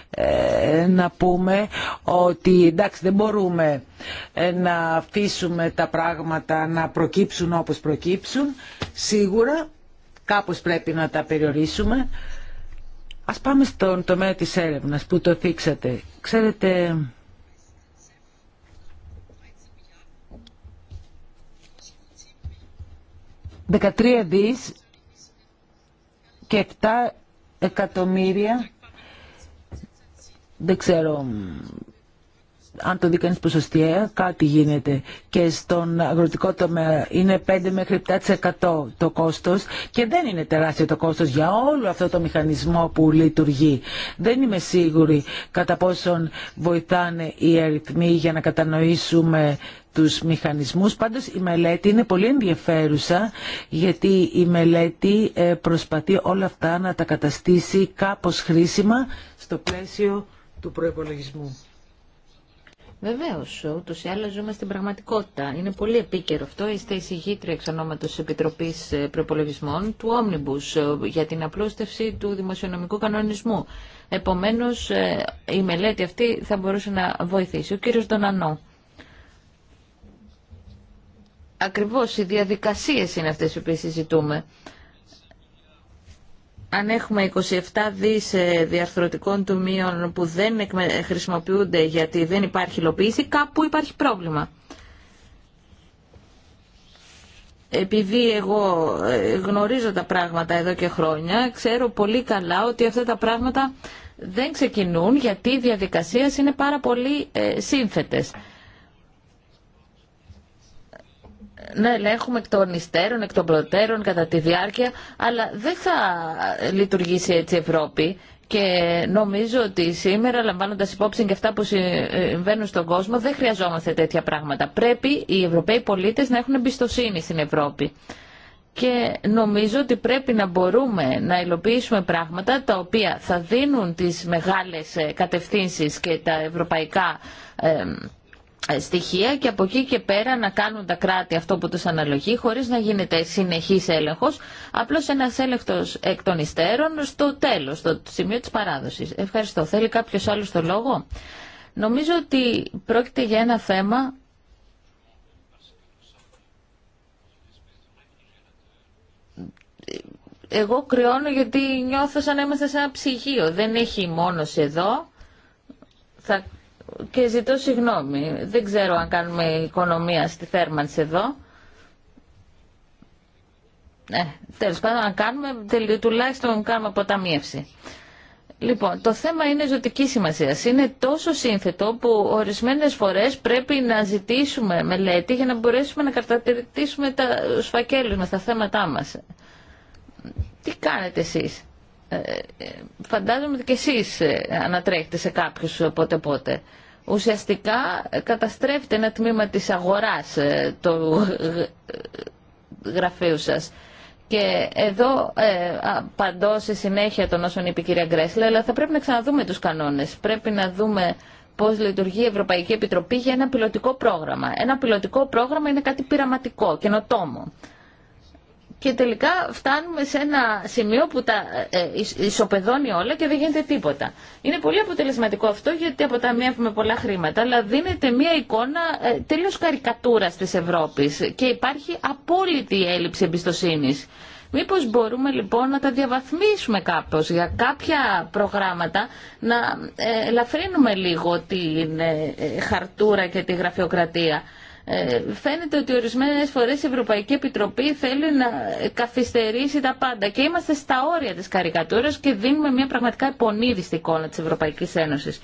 ε, να πούμε ότι εντάξει δεν μπορούμε ε, να αφήσουμε τα πράγματα να προκύψουν όπως προκύψουν. Σίγουρα κάπως πρέπει να τα περιορίσουμε. Ας πάμε στον τομέα της έρευνας που το θίξατε. Ξέρετε, Δεκατρία δις και 7 εκατομμύρια δεν ξέρω αν το δει κανείς ποσοστιαία, κάτι γίνεται. Και στον αγροτικό τομέα είναι 5 μέχρι 7% το κόστος και δεν είναι τεράστιο το κόστος για όλο αυτό το μηχανισμό που λειτουργεί. Δεν είμαι σίγουρη κατά πόσον βοηθάνε οι αριθμοί για να κατανοήσουμε τους μηχανισμούς. Πάντως η μελέτη είναι πολύ ενδιαφέρουσα γιατί η μελέτη ε, προσπαθεί όλα αυτά να τα καταστήσει κάπως χρήσιμα στο πλαίσιο του προεπολογισμού. Βεβαίως, ούτως ή Βεβαίω, ούτω ή άλλω ζούμε στην πραγματικότητα. Είναι πολύ επίκαιρο αυτό. Είστε εισηγήτρια εξ ονόματο Επιτροπή ε, Προπολογισμών του Omnibus ε, για την απλούστευση του δημοσιονομικού κανονισμού. Επομένω, η μελέτη αυτή θα μπορούσε να βοηθήσει. Ο κύριο Ντονανό. Ακριβώς οι διαδικασίες είναι αυτές οι οποίες συζητούμε. Αν έχουμε 27 δις ε, διαρθρωτικών τομείων που δεν χρησιμοποιούνται γιατί δεν υπάρχει υλοποίηση, κάπου υπάρχει πρόβλημα. Επειδή εγώ ε, γνωρίζω τα πράγματα εδώ και χρόνια, ξέρω πολύ καλά ότι αυτά τα πράγματα δεν ξεκινούν γιατί οι διαδικασίες είναι πάρα πολύ ε, σύνθετες. να ελέγχουμε εκ των υστέρων, εκ των προτέρων, κατά τη διάρκεια, αλλά δεν θα λειτουργήσει έτσι η Ευρώπη. Και νομίζω ότι σήμερα, λαμβάνοντα υπόψη και αυτά που συμβαίνουν στον κόσμο, δεν χρειαζόμαστε τέτοια πράγματα. Πρέπει οι Ευρωπαίοι πολίτε να έχουν εμπιστοσύνη στην Ευρώπη. Και νομίζω ότι πρέπει να μπορούμε να υλοποιήσουμε πράγματα τα οποία θα δίνουν τις μεγάλες κατευθύνσεις και τα ευρωπαϊκά ε, στοιχεία και από εκεί και πέρα να κάνουν τα κράτη αυτό που τους αναλογεί χωρίς να γίνεται συνεχής έλεγχος, απλώς ένας έλεγχος εκ των υστέρων στο τέλος, στο σημείο της παράδοσης. Ευχαριστώ. Θέλει κάποιος άλλος το λόγο. Νομίζω ότι πρόκειται για ένα θέμα εγώ κρυώνω γιατί νιώθω σαν να είμαστε σε ένα ψυγείο. Δεν έχει μόνος εδώ. Θα και ζητώ συγγνώμη. Δεν ξέρω αν κάνουμε οικονομία στη θέρμανση εδώ. Ναι, πάντων, αν κάνουμε, τουλάχιστον κάνουμε αποταμίευση. Λοιπόν, το θέμα είναι ζωτική σημασία. Είναι τόσο σύνθετο που ορισμένε φορέ πρέπει να ζητήσουμε μελέτη για να μπορέσουμε να κατατηρήσουμε τα σφακέλου με τα θέματά μα. Τι κάνετε εσεί. Ε, ε, φαντάζομαι ότι και εσείς ε, ανατρέχετε σε κάποιους πότε πότε ουσιαστικά καταστρέφεται ένα τμήμα της αγοράς ε, του γραφείου σας. Και εδώ ε, απαντώ σε συνέχεια των όσων είπε η κυρία Γκρέσλε, αλλά θα πρέπει να ξαναδούμε τους κανόνες. Πρέπει να δούμε πώς λειτουργεί η Ευρωπαϊκή Επιτροπή για ένα πιλωτικό πρόγραμμα. Ένα πιλωτικό πρόγραμμα είναι κάτι πειραματικό, καινοτόμο και τελικά φτάνουμε σε ένα σημείο που τα ε, ισοπεδώνει όλα και δεν γίνεται τίποτα. Είναι πολύ αποτελεσματικό αυτό γιατί αποταμιεύουμε πολλά χρήματα, αλλά δίνεται μια εικόνα ε, τελείως καρικατούρας της Ευρώπης και υπάρχει απόλυτη έλλειψη εμπιστοσύνης. Μήπως μπορούμε λοιπόν να τα διαβαθμίσουμε κάπως για κάποια προγράμματα, να ε, ελαφρύνουμε λίγο την χαρτούρα και τη γραφειοκρατία. Ε, φαίνεται ότι ορισμένες φορές η Ευρωπαϊκή Επιτροπή θέλει να καθυστερήσει τα πάντα και είμαστε στα όρια της καρικατούρας και δίνουμε μια πραγματικά επωνύδιστη εικόνα της Ευρωπαϊκής Ένωσης.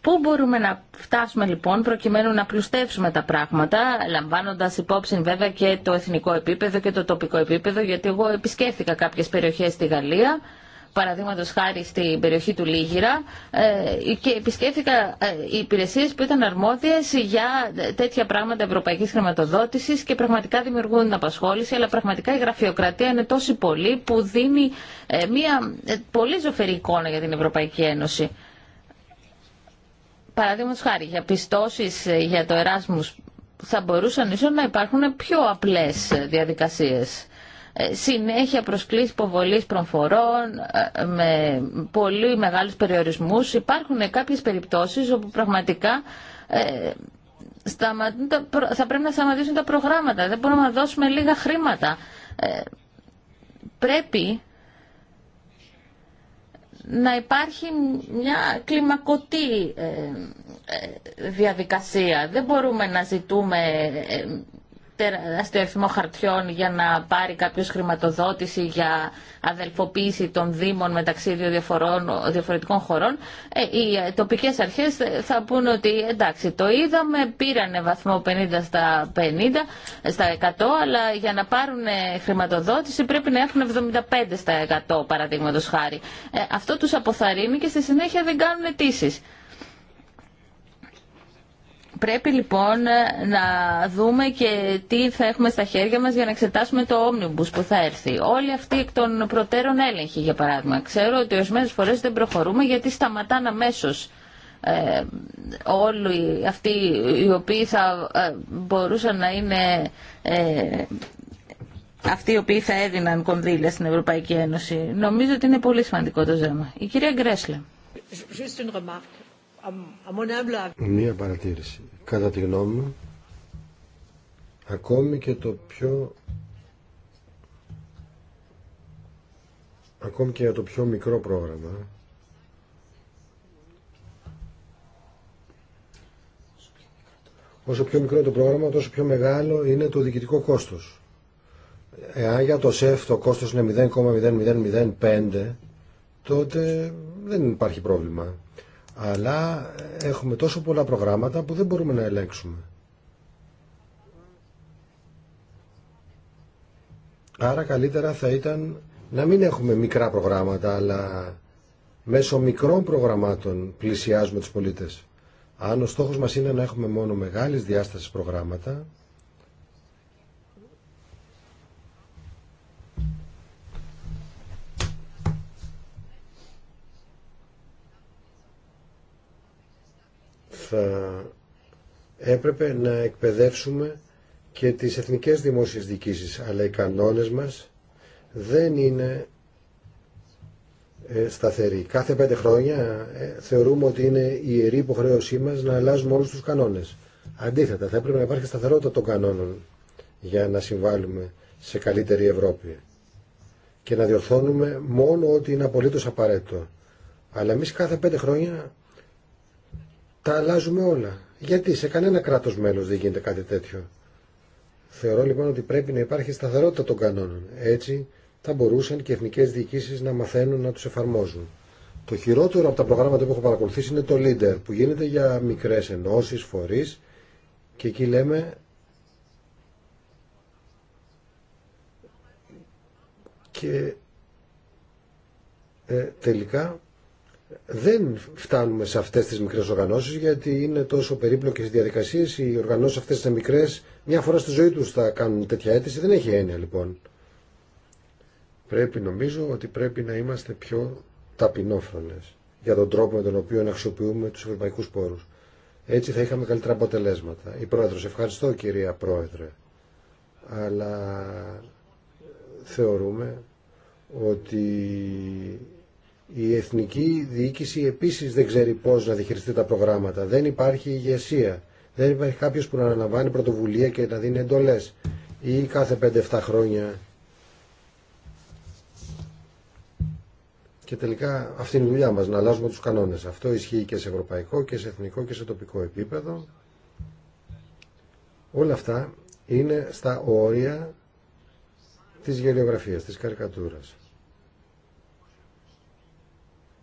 Πού μπορούμε να φτάσουμε λοιπόν προκειμένου να πλουστεύσουμε τα πράγματα, λαμβάνοντα υπόψη βέβαια και το εθνικό επίπεδο και το τοπικό επίπεδο, γιατί εγώ επισκέφθηκα κάποιε περιοχέ στη Γαλλία παραδείγματο χάρη στην περιοχή του Λίγυρα ε, και επισκέφθηκα οι ε, υπηρεσίε που ήταν αρμόδιε για ε, τέτοια πράγματα ευρωπαϊκή χρηματοδότηση και πραγματικά δημιουργούν την απασχόληση, αλλά πραγματικά η γραφειοκρατία είναι τόσο πολύ που δίνει μια πολύ ζωφερή εικόνα για την Ευρωπαϊκή Ένωση. Παραδείγματο χάρη, για πιστώσει για το Εράσμου θα μπορούσαν ίσω να υπάρχουν πιο απλές διαδικασίες. Ε, συνέχεια προσκλήσει υποβολή προφορών ε, με πολύ μεγάλους περιορισμούς. Υπάρχουν κάποιες περιπτώσεις όπου πραγματικά ε, θα πρέπει να σταματήσουν τα προγράμματα. Δεν μπορούμε να δώσουμε λίγα χρήματα. Πρέπει να υπάρχει μια κλιμακωτή διαδικασία. Δεν μπορούμε να ζητούμε τεράστιο αριθμό χαρτιών για να πάρει κάποιο χρηματοδότηση για αδελφοποίηση των δήμων μεταξύ δύο διαφορετικών χωρών, ε, οι ε, τοπικές αρχές θα πούνε ότι εντάξει το είδαμε, πήρανε βαθμό 50 στα 50, στα 100, αλλά για να πάρουν ε, χρηματοδότηση πρέπει να έχουν 75 στα 100 παραδείγματος χάρη. Αυτό τους αποθαρρύνει και στη συνέχεια δεν κάνουν αιτήσει. Πρέπει λοιπόν να δούμε και τι θα έχουμε στα χέρια μας για να εξετάσουμε το όμνιμπους που θα έρθει. Όλοι αυτοί εκ των προτέρων έλεγχοι για παράδειγμα. Ξέρω ότι ορισμένε φορές δεν προχωρούμε γιατί σταματάνε αμέσω. Ε, όλοι αυτοί οι οποίοι θα ε, μπορούσαν να είναι ε, αυτοί οι οποίοι θα έδιναν κονδύλια στην Ευρωπαϊκή Ένωση. Νομίζω ότι είναι πολύ σημαντικό το ζέμα. Η κυρία Γκρέσλε. Just Μία παρατήρηση. Κατά τη γνώμη μου, ακόμη και το πιο ακόμη και για το πιο μικρό πρόγραμμα όσο πιο μικρό είναι το πρόγραμμα τόσο πιο μεγάλο είναι το διοικητικό κόστος εάν για το ΣΕΦ το κόστος είναι 0,0005 τότε δεν υπάρχει πρόβλημα αλλά έχουμε τόσο πολλά προγράμματα που δεν μπορούμε να ελέγξουμε. Άρα καλύτερα θα ήταν να μην έχουμε μικρά προγράμματα, αλλά μέσω μικρών προγραμμάτων πλησιάζουμε τους πολίτες. Αν ο στόχος μας είναι να έχουμε μόνο μεγάλης διάστασης προγράμματα, θα έπρεπε να εκπαιδεύσουμε και τις εθνικές δημόσιες διοικήσεις, αλλά οι κανόνες μας δεν είναι ε, σταθεροί. Κάθε πέντε χρόνια ε, θεωρούμε ότι είναι η ιερή υποχρέωσή μας να αλλάζουμε όλους τους κανόνες. Αντίθετα, θα έπρεπε να υπάρχει σταθερότητα των κανόνων για να συμβάλλουμε σε καλύτερη Ευρώπη και να διορθώνουμε μόνο ό,τι είναι απολύτως απαραίτητο. Αλλά εμεί κάθε πέντε χρόνια τα αλλάζουμε όλα. Γιατί σε κανένα κράτος μέλος δεν γίνεται κάτι τέτοιο. Θεωρώ λοιπόν ότι πρέπει να υπάρχει σταθερότητα των κανόνων. Έτσι θα μπορούσαν και οι εθνικές διοικήσεις να μαθαίνουν να τους εφαρμόζουν. Το χειρότερο από τα προγράμματα που έχω παρακολουθήσει είναι το Leader που γίνεται για μικρέ ενώσεις, φορεί και εκεί λέμε και ε, τελικά δεν φτάνουμε σε αυτές τις μικρές οργανώσεις γιατί είναι τόσο περίπλοκες οι διαδικασίες. Οι οργανώσεις αυτές τις μικρές μια φορά στη ζωή τους θα κάνουν τέτοια αίτηση. Δεν έχει έννοια λοιπόν. Πρέπει νομίζω ότι πρέπει να είμαστε πιο ταπεινόφρονες για τον τρόπο με τον οποίο να αξιοποιούμε τους ευρωπαϊκούς πόρους. Έτσι θα είχαμε καλύτερα αποτελέσματα. Η Πρόεδρος, ευχαριστώ κυρία Πρόεδρε. Αλλά θεωρούμε ότι η εθνική διοίκηση επίσης δεν ξέρει πώς να διχειριστεί τα προγράμματα. Δεν υπάρχει ηγεσία. Δεν υπάρχει κάποιος που να αναλαμβάνει πρωτοβουλία και να δίνει εντολές. Ή κάθε 5-7 χρόνια. Και τελικά αυτή είναι η δουλειά μας, να αλλάζουμε τους κανόνες. Αυτό ισχύει και σε ευρωπαϊκό και σε εθνικό και σε τοπικό επίπεδο. Όλα αυτά είναι στα όρια της γεωγραφίας, της καρικατούρας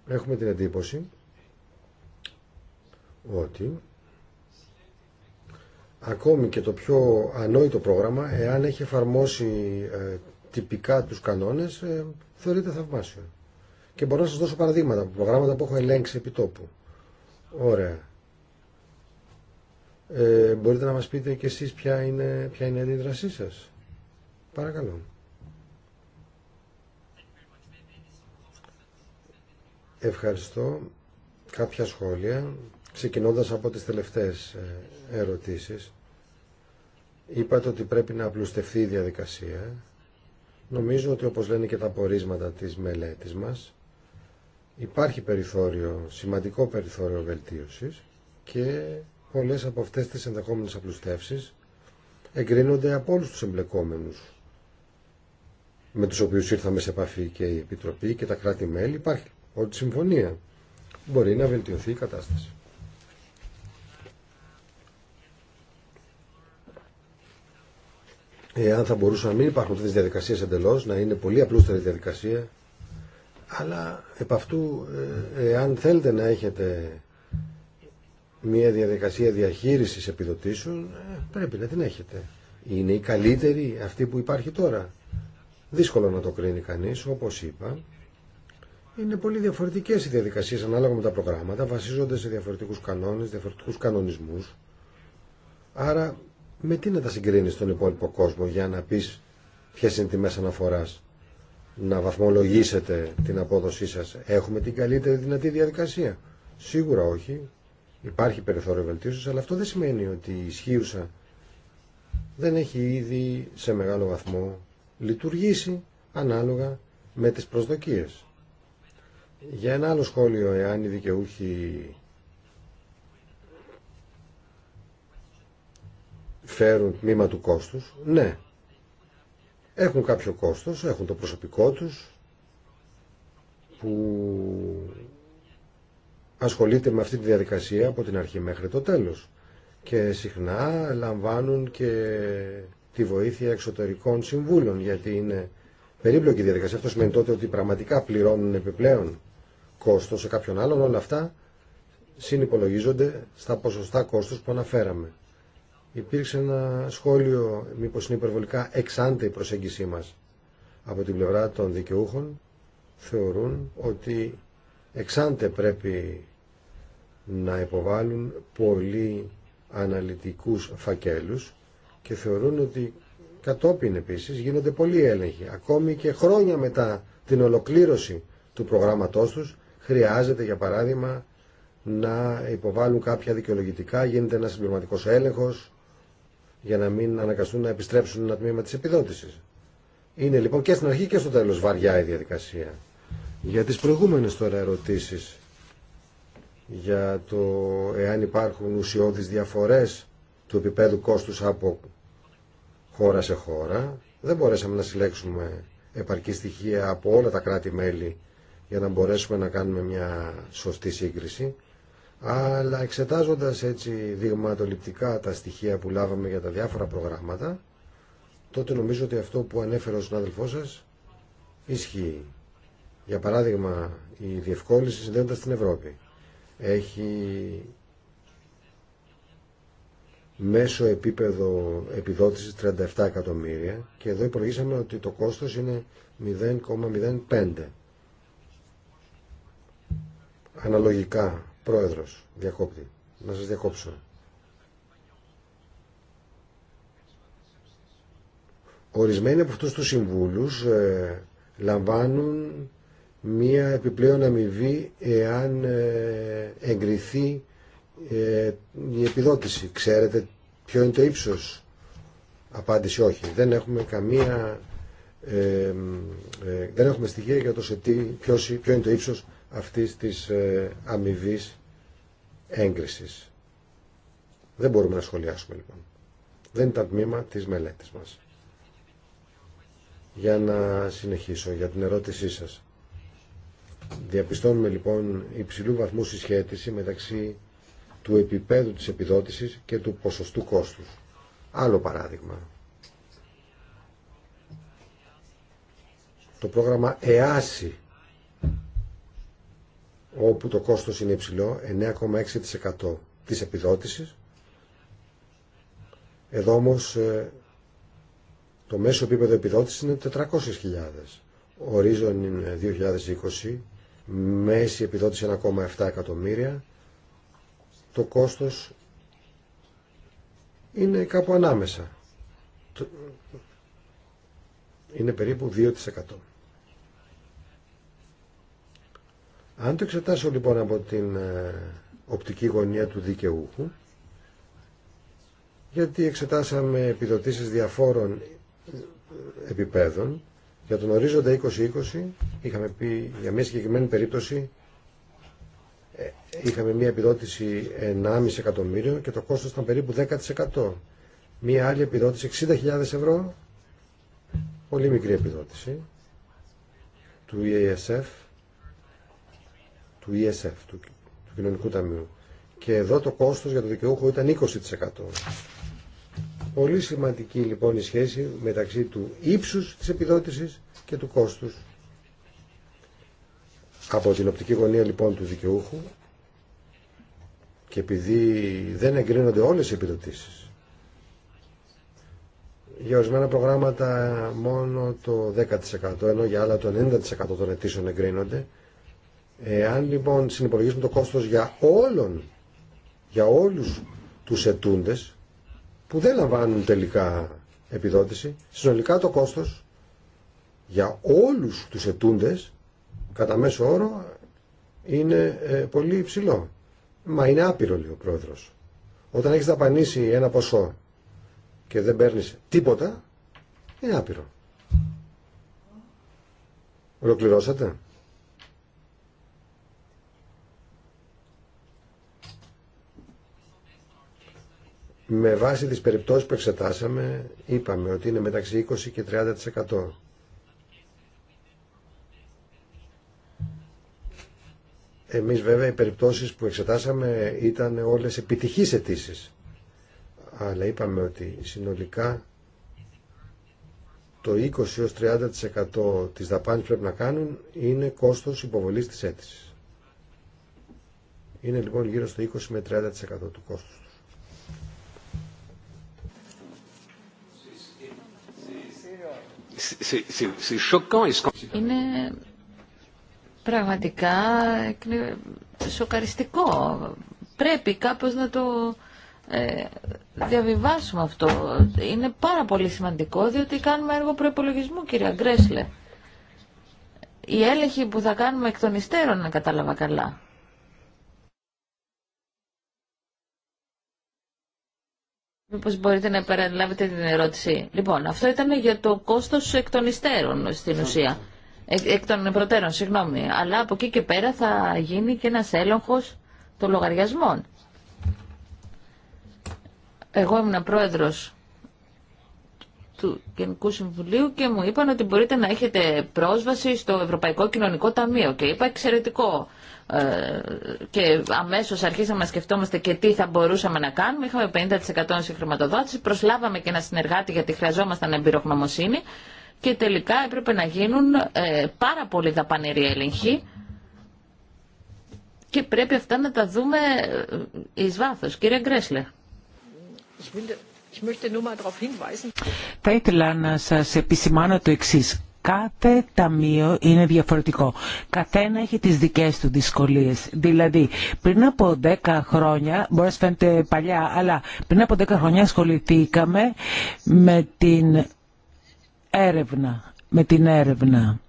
έχουμε την εντύπωση ότι ακόμη και το πιο ανόητο πρόγραμμα, εάν έχει εφαρμόσει ε, τυπικά τους κανόνες, ε, θεωρείται θαυμάσιο. Και μπορώ να σας δώσω παραδείγματα από προγράμματα που έχω ελέγξει επί τόπου. Ωραία. Ε, μπορείτε να μας πείτε και εσείς ποια είναι, ποια είναι η αντίδρασή σας. Παρακαλώ. Ευχαριστώ. Κάποια σχόλια, ξεκινώντας από τις τελευταίες ε, ερωτήσεις. Είπατε ότι πρέπει να απλουστευτεί η διαδικασία. Νομίζω ότι όπως λένε και τα πορίσματα της μελέτης μας, υπάρχει περιθώριο, σημαντικό περιθώριο βελτίωσης και πολλές από αυτές τις ενδεχόμενες απλουστεύσεις εγκρίνονται από όλους τους εμπλεκόμενους με τους οποίους ήρθαμε σε επαφή και η Επιτροπή και τα κράτη-μέλη. Υπάρχει ότι συμφωνία μπορεί να βελτιωθεί η κατάσταση. Εάν θα μπορούσαν να μην υπάρχουν αυτές τις διαδικασίες εντελώς, να είναι πολύ απλούστερη διαδικασία, αλλά επ' αυτού, ε, εάν θέλετε να έχετε μια διαδικασία διαχείρισης επιδοτήσεων, ε, πρέπει να την έχετε. Είναι η καλύτερη αυτή που υπάρχει τώρα. Δύσκολο να το κρίνει κανείς, όπως είπα. Είναι πολύ διαφορετικέ οι διαδικασίε ανάλογα με τα προγράμματα, βασίζονται σε διαφορετικού κανόνε, διαφορετικού κανονισμού, Άρα με τι να τα συγκρίνεις στον υπόλοιπο κόσμο για να πει ποιε είναι τιμέ αναφορά να βαθμολογήσετε την απόδοσή σα. Έχουμε την καλύτερη δυνατή διαδικασία. Σίγουρα όχι. Υπάρχει περιθώριο βελτίωση, αλλά αυτό δεν σημαίνει ότι η ισχύουσα δεν έχει ήδη σε μεγάλο βαθμό λειτουργήσει ανάλογα με τις προσδοκίες. Για ένα άλλο σχόλιο, εάν οι δικαιούχοι φέρουν τμήμα του κόστους, ναι, έχουν κάποιο κόστος, έχουν το προσωπικό τους που ασχολείται με αυτή τη διαδικασία από την αρχή μέχρι το τέλος και συχνά λαμβάνουν και τη βοήθεια εξωτερικών συμβούλων γιατί είναι περίπλοκη διαδικασία. Αυτό σημαίνει τότε ότι πραγματικά πληρώνουν επιπλέον Κόστο σε κάποιον άλλον, όλα αυτά συνυπολογίζονται στα ποσοστά κόστο που αναφέραμε. Υπήρξε ένα σχόλιο, μήπω είναι υπερβολικά εξάντε η προσέγγιση μας από την πλευρά των δικαιούχων, θεωρούν ότι εξάντε πρέπει να υποβάλουν πολύ αναλυτικούς φακέλους και θεωρούν ότι κατόπιν επίσης γίνονται πολλοί έλεγχοι. Ακόμη και χρόνια μετά την ολοκλήρωση του προγράμματός τους χρειάζεται για παράδειγμα να υποβάλουν κάποια δικαιολογητικά, γίνεται ένα συμπληρωματικό έλεγχος για να μην αναγκαστούν να επιστρέψουν ένα τμήμα τη επιδότηση. Είναι λοιπόν και στην αρχή και στο τέλος βαριά η διαδικασία. Για τις προηγούμενες τώρα ερωτήσεις για το εάν υπάρχουν ουσιώδεις διαφορέ του επίπεδου κόστου από χώρα σε χώρα, δεν μπορέσαμε να συλλέξουμε επαρκή στοιχεία από όλα τα κράτη-μέλη για να μπορέσουμε να κάνουμε μια σωστή σύγκριση αλλά εξετάζοντας έτσι δειγματοληπτικά τα στοιχεία που λάβαμε για τα διάφορα προγράμματα τότε νομίζω ότι αυτό που ανέφερε ο συνάδελφός σας ισχύει. Για παράδειγμα η διευκόλυνση συνδέοντα στην Ευρώπη έχει μέσο επίπεδο επιδότησης 37 εκατομμύρια και εδώ υπολογίσαμε ότι το κόστος είναι 0,05 αναλογικά, πρόεδρος, διακόπτη, να σας διακόψω. Ορισμένοι από αυτούς τους συμβούλους ε, λαμβάνουν μία επιπλέον αμοιβή εάν ε, εγκριθεί ε, η επιδότηση. Ξέρετε ποιο είναι το ύψος. Απάντηση όχι. Δεν έχουμε καμία... Ε, δεν έχουμε στοιχεία για το τι, ποιος, ποιο είναι το ύψος αυτής της ε, αμοιβή έγκρισης. Δεν μπορούμε να σχολιάσουμε λοιπόν. Δεν ήταν τμήμα της μελέτης μας. Για να συνεχίσω για την ερώτησή σας. Διαπιστώνουμε λοιπόν υψηλού βαθμού συσχέτιση μεταξύ του επίπεδου της επιδότησης και του ποσοστού κόστους. Άλλο παράδειγμα. Το πρόγραμμα ΕΑΣΥ όπου το κόστος είναι υψηλό, 9,6% της επιδότησης. Εδώ όμως ε, το μέσο επίπεδο επιδότησης είναι 400.000. Ορίζον 2020, μέση επιδότηση 1,7 εκατομμύρια. Το κόστος είναι κάπου ανάμεσα. Είναι περίπου 2%. Αν το εξετάσω λοιπόν από την ε, οπτική γωνία του δικαιούχου, γιατί εξετάσαμε επιδοτήσεις διαφόρων ε, επιπέδων, για τον ορίζοντα 2020 είχαμε πει για μια συγκεκριμένη περίπτωση ε, είχαμε μια επιδότηση 1,5 εκατομμύριο και το κόστος ήταν περίπου 10%. Μια άλλη επιδότηση 60.000 ευρώ, πολύ μικρή επιδότηση, του EASF του ESF, του, Κοινωνικού Ταμείου. Και εδώ το κόστος για το δικαιούχο ήταν 20%. Πολύ σημαντική λοιπόν η σχέση μεταξύ του ύψους της επιδότησης και του κόστους. Από την οπτική γωνία λοιπόν του δικαιούχου και επειδή δεν εγκρίνονται όλες οι επιδοτήσεις για ορισμένα προγράμματα μόνο το 10% ενώ για άλλα το 90% των αιτήσεων εγκρίνονται Εάν λοιπόν συνυπολογίσουμε το κόστος για όλων, για όλους τους ετούντες που δεν λαμβάνουν τελικά επιδότηση, συνολικά το κόστος για όλους τους ετούντες κατά μέσο όρο είναι ε, πολύ υψηλό. Μα είναι άπειρο λέει ο πρόεδρος. Όταν έχεις δαπανίσει ένα ποσό και δεν παίρνεις τίποτα, είναι άπειρο. Ολοκληρώσατε. Με βάση τις περιπτώσεις που εξετάσαμε, είπαμε ότι είναι μεταξύ 20 και 30%. Εμείς βέβαια οι περιπτώσεις που εξετάσαμε ήταν όλες επιτυχείς αιτήσει. Αλλά είπαμε ότι συνολικά το 20-30% της δαπάνης που πρέπει να κάνουν είναι κόστος υποβολής της αίτησης. Είναι λοιπόν γύρω στο 20 με 30% του κόστους Είναι πραγματικά σοκαριστικό. Πρέπει κάπως να το ε, διαβιβάσουμε αυτό. Είναι πάρα πολύ σημαντικό διότι κάνουμε έργο προπολογισμού, κυρία Γκρέσλε. Η έλεγχη που θα κάνουμε εκ των υστέρων, να κατάλαβα καλά. Μήπως μπορείτε να επαναλάβετε την ερώτηση. Λοιπόν, αυτό ήταν για το κόστος εκ των υστέρων στην ουσία. Εκ των προτέρων, συγγνώμη. Αλλά από εκεί και πέρα θα γίνει και ένας έλεγχος των λογαριασμών. Εγώ ήμουν πρόεδρος του Γενικού Συμβουλίου και μου είπαν ότι μπορείτε να έχετε πρόσβαση στο Ευρωπαϊκό Κοινωνικό Ταμείο και είπα εξαιρετικό ε, και αμέσως αρχίσαμε να σκεφτόμαστε και τι θα μπορούσαμε να κάνουμε. Είχαμε 50% συγχρηματοδότηση, προσλάβαμε και ένα συνεργάτη γιατί χρειαζόμασταν εμπειρογνωμοσύνη και τελικά έπρεπε να γίνουν ε, πάρα πολλοί δαπανηροί έλεγχοι και πρέπει αυτά να τα δούμε ε, εις βάθος. Κύριε Γκρέσλε. Θα ήθελα να σας επισημάνω το εξής. Κάθε ταμείο είναι διαφορετικό. Καθένα έχει τις δικές του δυσκολίες. Δηλαδή, πριν από 10 χρόνια, μπορεί να φαίνεται παλιά, αλλά πριν από 10 χρόνια ασχοληθήκαμε με την έρευνα. Με την έρευνα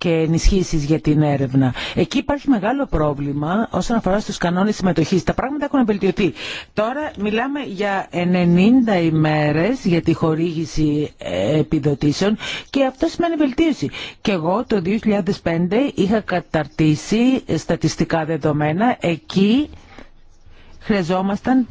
και ενισχύσει για την έρευνα. Εκεί υπάρχει μεγάλο πρόβλημα όσον αφορά στου κανόνε συμμετοχή. Τα πράγματα έχουν βελτιωθεί. Τώρα μιλάμε για 90 ημέρε για τη χορήγηση ε, επιδοτήσεων και αυτό σημαίνει βελτίωση. Και εγώ το 2005 είχα καταρτήσει στατιστικά δεδομένα εκεί χρειαζόμασταν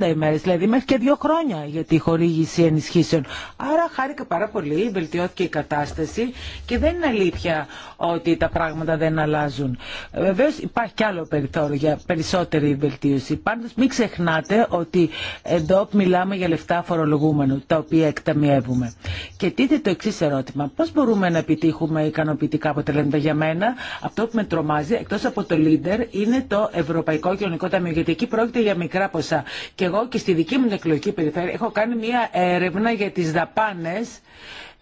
340 ημέρες, δηλαδή μέχρι και δύο χρόνια για τη χορήγηση ενισχύσεων. Άρα χάρηκα πάρα πολύ, βελτιώθηκε η κατάσταση και δεν είναι αλήθεια ότι τα πράγματα δεν αλλάζουν. Ε, βεβαίως υπάρχει κι άλλο περιθώριο για περισσότερη βελτίωση. Πάντως μην ξεχνάτε ότι εδώ μιλάμε για λεφτά φορολογούμενου, τα οποία εκταμιεύουμε. Και τίθεται το εξή ερώτημα. Πώς μπορούμε να επιτύχουμε ικανοποιητικά αποτελέσματα για μένα. Αυτό που με τρομάζει, εκτός από το leader, είναι το Ευρωπαϊκό Κοινωνικό Ταμείο γιατί εκεί πρόκειται για μικρά ποσά. Και εγώ και στη δική μου εκλογική περιφέρεια έχω κάνει μία έρευνα για τις δαπάνες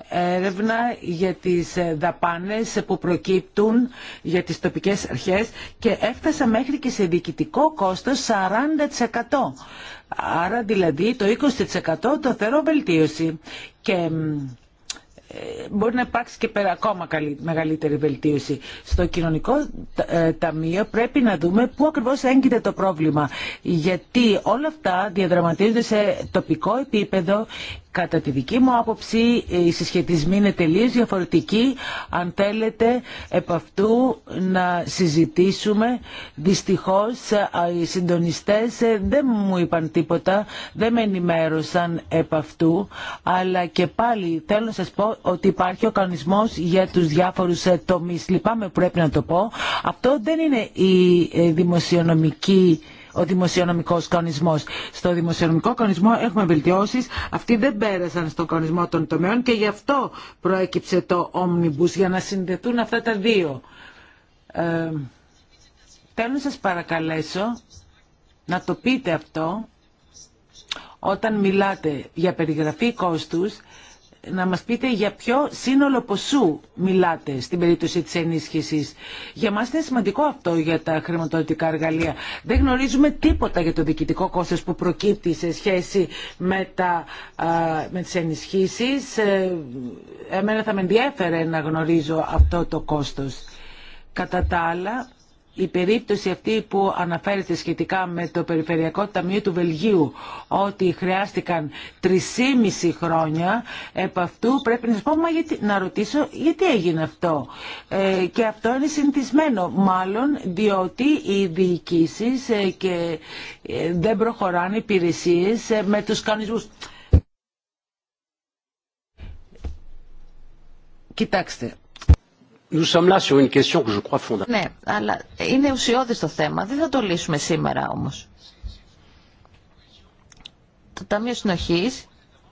έρευνα για τις ε, δαπάνες που προκύπτουν για τις τοπικές αρχές και έφτασα μέχρι και σε διοικητικό κόστος 40%. Άρα δηλαδή το 20% το θεωρώ βελτίωση. Και μπορεί να υπάρξει και πέρα ακόμα μεγαλύτερη βελτίωση. Στο κοινωνικό ε, ταμείο πρέπει να δούμε πού ακριβώς έγκυται το πρόβλημα. Γιατί όλα αυτά διαδραματίζονται σε τοπικό επίπεδο Κατά τη δική μου άποψη οι συσχετισμοί είναι τελείως διαφορετικοί. Αν θέλετε επ' αυτού να συζητήσουμε, δυστυχώς οι συντονιστές δεν μου είπαν τίποτα, δεν με ενημέρωσαν επ' αυτού, αλλά και πάλι θέλω να σας πω ότι υπάρχει ο κανονισμός για τους διάφορους ε, τομείς. Λυπάμαι που πρέπει να το πω. Αυτό δεν είναι η ε, δημοσιονομική ο δημοσιονομικός κανονισμός. Στο δημοσιονομικό κανονισμό έχουμε βελτιώσεις. Αυτοί δεν πέρασαν στο κανονισμό των τομέων και γι' αυτό προέκυψε το Omnibus για να συνδεθούν αυτά τα δύο. Ε, θέλω να σας παρακαλέσω να το πείτε αυτό όταν μιλάτε για περιγραφή κόστους να μας πείτε για ποιο σύνολο ποσού μιλάτε στην περίπτωση της ενίσχυσης. Για μας είναι σημαντικό αυτό για τα χρηματοδοτικά εργαλεία. Δεν γνωρίζουμε τίποτα για το διοικητικό κόστος που προκύπτει σε σχέση με, τα, με τις ενισχύσεις. Ε, εμένα θα με ενδιέφερε να γνωρίζω αυτό το κόστος. Κατά τα άλλα, η περίπτωση αυτή που αναφέρεται σχετικά με το Περιφερειακό Ταμείο του Βελγίου ότι χρειάστηκαν 3,5 χρόνια επ' αυτού πρέπει να σας γιατί, να ρωτήσω γιατί έγινε αυτό. Ε, και αυτό είναι συνηθισμένο μάλλον διότι οι διοικήσει ε, και ε, δεν προχωράνε υπηρεσίες με τους κανονισμούς. Κοιτάξτε, ναι, αλλά είναι ουσιώδη το θέμα. Δεν θα το λύσουμε σήμερα όμω. Το Ταμείο συνοχή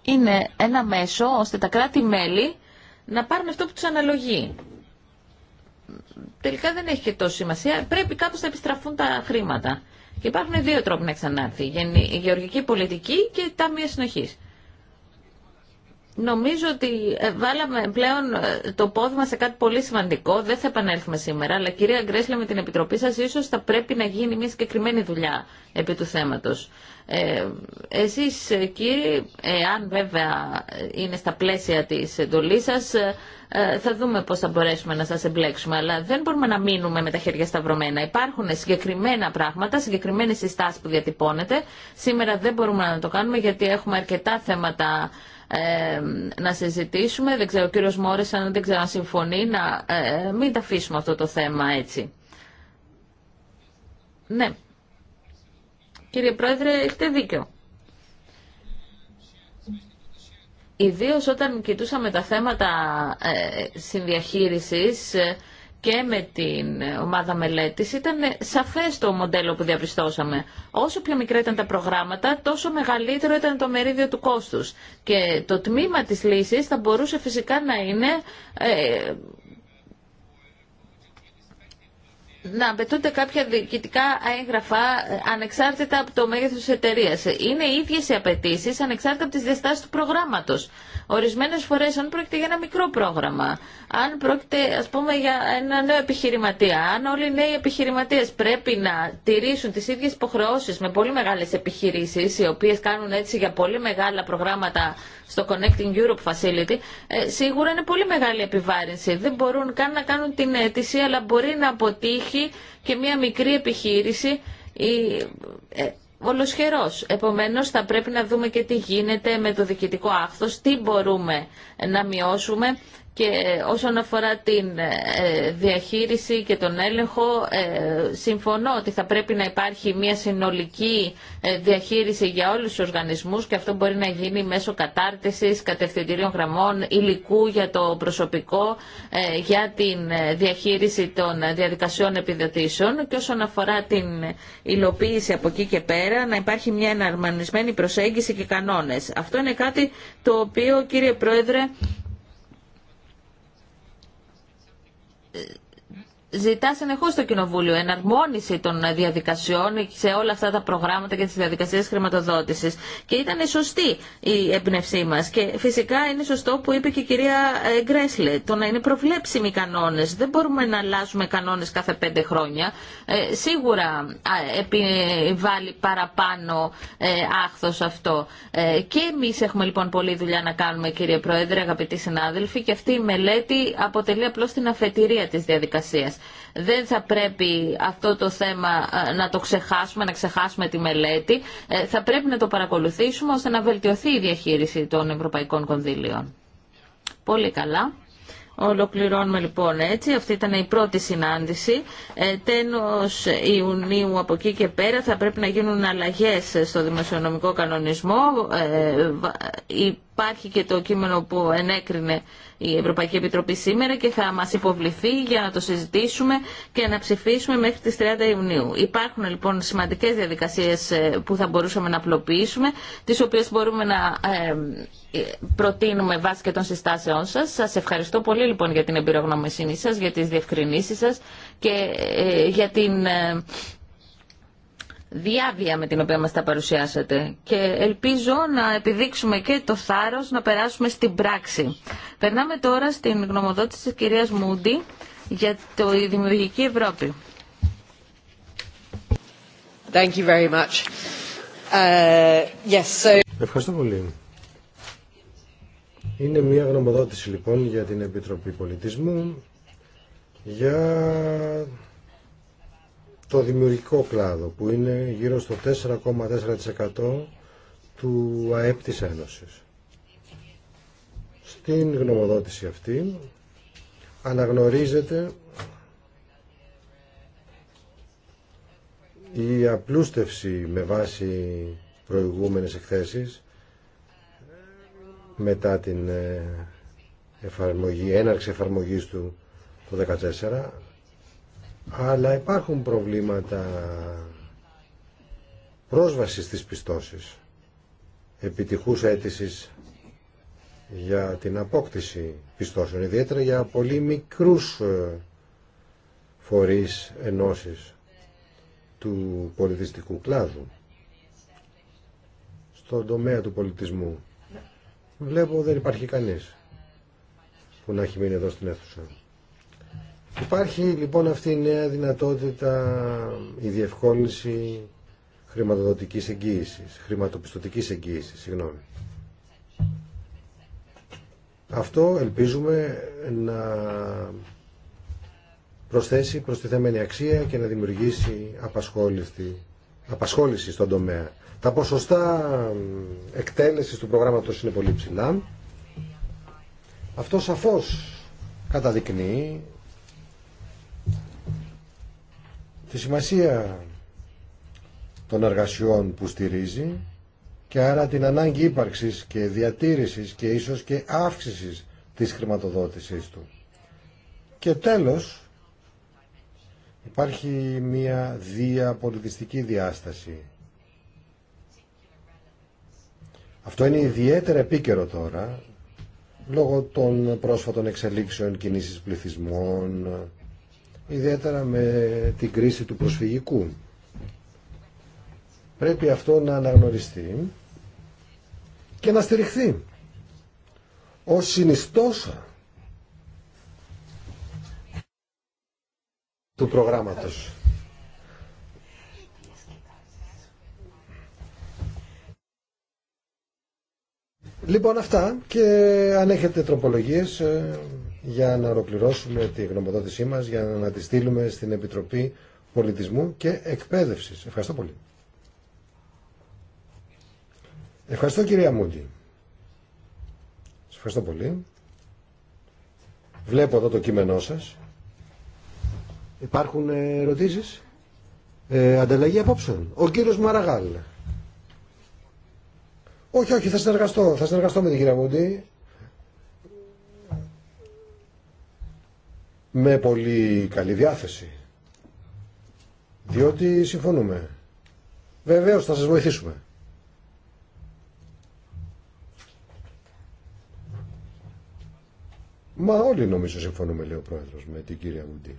είναι ένα μέσο ώστε τα κράτη-μέλη να πάρουν αυτό που του αναλογεί. Τελικά δεν έχει και τόσο σημασία. Πρέπει κάπω να επιστραφούν τα χρήματα. Και υπάρχουν δύο τρόποι να ξανάρθει. Η γεωργική πολιτική και η ταμείο συνοχή. Νομίζω ότι ε, βάλαμε πλέον ε, το πόδι μας σε κάτι πολύ σημαντικό. Δεν θα επανέλθουμε σήμερα, αλλά κυρία Γκρέσλε με την Επιτροπή σας ίσως θα πρέπει να γίνει μια συγκεκριμένη δουλειά επί του θέματος. Ε, εσείς ε, κύριοι, εάν βέβαια είναι στα πλαίσια της εντολής σας, ε, θα δούμε πώς θα μπορέσουμε να σας εμπλέξουμε, αλλά δεν μπορούμε να μείνουμε με τα χέρια σταυρωμένα. Υπάρχουν συγκεκριμένα πράγματα, συγκεκριμένες συστάσεις που διατυπώνεται. Σήμερα δεν μπορούμε να το κάνουμε γιατί έχουμε αρκετά θέματα να συζητήσουμε. Δεν ξέρω, ο κύριο Μόρες, αν δεν ξέρω να συμφωνεί, να ε, μην τα αφήσουμε αυτό το θέμα έτσι. Ναι. Κύριε Πρόεδρε, έχετε δίκιο. Ιδίω όταν κοιτούσαμε τα θέματα ε, συνδιαχείρισης, ε, και με την ομάδα μελέτης ήταν σαφές το μοντέλο που διαπιστώσαμε. Όσο πιο μικρά ήταν τα προγράμματα, τόσο μεγαλύτερο ήταν το μερίδιο του κόστους. Και το τμήμα της λύσης θα μπορούσε φυσικά να είναι ε, να απαιτούνται κάποια διοικητικά έγγραφα ε, ανεξάρτητα από το μέγεθο τη εταιρεία. Είναι οι ίδιε οι απαιτήσει ανεξάρτητα από τι διαστάσει του προγράμματο. Ορισμένε φορέ, αν πρόκειται για ένα μικρό πρόγραμμα, αν πρόκειται ας πούμε για ένα νέο επιχειρηματία, αν όλοι οι νέοι επιχειρηματίε πρέπει να τηρήσουν τι ίδιε υποχρεώσει με πολύ μεγάλε επιχειρήσει, οι οποίε κάνουν έτσι για πολύ μεγάλα προγράμματα στο Connecting Europe Facility, ε, σίγουρα είναι πολύ μεγάλη επιβάρυνση. Δεν μπορούν καν να κάνουν την αίτηση, αλλά μπορεί να αποτύχει και μια μικρή επιχείρηση ε, ολοσχερός. Επομένως θα πρέπει να δούμε και τι γίνεται με το διοικητικό άχθος, τι μπορούμε να μειώσουμε και όσον αφορά την ε, διαχείριση και τον έλεγχο, ε, συμφωνώ ότι θα πρέπει να υπάρχει μια συνολική ε, διαχείριση για όλους τους οργανισμούς και αυτό μπορεί να γίνει μέσω κατάρτισης, κατευθυντήριων γραμμών, υλικού για το προσωπικό, για την διαχείριση των διαδικασιών επιδοτήσεων και όσον αφορά την υλοποίηση από εκεί και πέρα, να υπάρχει μια εναρμανισμένη προσέγγιση και κανόνες. Αυτό είναι κάτι το οποίο, κύριε Πρόεδρε, ε ζητά συνεχώ το Κοινοβούλιο εναρμόνιση των διαδικασιών σε όλα αυτά τα προγράμματα και τι διαδικασίε χρηματοδότηση Και ήταν σωστή η εμπνευσή μα. Και φυσικά είναι σωστό που είπε και η κυρία ε, Γκρέσλε, το να είναι προβλέψιμοι οι κανόνε. Δεν μπορούμε να αλλάζουμε κανόνε κάθε πέντε χρόνια. Ε, σίγουρα επιβάλλει παραπάνω ε, άχθος αυτό. Ε, και εμεί, έχουμε λοιπόν πολλή δουλειά να κάνουμε κύριε Πρόεδρε, αγαπητοί συνάδελφοι, και αυτή η μελέτη αποτελεί απλώ την αφετηρία τη διαδικασία. Δεν θα πρέπει αυτό το θέμα ε, να το ξεχάσουμε, να ξεχάσουμε τη μελέτη. Ε, θα πρέπει να το παρακολουθήσουμε ώστε να βελτιωθεί η διαχείριση των ευρωπαϊκών κονδύλιων. Πολύ καλά. Ολοκληρώνουμε λοιπόν έτσι. Αυτή ήταν η πρώτη συνάντηση. Ε, Ιουνίου από εκεί και πέρα θα πρέπει να γίνουν αλλαγές στο δημοσιονομικό κανονισμό. Ε, υπάρχει και το κείμενο που ενέκρινε η Ευρωπαϊκή Επιτροπή σήμερα και θα μας υποβληθεί για να το συζητήσουμε και να ψηφίσουμε μέχρι τις 30 Ιουνίου. Υπάρχουν λοιπόν σημαντικές διαδικασίες ε, που θα μπορούσαμε να απλοποιήσουμε, τις οποίες μπορούμε να ε, προτείνουμε βάσει και των συστάσεών σας. Σας ευχαριστώ πολύ λοιπόν για την εμπειρογνωμοσύνη σας, για τις διευκρινήσεις σας και ε, για την διάβια με την οποία μας τα παρουσιάσατε και ελπίζω να επιδείξουμε και το θάρρος να περάσουμε στην πράξη. Περνάμε τώρα στην γνωμοδότηση της κυρίας Μούντι για το η Δημιουργική Ευρώπη. Thank you very much. Uh, yes, so... Ευχαριστώ πολύ. Είναι μια γνωμοδότηση λοιπόν για την Επιτροπή Πολιτισμού για το δημιουργικό κλάδο που είναι γύρω στο 4,4% του ΑΕΠ της Ένωσης. Στην γνωμοδότηση αυτή αναγνωρίζεται η απλούστευση με βάση προηγούμενες εκθέσεις μετά την ε, εφαρμογή, έναρξη εφαρμογής του το 2014 αλλά υπάρχουν προβλήματα πρόσβασης στις πιστώσεις, επιτυχούς αίτησης για την απόκτηση πιστώσεων, ιδιαίτερα για πολύ μικρούς ε, φορείς ενώσεις του πολιτιστικού κλάδου στον τομέα του πολιτισμού. Βλέπω δεν υπάρχει κανείς που να έχει μείνει εδώ στην αίθουσα. Υπάρχει λοιπόν αυτή η νέα δυνατότητα, η διευκόλυνση χρηματοδοτικής εγγύησης, χρηματοπιστωτικής εγγύησης, συγγνώμη. Αυτό ελπίζουμε να προσθέσει προστιθέμενη αξία και να δημιουργήσει απασχόληση, απασχόληση στον τομέα. Τα ποσοστά εκτέλεσης του προγράμματος είναι πολύ ψηλά. Αυτό σαφώς καταδεικνύει τη σημασία των εργασιών που στηρίζει και άρα την ανάγκη ύπαρξης και διατήρησης και ίσως και αύξησης της χρηματοδότησής του. Και τέλος, υπάρχει μια διαπολιτιστική διάσταση. Αυτό είναι ιδιαίτερα επίκαιρο τώρα, λόγω των πρόσφατων εξελίξεων, κινήσεις πληθυσμών, ιδιαίτερα με την κρίση του προσφυγικού. Πρέπει αυτό να αναγνωριστεί και να στηριχθεί ως συνιστόσα του προγράμματος. Λοιπόν αυτά και αν έχετε τροπολογίες ε, για να ολοκληρώσουμε τη γνωμοδότησή μας, για να τη στείλουμε στην Επιτροπή Πολιτισμού και Εκπαίδευσης. Ευχαριστώ πολύ. Ευχαριστώ κυρία Μούντι. Σας ευχαριστώ πολύ. Βλέπω εδώ το κείμενό σας. Υπάρχουν ερωτήσεις. Ε, ανταλλαγή απόψεων. Ο κύριος Μαραγάλ. Όχι, όχι, θα συνεργαστώ. Θα συνεργαστώ με την κυρία Μούντι με πολύ καλή διάθεση. Διότι συμφωνούμε. Βεβαίως θα σας βοηθήσουμε. Μα όλοι νομίζω συμφωνούμε, λέει ο πρόεδρος, με την κυρία Μουντή.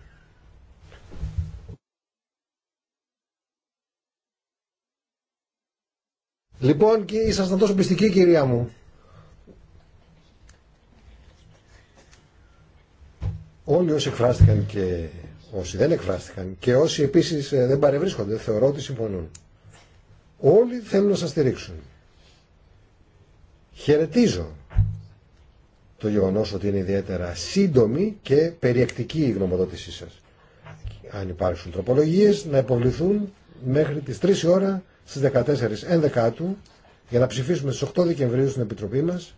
Λοιπόν, και ήσασταν τόσο πιστική, κυρία μου. Όλοι όσοι εκφράστηκαν και όσοι δεν εκφράστηκαν και όσοι επίσης ε, δεν παρευρίσκονται θεωρώ ότι συμφωνούν. Όλοι θέλουν να σας στηρίξουν. Χαιρετίζω το γεγονός ότι είναι ιδιαίτερα σύντομη και περιεκτική η γνωμοδότησή σας. Αν υπάρξουν τροπολογίες να υποβληθούν μέχρι τις 3 ώρα στις 14 ενδεκάτου για να ψηφίσουμε στις 8 Δεκεμβρίου στην Επιτροπή μας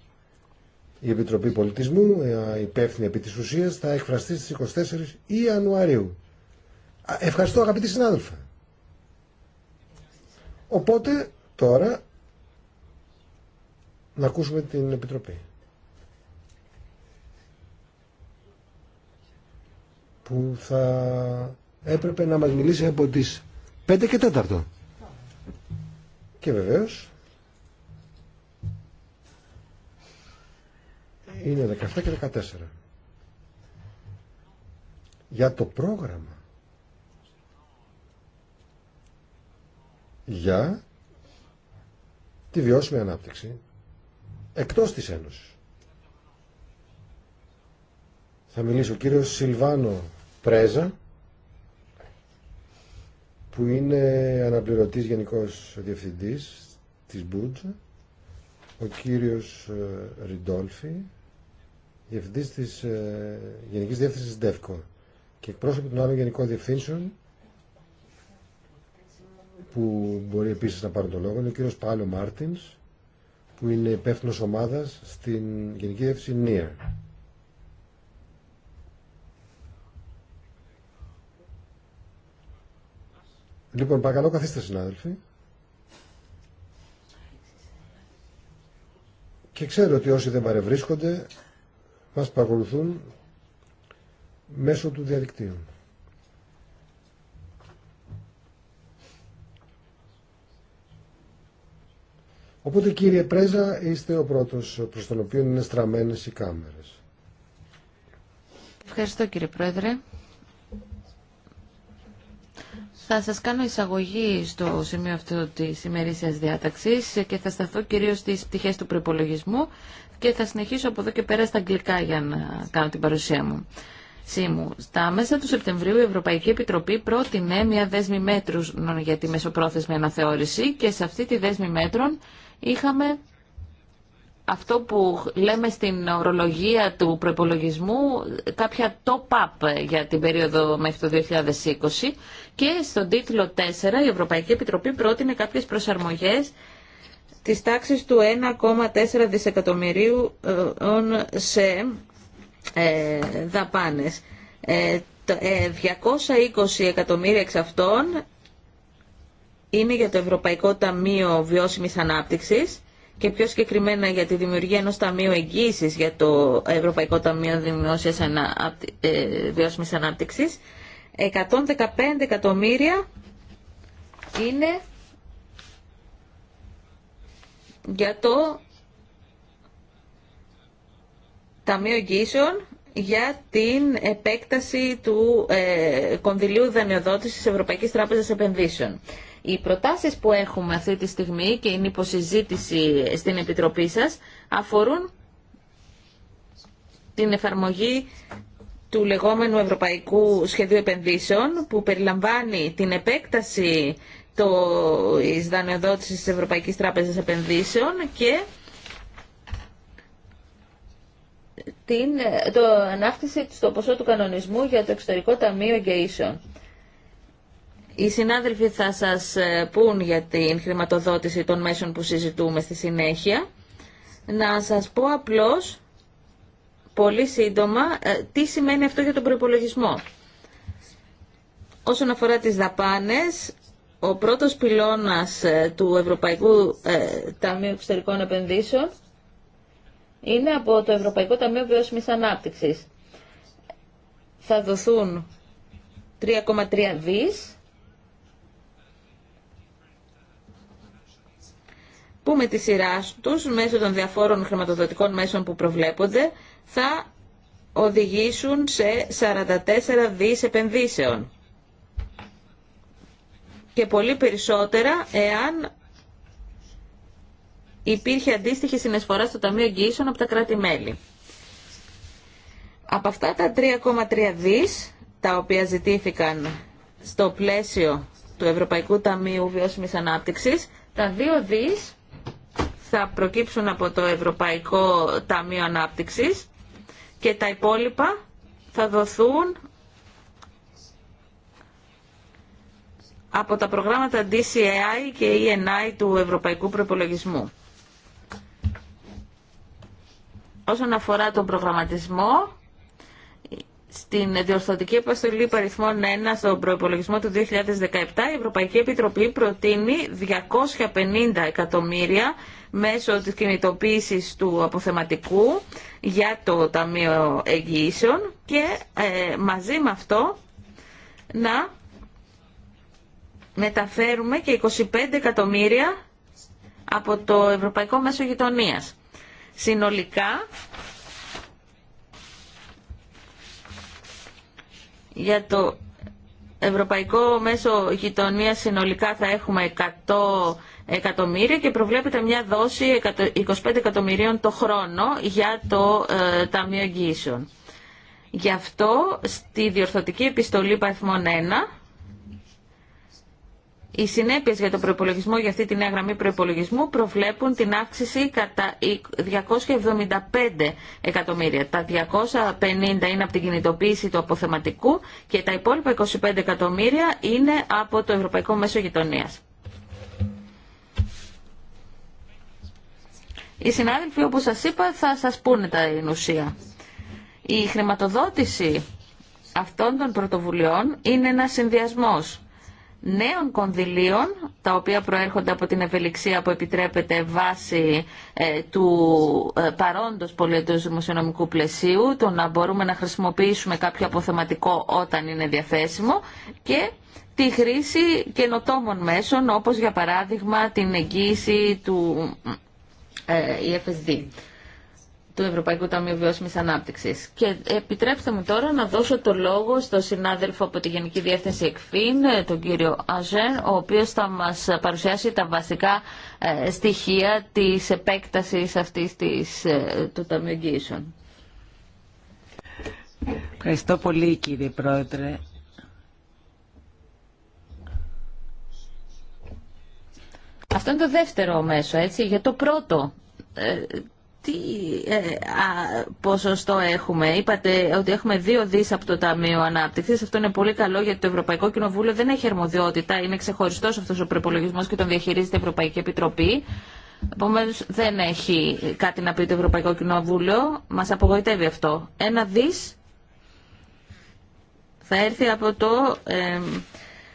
η Επιτροπή Πολιτισμού, ε, υπεύθυνη επί της ουσίας, θα εκφραστεί στις 24 Ιανουαρίου. Ευχαριστώ αγαπητοί συνάδελφοι. Οπότε τώρα να ακούσουμε την Επιτροπή. Που θα έπρεπε να μας μιλήσει από τις 5 και 4. Και βεβαίως είναι 17 και 14. Για το πρόγραμμα για τη βιώσιμη ανάπτυξη εκτός της Ένωσης. Θα μιλήσει ο κύριος Σιλβάνο Πρέζα που είναι αναπληρωτής γενικός διευθυντής της Μπούτζα ο κύριος ε, Ριντόλφη Διευθυντή τη ε, Γενικής Διεύθυνσης ΔΕΦΚΟ και εκπρόσωποι των άλλων γενικών διευθύνσεων που μπορεί επίση να πάρουν το λόγο είναι ο κύριο Πάλο Μάρτινς που είναι υπεύθυνο ομάδας στην Γενική Διεύθυνση ΝΙΑΡ. Λοιπόν, παρακαλώ καθίστε συνάδελφοι. Και ξέρω ότι όσοι δεν παρευρίσκονται μας παρακολουθούν μέσω του διαδικτύου. Οπότε κύριε Πρέζα είστε ο πρώτος προς τον οποίο είναι στραμμένες οι κάμερες. Ευχαριστώ κύριε Πρόεδρε. Θα σας κάνω εισαγωγή στο σημείο αυτό της ημερήσιας διάταξης και θα σταθώ κυρίως στις πτυχές του προπολογισμού και θα συνεχίσω από εδώ και πέρα στα αγγλικά για να κάνω την παρουσία μου. Σύμου. Στα μέσα του Σεπτεμβρίου η Ευρωπαϊκή Επιτροπή πρότεινε μια δέσμη μέτρων για τη μεσοπρόθεσμη αναθεώρηση και σε αυτή τη δέσμη μέτρων είχαμε αυτό που λέμε στην ορολογία του προπολογισμού κάποια top-up για την περίοδο μέχρι το 2020 και στον τίτλο 4 η Ευρωπαϊκή Επιτροπή πρότεινε κάποιες προσαρμογές της τάξης του 1,4 δισεκατομμυρίου ε, σε ε, δαπάνες. 220 ε, εκατομμύρια εξ αυτών είναι για το Ευρωπαϊκό Ταμείο Βιώσιμης Ανάπτυξης και πιο συγκεκριμένα για τη δημιουργία ενός Ταμείου Εγγύησης για το Ευρωπαϊκό Ταμείο Δημιώσιας Βιώσιμης Ανάπτυξης. 115 εκατομμύρια είναι για το Ταμείο Εγγύσεων για την επέκταση του ε, κονδυλίου δανειοδότησης Ευρωπαϊκής Τράπεζας Επενδύσεων. Οι προτάσεις που έχουμε αυτή τη στιγμή και είναι υποσυζήτηση στην Επιτροπή σας αφορούν την εφαρμογή του λεγόμενου Ευρωπαϊκού Σχεδίου Επενδύσεων που περιλαμβάνει την επέκταση το, εις δανειοδότησης της Ευρωπαϊκής Τράπεζας Επενδύσεων και την, το ανάκτηση στο ποσό του κανονισμού για το εξωτερικό ταμείο Η Οι συνάδελφοι θα σας ε, πούν για την χρηματοδότηση των μέσων που συζητούμε στη συνέχεια. Να σας πω απλώς, πολύ σύντομα, ε, τι σημαίνει αυτό για τον προϋπολογισμό. Όσον αφορά τις δαπάνες, ο πρώτος πυλώνας ε, του Ευρωπαϊκού ε, Ταμείου Εξωτερικών Επενδύσεων είναι από το Ευρωπαϊκό Ταμείο Βιώσιμης Ανάπτυξης. Θα δοθούν 3,3 δις που με τη σειρά τους μέσω των διαφόρων χρηματοδοτικών μέσων που προβλέπονται θα οδηγήσουν σε 44 δις επενδύσεων και πολύ περισσότερα εάν υπήρχε αντίστοιχη συνεισφορά στο Ταμείο Εγγυήσεων από τα κράτη-μέλη. Από αυτά τα 3,3 δις, τα οποία ζητήθηκαν στο πλαίσιο του Ευρωπαϊκού Ταμείου Βιώσιμης Ανάπτυξης, τα 2 δις θα προκύψουν από το Ευρωπαϊκό Ταμείο Ανάπτυξης και τα υπόλοιπα θα δοθούν από τα προγράμματα DCAI και ENI του Ευρωπαϊκού Προπολογισμού. Όσον αφορά τον προγραμματισμό, στην διορθωτική επαστολή παριθμών 1 στον προπολογισμό του 2017 η Ευρωπαϊκή Επιτροπή προτείνει 250 εκατομμύρια μέσω της κινητοποίησης του αποθεματικού για το Ταμείο Εγγυήσεων και ε, μαζί με αυτό να μεταφέρουμε και 25 εκατομμύρια από το Ευρωπαϊκό Μέσο Γειτονίας. Συνολικά, για το Ευρωπαϊκό Μέσο Γειτονία συνολικά θα έχουμε 100 εκατομμύρια και προβλέπεται μια δόση 25 εκατομμυρίων το χρόνο για το ε, Ταμείο Εγγύησεων. Γι' αυτό στη διορθωτική επιστολή παριθμών 1 οι συνέπειε για τον προπολογισμό για αυτή τη νέα γραμμή προπολογισμού προβλέπουν την αύξηση κατά 275 εκατομμύρια. Τα 250 είναι από την κινητοποίηση του αποθεματικού και τα υπόλοιπα 25 εκατομμύρια είναι από το Ευρωπαϊκό Μέσο Γειτονία. Οι συνάδελφοι, όπως σας είπα, θα σας πούνε τα ουσία. Η χρηματοδότηση αυτών των πρωτοβουλειών είναι ένας συνδυασμός νέων κονδυλίων, τα οποία προέρχονται από την ευελιξία που επιτρέπεται βάσει ε, του ε, παρόντος πολιτικού δημοσιονομικού πλαισίου, το να μπορούμε να χρησιμοποιήσουμε κάποιο αποθεματικό όταν είναι διαθέσιμο και τη χρήση καινοτόμων μέσων, όπως για παράδειγμα την εγγύηση του ε, του Ευρωπαϊκού Ταμείου Βιώσιμης ανάπτυξη. Και επιτρέψτε μου τώρα να δώσω το λόγο στον συνάδελφο από τη Γενική Διεύθυνση ΕΚΦΗΝ, ε, τον κύριο Αζέν, ο οποίος θα μας παρουσιάσει τα βασικά ε, στοιχεία της επέκτασης αυτής της, ε, του Ταμείου Εγγύησεων. Ευχαριστώ πολύ κύριε Πρόεδρε. Αυτό είναι το δεύτερο μέσο, έτσι. Για το πρώτο τι ε, ποσοστό έχουμε. Είπατε ότι έχουμε δύο δις από το Ταμείο Ανάπτυξης. Αυτό είναι πολύ καλό γιατί το Ευρωπαϊκό Κοινοβούλιο δεν έχει αρμοδιότητα. Είναι ξεχωριστό αυτός ο προπολογισμό και τον διαχειρίζεται η Ευρωπαϊκή Επιτροπή. Επομένω, δεν έχει κάτι να πει το Ευρωπαϊκό Κοινοβούλιο. Μα απογοητεύει αυτό. Ένα δι θα έρθει από το ε,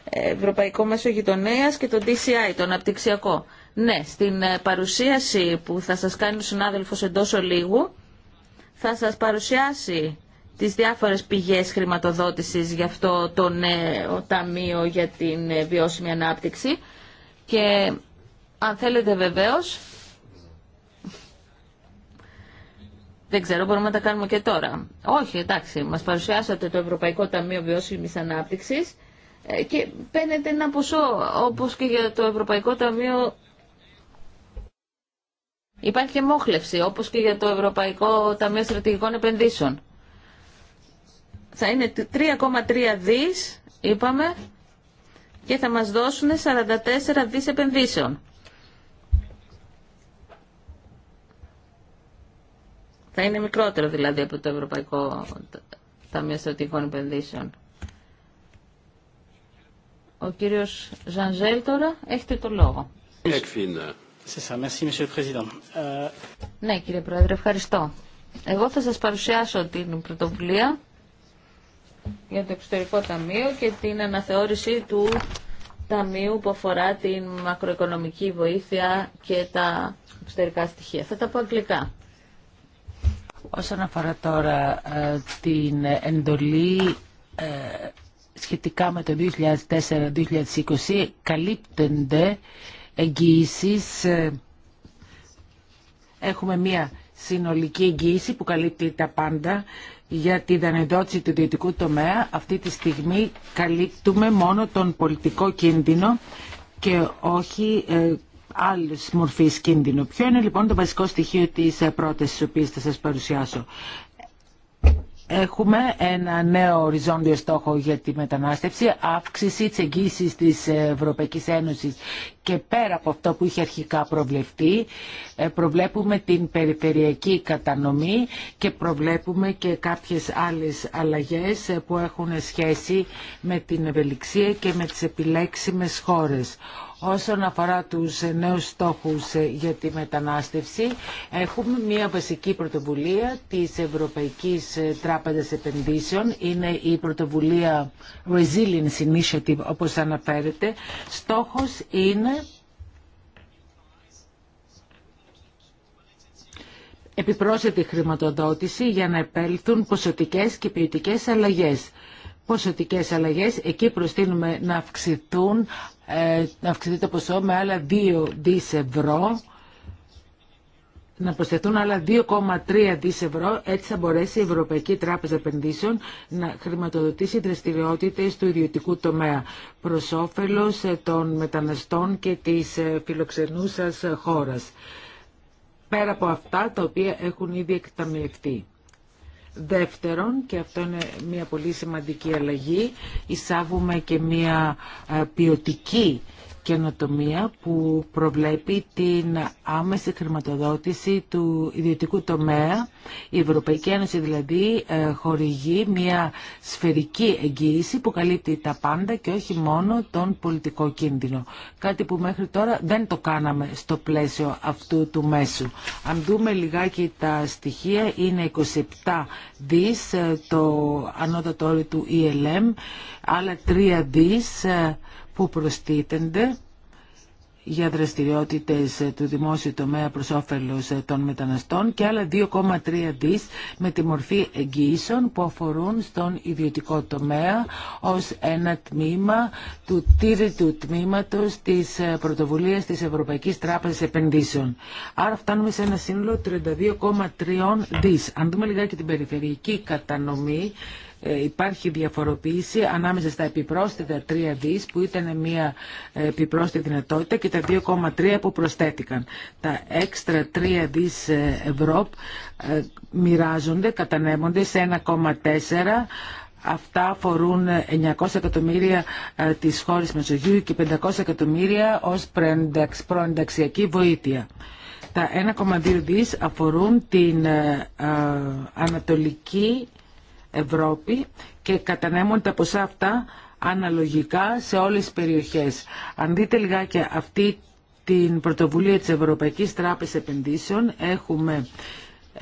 ε, Ευρωπαϊκό Μέσο Γειτονέα και το DCI, το Αναπτυξιακό. Ναι, στην ε, παρουσίαση που θα σας κάνει ο συνάδελφος εντός ολίγου, θα σας παρουσιάσει τις διάφορες πηγές χρηματοδότησης για αυτό το νέο Ταμείο για την ε, Βιώσιμη Ανάπτυξη και αν θέλετε βεβαίως, δεν ξέρω, μπορούμε να τα κάνουμε και τώρα. Όχι, εντάξει, μας παρουσιάσατε το Ευρωπαϊκό Ταμείο Βιώσιμης Ανάπτυξης ε, και παίρνετε ένα ποσό όπως και για το Ευρωπαϊκό Ταμείο Υπάρχει και μόχλευση, όπως και για το Ευρωπαϊκό Ταμείο Στρατηγικών Επενδύσεων. Θα είναι 3,3 δις, είπαμε, και θα μας δώσουν 44 δις επενδύσεων. Θα είναι μικρότερο δηλαδή από το Ευρωπαϊκό Ταμείο Στρατηγικών Επενδύσεων. Ο κύριος Ζανζέλ τώρα έχετε το λόγο. Εκφίνα. Euh, ναι, κύριε Πρόεδρε, ευχαριστώ. Εγώ θα σας παρουσιάσω την πρωτοβουλία για το Εξωτερικό Ταμείο και την αναθεώρηση του Ταμείου που αφορά την μακροοικονομική βοήθεια και τα εξωτερικά στοιχεία. Θα τα πω αγγλικά. Όσον αφορά τώρα ε, την εντολή ε, σχετικά με το 2004-2020, καλύπτονται εγγύησης. Ε, έχουμε μία συνολική εγγύηση που καλύπτει τα πάντα για τη δανειδότηση του ιδιωτικού τομέα. Αυτή τη στιγμή καλύπτουμε μόνο τον πολιτικό κίνδυνο και όχι ε, άλλε μορφή κίνδυνο. Ποιο είναι λοιπόν το βασικό στοιχείο τη ε, πρόταση, τη οποία θα σα παρουσιάσω. Έχουμε ένα νέο οριζόντιο στόχο για τη μετανάστευση, αύξηση της εγγύησης της Ευρωπαϊκής Ένωσης και πέρα από αυτό που είχε αρχικά προβλεφτεί, ε, προβλέπουμε την περιφερειακή κατανομή και προβλέπουμε και κάποιες άλλες αλλαγές ε, που έχουν σχέση με την ευελιξία και με τις επιλέξιμες χώρες. Όσον αφορά τους ε, νέους στόχους ε, για τη μετανάστευση, έχουμε μια βασική πρωτοβουλία της Ευρωπαϊκής ε, Τράπεζας Επενδύσεων. Είναι η πρωτοβουλία Resilience Initiative, όπως αναφέρεται. Στόχος είναι επιπρόσθετη χρηματοδότηση για να επέλθουν ποσοτικές και ποιοτικές αλλαγές ποσοτικέ αλλαγέ. Εκεί προστείνουμε να, αυξηθούν, ε, να αυξηθεί το ποσό με άλλα 2 δι ευρώ να προσθεθούν άλλα 2,3 δις ευρώ, έτσι θα μπορέσει η Ευρωπαϊκή Τράπεζα Επενδύσεων να χρηματοδοτήσει δραστηριότητε του ιδιωτικού τομέα προ όφελο ε, των μεταναστών και της ε, φιλοξενούσα χώρα. Πέρα από αυτά τα οποία έχουν ήδη εκταμιευτεί. Δεύτερον, και αυτό είναι μια πολύ σημαντική αλλαγή, εισάγουμε και μια ε, ποιοτική καινοτομία που προβλέπει την άμεση χρηματοδότηση του ιδιωτικού τομέα. Η Ευρωπαϊκή Ένωση δηλαδή ε, χορηγεί μια σφαιρική εγγύηση που καλύπτει τα πάντα και όχι μόνο τον πολιτικό κίνδυνο. Κάτι που μέχρι τώρα δεν το κάναμε στο πλαίσιο αυτού του μέσου. Αν δούμε λιγάκι τα στοιχεία, είναι 27 δις ε, το ανώτατο όριο του ELM, άλλα 3 δις ε, που προστίθενται για δραστηριότητες του δημόσιου τομέα προς όφελος των μεταναστών και άλλα 2,3 δις με τη μορφή εγγύησεων που αφορούν στον ιδιωτικό τομέα ως ένα τμήμα του τήρητου τμήματος της πρωτοβουλίας της Ευρωπαϊκής Τράπεζας Επενδύσεων. Άρα φτάνουμε σε ένα σύνολο 32,3 δις. Αν δούμε λιγάκι την περιφερειακή κατανομή ε, υπάρχει διαφοροποίηση ανάμεσα στα επιπρόσθετα 3 δις που ήταν μια ε, επιπρόσθετη δυνατότητα και τα 2,3 που προσθέτηκαν. Τα έξτρα 3 δι ε, ευρώ μοιράζονται, κατανέμονται σε 1,4 Αυτά αφορούν 900 εκατομμύρια της χώρας Μεσογείου και 500 εκατομμύρια ως προενταξιακή βοήθεια. Τα 1,2 δις αφορούν την Ανατολική Ευρώπη και κατανέμονται από αυτά αναλογικά σε όλες τις περιοχές. Αν δείτε λιγάκι αυτή την πρωτοβουλία της Ευρωπαϊκής Τράπεζας Επενδύσεων έχουμε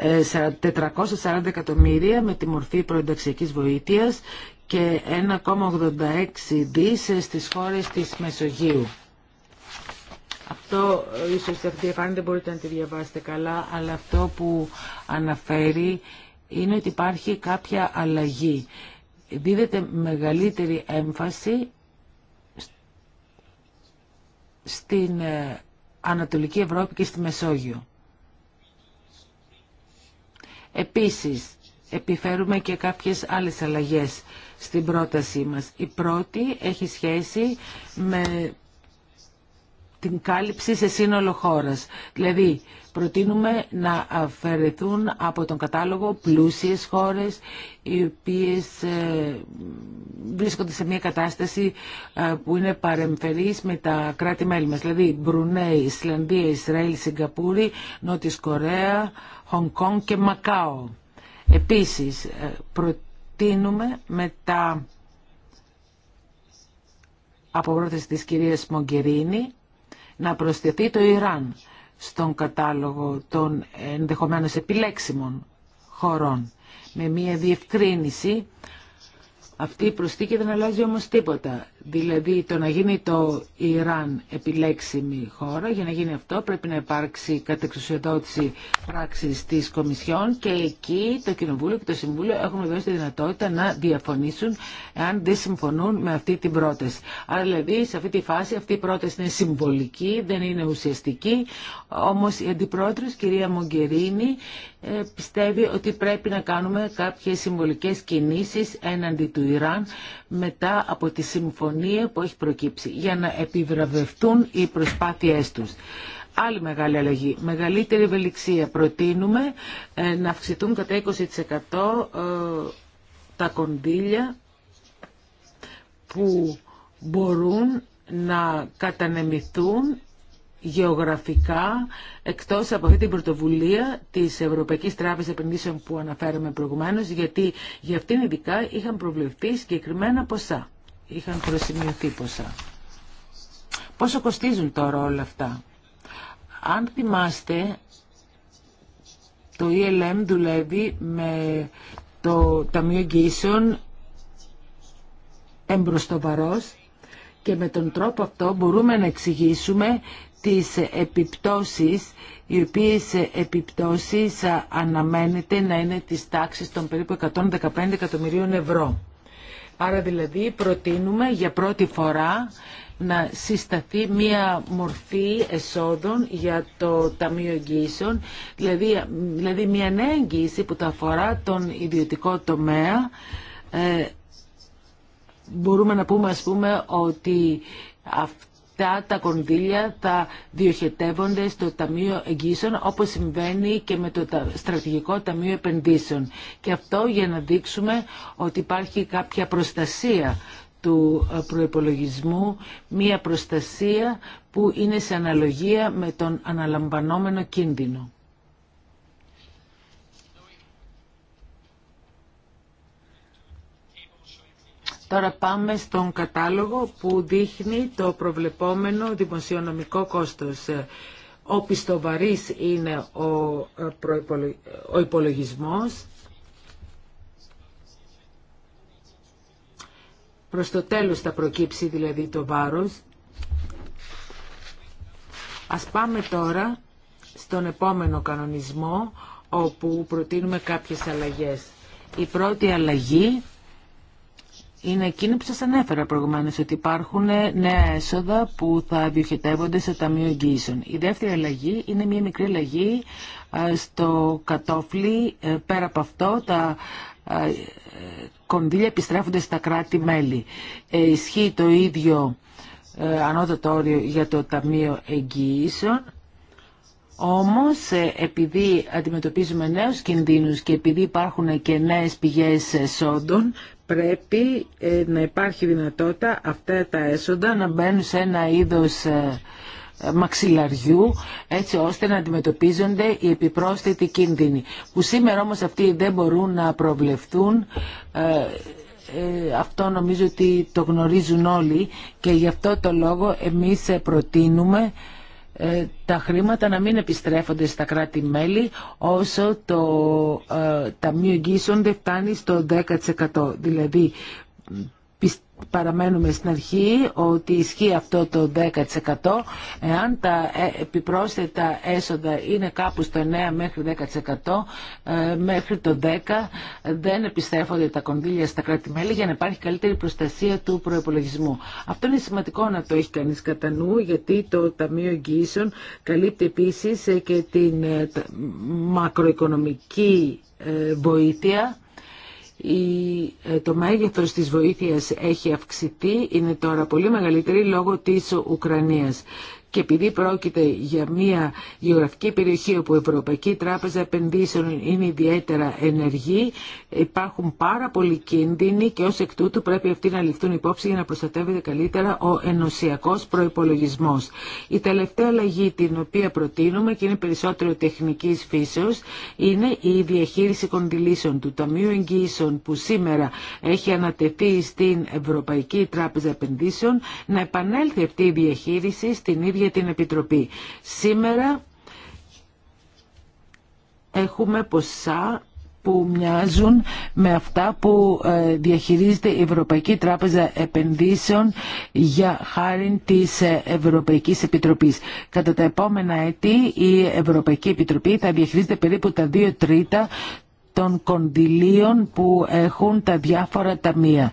440 ε, εκατομμύρια με τη μορφή προενταξιακής βοήθειας και 1,86 δις στις χώρες της Μεσογείου. Αυτό ε, ίσως αυτή η δεν μπορείτε να τη διαβάσετε καλά, αλλά αυτό που αναφέρει είναι ότι υπάρχει κάποια αλλαγή. Δίδεται μεγαλύτερη έμφαση στην ε, Ανατολική Ευρώπη και στη Μεσόγειο. Επίσης, επιφέρουμε και κάποιες άλλες αλλαγές στην πρότασή μας. Η πρώτη έχει σχέση με την κάλυψη σε σύνολο χώρας. Δηλαδή, Προτείνουμε να αφαιρεθούν από τον κατάλογο πλούσιες χώρες οι οποίες ε, βρίσκονται σε μια κατάσταση ε, που είναι παρεμφερής με τα κράτη-μέλη μας. Δηλαδή Μπρουνέι, Ισλανδία, Ισραήλ, Σιγκαπούρη, Νότιος Κορέα, Χονγκ και Μακάο. Επίσης ε, προτείνουμε μετά τα από πρόθεση της κυρίας Μογκερίνη να προσθεθεί το Ιράν στον κατάλογο των ενδεχομένως επιλέξιμων χωρών με μια διευκρίνηση. Αυτή η προσθήκη δεν αλλάζει όμως τίποτα. Δηλαδή το να γίνει το Ιράν επιλέξιμη χώρα, για να γίνει αυτό πρέπει να υπάρξει κατεξουσιοδότηση πράξης της Κομισιόν και εκεί το Κοινοβούλιο και το Συμβούλιο έχουν δώσει τη δυνατότητα να διαφωνήσουν αν δεν συμφωνούν με αυτή την πρόταση. Άρα δηλαδή σε αυτή τη φάση αυτή η πρόταση είναι συμβολική, δεν είναι ουσιαστική, όμως η Αντιπρόεδρος κυρία Μογκερίνη ε, πιστεύει ότι πρέπει να κάνουμε κάποιες συμβολικές κινήσεις έναντι του Ιράν μετά από τη συμφωνία που έχει προκύψει για να επιβραβευτούν οι προσπάθειές τους. Άλλη μεγάλη αλλαγή, μεγαλύτερη ευελιξία. Προτείνουμε ε, να αυξηθούν κατά 20% ε, τα κονδύλια που μπορούν να κατανεμηθούν γεωγραφικά εκτός από αυτή την πρωτοβουλία της Ευρωπαϊκής Τράπεζας Επενδύσεων που αναφέραμε προηγουμένως γιατί για αυτήν ειδικά είχαν προβλεφθεί συγκεκριμένα ποσά είχαν προσημειωθεί ποσά. Πόσο κοστίζουν τώρα όλα αυτά. Αν θυμάστε, το ELM δουλεύει με το Ταμείο Εγγύσεων εμπροστοβαρός και με τον τρόπο αυτό μπορούμε να εξηγήσουμε τις επιπτώσεις οι οποίες επιπτώσεις αναμένεται να είναι της τάξης των περίπου 115 εκατομμυρίων ευρώ. Άρα δηλαδή προτείνουμε για πρώτη φορά να συσταθεί μία μορφή εσόδων για το Ταμείο Εγγύησεων, δηλαδή, δηλαδή μία νέα εγγύηση που τα αφορά τον ιδιωτικό τομέα. Ε, μπορούμε να πούμε ας πούμε ότι αυτό τα κονδύλια θα διοχετεύονται στο Ταμείο Εγγύσεων όπως συμβαίνει και με το Στρατηγικό Ταμείο Επενδύσεων. Και αυτό για να δείξουμε ότι υπάρχει κάποια προστασία του ε, προϋπολογισμού, μία προστασία που είναι σε αναλογία με τον αναλαμβανόμενο κίνδυνο. Τώρα πάμε στον κατάλογο που δείχνει το προβλεπόμενο δημοσιονομικό κόστος. πιστοβαρής είναι ο, ε, ο υπολογισμός. Προς το τέλος θα προκύψει δηλαδή το βάρος. Ας πάμε τώρα στον επόμενο κανονισμό όπου προτείνουμε κάποιες αλλαγές. Η πρώτη αλλαγή είναι εκείνη που σας ανέφερα προηγουμένως, ότι υπάρχουν νέα έσοδα που θα διοχετεύονται στο Ταμείο Εγγύησεων. Η δεύτερη αλλαγή είναι μια μικρή αλλαγή ε, στο κατόφλι. Ε, πέρα από αυτό, τα ε, κονδύλια επιστρέφονται στα κράτη-μέλη. Ισχύει το ίδιο ανώτατο όριο για το Ταμείο Εγγύησεων όμως ε, επειδή αντιμετωπίζουμε νέους κινδύνους και επειδή υπάρχουν και νέες πηγές εσόντων, πρέπει ε, να υπάρχει δυνατότητα αυτά τα έσοδα να μπαίνουν σε ένα είδος ε, μαξιλαριού έτσι ώστε να αντιμετωπίζονται οι επιπρόσθετοι κίνδυνοι που σήμερα όμως αυτοί δεν μπορούν να προβλεφθούν αυτό νομίζω ότι το γνωρίζουν όλοι και γι' αυτό το λόγο εμείς προτείνουμε ε, τα χρήματα να μην επιστρέφονται στα κράτη-μέλη όσο το ε, Ταμείο Εγγύσεων δεν φτάνει στο 10%. Δηλαδή παραμένουμε στην αρχή ότι ισχύει αυτό το 10%. Εάν τα ε, επιπρόσθετα έσοδα είναι κάπου στο 9 μέχρι 10%, ε, μέχρι το 10 δεν επιστρέφονται τα κονδύλια στα κράτη-μέλη για να υπάρχει καλύτερη προστασία του προϋπολογισμού. Αυτό είναι σημαντικό να το έχει κανείς κατά νου, γιατί το Ταμείο Εγγυήσεων καλύπτει επίσης και την ε, μακροοικονομική βοήθεια ε, το μέγεθος της βοήθειας έχει αυξηθεί, είναι τώρα πολύ μεγαλύτερη λόγω της Ουκρανίας και επειδή πρόκειται για μια γεωγραφική περιοχή όπου η Ευρωπαϊκή Τράπεζα Επενδύσεων είναι ιδιαίτερα ενεργή, υπάρχουν πάρα πολλοί κίνδυνοι και ως εκ τούτου πρέπει αυτοί να ληφθούν υπόψη για να προστατεύεται καλύτερα ο ενωσιακός προϋπολογισμός. Η τελευταία αλλαγή την οποία προτείνουμε και είναι περισσότερο τεχνικής φύσεως είναι η διαχείριση κονδυλήσεων του Ταμείου Εγγύησεων που σήμερα έχει ανατεθεί στην Ευρωπαϊκή Τράπεζα Επενδύσεων να επανέλθει αυτή η διαχείριση στην ίδια για την Επιτροπή. Σήμερα έχουμε ποσά που μοιάζουν με αυτά που ε, διαχειρίζεται η Ευρωπαϊκή Τράπεζα Επενδύσεων για χάρη της ε, Ευρωπαϊκής Επιτροπής. Κατά τα επόμενα έτη η Ευρωπαϊκή Επιτροπή θα διαχειρίζεται περίπου τα δύο τρίτα των κονδυλίων που έχουν τα διάφορα ταμεία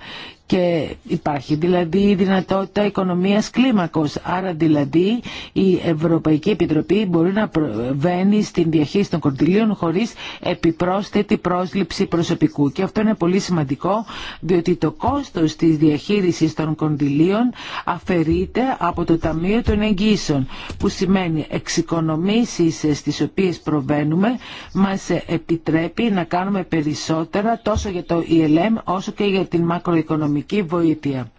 και υπάρχει δηλαδή η δυνατότητα οικονομίας κλίμακος. Άρα δηλαδή η Ευρωπαϊκή Επιτροπή μπορεί να προβαίνει στην διαχείριση των κοντιλίων χωρίς επιπρόσθετη πρόσληψη προσωπικού. Και αυτό είναι πολύ σημαντικό διότι το κόστος της διαχείρισης των κοντιλίων αφαιρείται από το Ταμείο των Εγγύσεων που σημαίνει εξοικονομήσεις στις οποίες προβαίνουμε μας επιτρέπει να κάνουμε περισσότερα τόσο για το ELM όσο και για την μακροοικονομία οικονομική βοήθεια.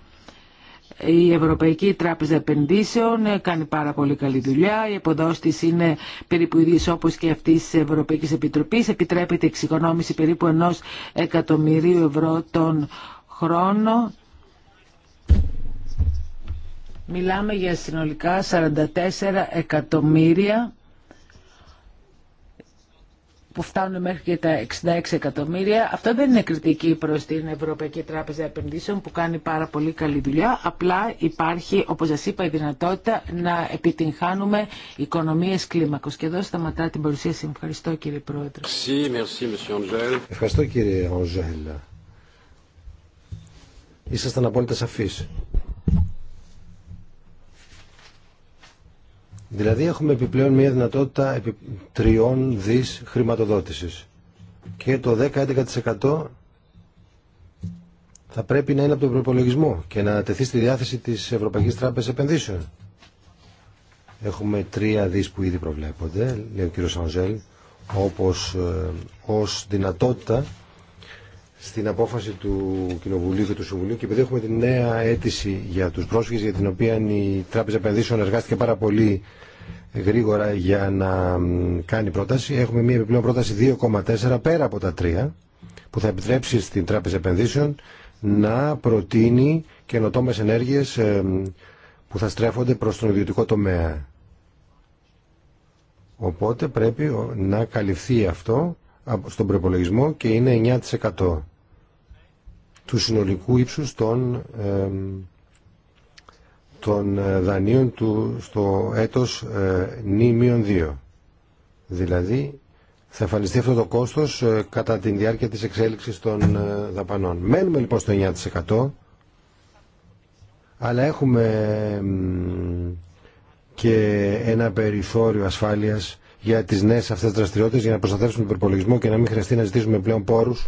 Η Ευρωπαϊκή Τράπεζα Επενδύσεων κάνει πάρα πολύ καλή δουλειά. Οι αποδόσει τη είναι περίπου ίδιε όπω και αυτή τη Ευρωπαϊκή Επιτροπή. Επιτρέπεται εξοικονόμηση περίπου ενό εκατομμυρίου ευρώ τον χρόνο. Μιλάμε για συνολικά 44 εκατομμύρια που φτάνουν μέχρι και τα 66 εκατομμύρια. Αυτό δεν είναι κριτική προς την Ευρωπαϊκή Τράπεζα Επενδύσεων που κάνει πάρα πολύ καλή δουλειά. Απλά υπάρχει, όπως σας είπα, η δυνατότητα να επιτυγχάνουμε οικονομίες κλίμακος. Και εδώ σταματά την παρουσίαση. Ευχαριστώ κύριε Πρόεδρε. Ευχαριστώ κύριε Αγγέλ. Ήσασταν απόλυτα σαφείς. Δηλαδή έχουμε επιπλέον μια δυνατότητα τριών δις χρηματοδότησης. Και το 10-11% θα πρέπει να είναι από τον προπολογισμό και να τεθεί στη διάθεση της Ευρωπαϊκής Τράπεζας Επενδύσεων. Έχουμε τρία δις που ήδη προβλέπονται, λέει ο κ. Σανζέλ, όπως ε, ως δυνατότητα στην απόφαση του Κοινοβουλίου και του Συμβουλίου και επειδή έχουμε τη νέα αίτηση για τους πρόσφυγες για την οποία η Τράπεζα Επενδύσεων εργάστηκε πάρα πολύ γρήγορα για να κάνει πρόταση έχουμε μια επιπλέον πρόταση 2,4 πέρα από τα 3 που θα επιτρέψει στην Τράπεζα Επενδύσεων να προτείνει καινοτόμες ενέργειες ε, που θα στρέφονται προς τον ιδιωτικό τομέα. Οπότε πρέπει να καλυφθεί αυτό στον προπολογισμό και είναι 9% του συνολικού ύψους των, των ε, δανείων του στο έτος ε, νη 2. Δηλαδή θα εμφανιστεί αυτό το κόστος ε, κατά την διάρκεια της εξέλιξης των ε, δαπανών. Μένουμε λοιπόν στο 9% αλλά έχουμε και ένα περιθώριο ασφάλειας για τις νέες αυτές δραστηριότητε για να προστατεύσουμε τον προπολογισμό και να μην χρειαστεί να ζητήσουμε πλέον πόρους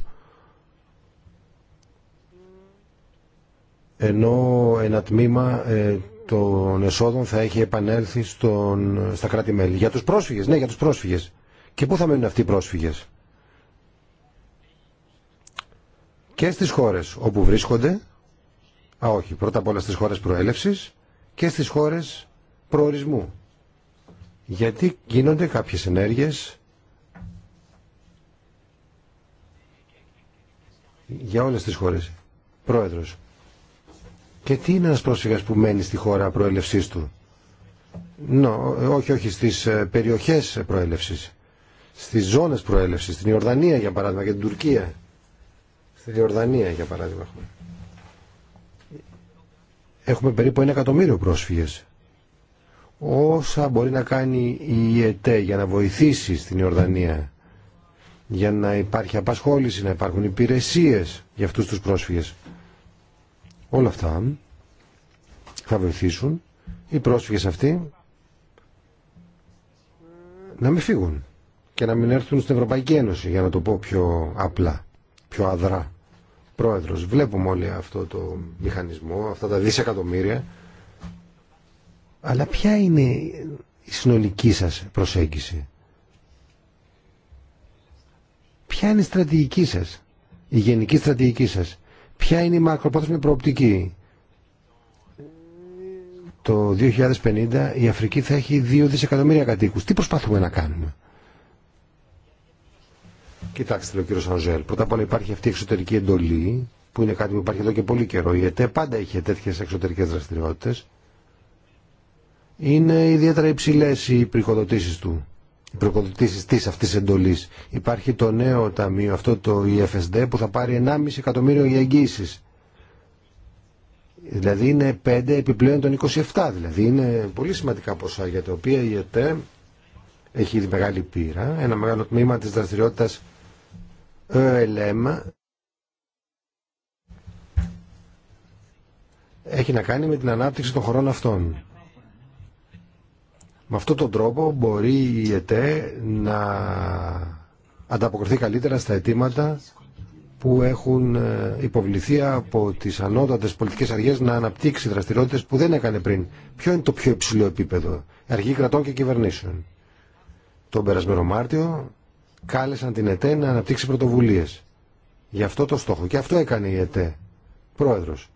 ενώ ένα τμήμα ε, των εσόδων θα έχει επανέλθει στον, στα κράτη-μέλη. Για τους πρόσφυγες, ναι, για τους πρόσφυγες. Και πού θα μείνουν αυτοί οι πρόσφυγες. Και στις χώρες όπου βρίσκονται, α όχι, πρώτα απ' όλα στις χώρες προέλευσης και στις χώρες προορισμού γιατί γίνονται κάποιες ενέργειες για όλες τις χώρες. Πρόεδρος. Και τι είναι ένας πρόσφυγας που μένει στη χώρα προέλευσής του. Νο, όχι, όχι, στις ε, περιοχές προέλευσης. Στις ζώνες προέλευσης. Στην Ιορδανία για παράδειγμα και την Τουρκία. Στην Ιορδανία για παράδειγμα έχουμε. Έχουμε περίπου ένα εκατομμύριο πρόσφυγες όσα μπορεί να κάνει η ΕΤΕ για να βοηθήσει στην Ιορδανία για να υπάρχει απασχόληση, να υπάρχουν υπηρεσίες για αυτούς τους πρόσφυγες. Όλα αυτά θα βοηθήσουν οι πρόσφυγες αυτοί να μην φύγουν και να μην έρθουν στην Ευρωπαϊκή Ένωση, για να το πω πιο απλά, πιο αδρά. Πρόεδρος, βλέπουμε όλοι αυτό το μηχανισμό, αυτά τα δισεκατομμύρια αλλά ποια είναι η συνολική σας προσέγγιση. Ποια είναι η στρατηγική σας, η γενική στρατηγική σας. Ποια είναι η μακροπρόθεσμη προοπτική. Το 2050 η Αφρική θα έχει 2 δισεκατομμύρια κατοίκους. Τι προσπαθούμε να κάνουμε. Κοιτάξτε, λέει ο κύριο Σανζέλ, πρώτα απ' όλα υπάρχει αυτή η εξωτερική εντολή, που είναι κάτι που υπάρχει εδώ και πολύ καιρό. Η πάντα είχε τέτοιες εξωτερικές δραστηριότητες είναι ιδιαίτερα υψηλέ οι πρικοδοτήσεις του οι προκοδοτήσεις της αυτής εντολής. Υπάρχει το νέο ταμείο, αυτό το EFSD, που θα πάρει 1,5 εκατομμύριο για Δηλαδή είναι 5 επιπλέον των 27, δηλαδή είναι πολύ σημαντικά ποσά για τα οποία η ΕΤΕ έχει ήδη μεγάλη πείρα, ένα μεγάλο τμήμα της δραστηριότητας ΕΛΜ έχει να κάνει με την ανάπτυξη των χωρών αυτών. Με αυτόν τον τρόπο μπορεί η ΕΤΕ να ανταποκριθεί καλύτερα στα αιτήματα που έχουν ε, υποβληθεί από τις ανώτατες πολιτικές αργέ να αναπτύξει δραστηριότητες που δεν έκανε πριν. Ποιο είναι το πιο υψηλό επίπεδο, αργή κρατών και κυβερνήσεων. Τον περασμένο Μάρτιο κάλεσαν την ΕΤΕ να αναπτύξει πρωτοβουλίες. Γι' αυτό το στόχο. Και αυτό έκανε η ΕΤΕ. Πρόεδρος.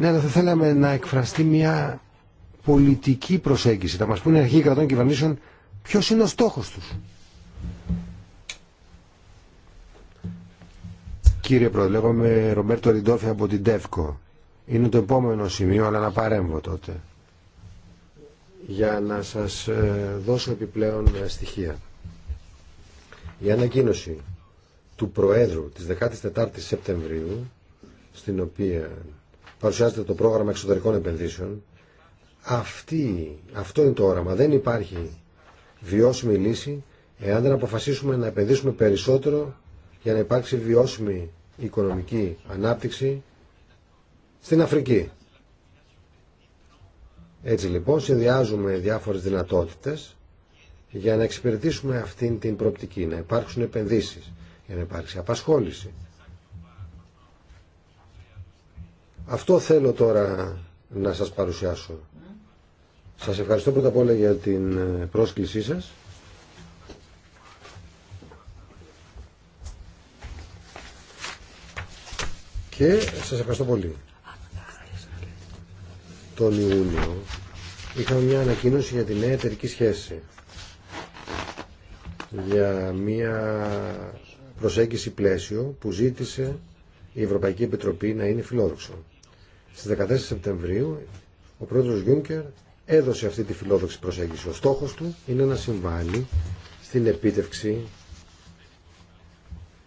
Ναι, αλλά θα θέλαμε να εκφραστεί μια πολιτική προσέγγιση. Θα μας πούνε αρχή κρατών κυβερνήσεων ποιος είναι ο στόχος τους. Κύριε Πρόεδρε, λέγομαι Ρομπέρτο Ριντόφι από την ΤΕΦΚΟ. Είναι το επόμενο σημείο, αλλά να παρέμβω τότε. Για να σας ε, δώσω επιπλέον στοιχεία. Η ανακοίνωση του Προέδρου της 14ης Σεπτεμβρίου, στην οποία παρουσιάζεται το πρόγραμμα εξωτερικών επενδύσεων. Αυτή, αυτό είναι το όραμα. Δεν υπάρχει βιώσιμη λύση εάν δεν αποφασίσουμε να επενδύσουμε περισσότερο για να υπάρξει βιώσιμη οικονομική ανάπτυξη στην Αφρική. Έτσι λοιπόν συνδυάζουμε διάφορες δυνατότητες για να εξυπηρετήσουμε αυτήν την προοπτική, να υπάρξουν επενδύσεις, για να υπάρξει απασχόληση, Αυτό θέλω τώρα να σας παρουσιάσω. Σας ευχαριστώ πρώτα απ' όλα για την ε, πρόσκλησή σας. Και σας ευχαριστώ πολύ. Τον Ιούνιο είχαμε μια ανακοίνωση για τη νέα εταιρική σχέση. Για μια προσέγγιση πλαίσιο που ζήτησε η Ευρωπαϊκή Επιτροπή να είναι φιλόδοξο. Στις 14 Σεπτεμβρίου ο πρόεδρος Γιούνκερ έδωσε αυτή τη φιλόδοξη προσέγγιση. Ο στόχος του είναι να συμβάλλει στην επίτευξη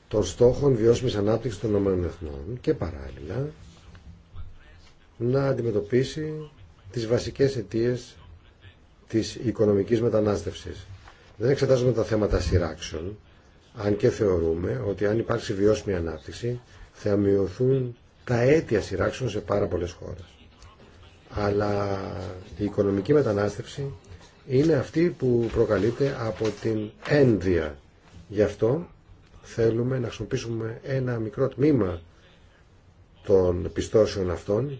των στόχων βιώσιμης ανάπτυξης των ΗΕ και παράλληλα να αντιμετωπίσει τις βασικές αιτίες της οικονομικής μετανάστευσης. Δεν εξετάζουμε τα θέματα σειράξεων, αν και θεωρούμε ότι αν υπάρξει βιώσιμη ανάπτυξη θα μειωθούν τα αίτια σειράξεων σε πάρα πολλές χώρες. Αλλά η οικονομική μετανάστευση είναι αυτή που προκαλείται από την ένδυα. Γι' αυτό θέλουμε να χρησιμοποιήσουμε ένα μικρό τμήμα των πιστώσεων αυτών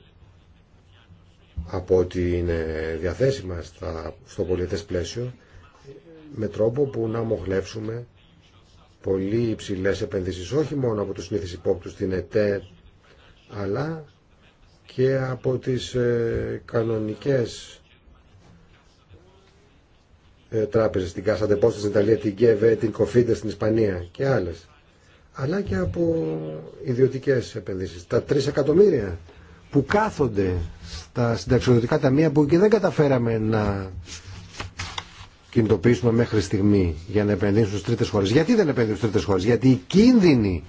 από ότι είναι διαθέσιμα στα, στο πολιτές πλαίσιο με τρόπο που να μοχλεύσουμε πολύ υψηλές επενδύσεις όχι μόνο από τους συνήθεις υπόπτους στην ΕΤΕ, αλλά και από τις ε, κανονικές ε, τράπεζες, την Κάσα Ντεπόστα στην Ιταλία, την ΚΕΒΕ, την Κοφίντε στην Ισπανία και άλλες, αλλά και από ιδιωτικές επενδύσεις. Τα 3 εκατομμύρια που κάθονται στα συνταξιοδοτικά ταμεία που και δεν καταφέραμε να κινητοποιήσουμε μέχρι στιγμή για να επενδύσουν στις τρίτες χώρες. Γιατί δεν επενδύουν στις τρίτες χώρες, γιατί οι κίνδυνοι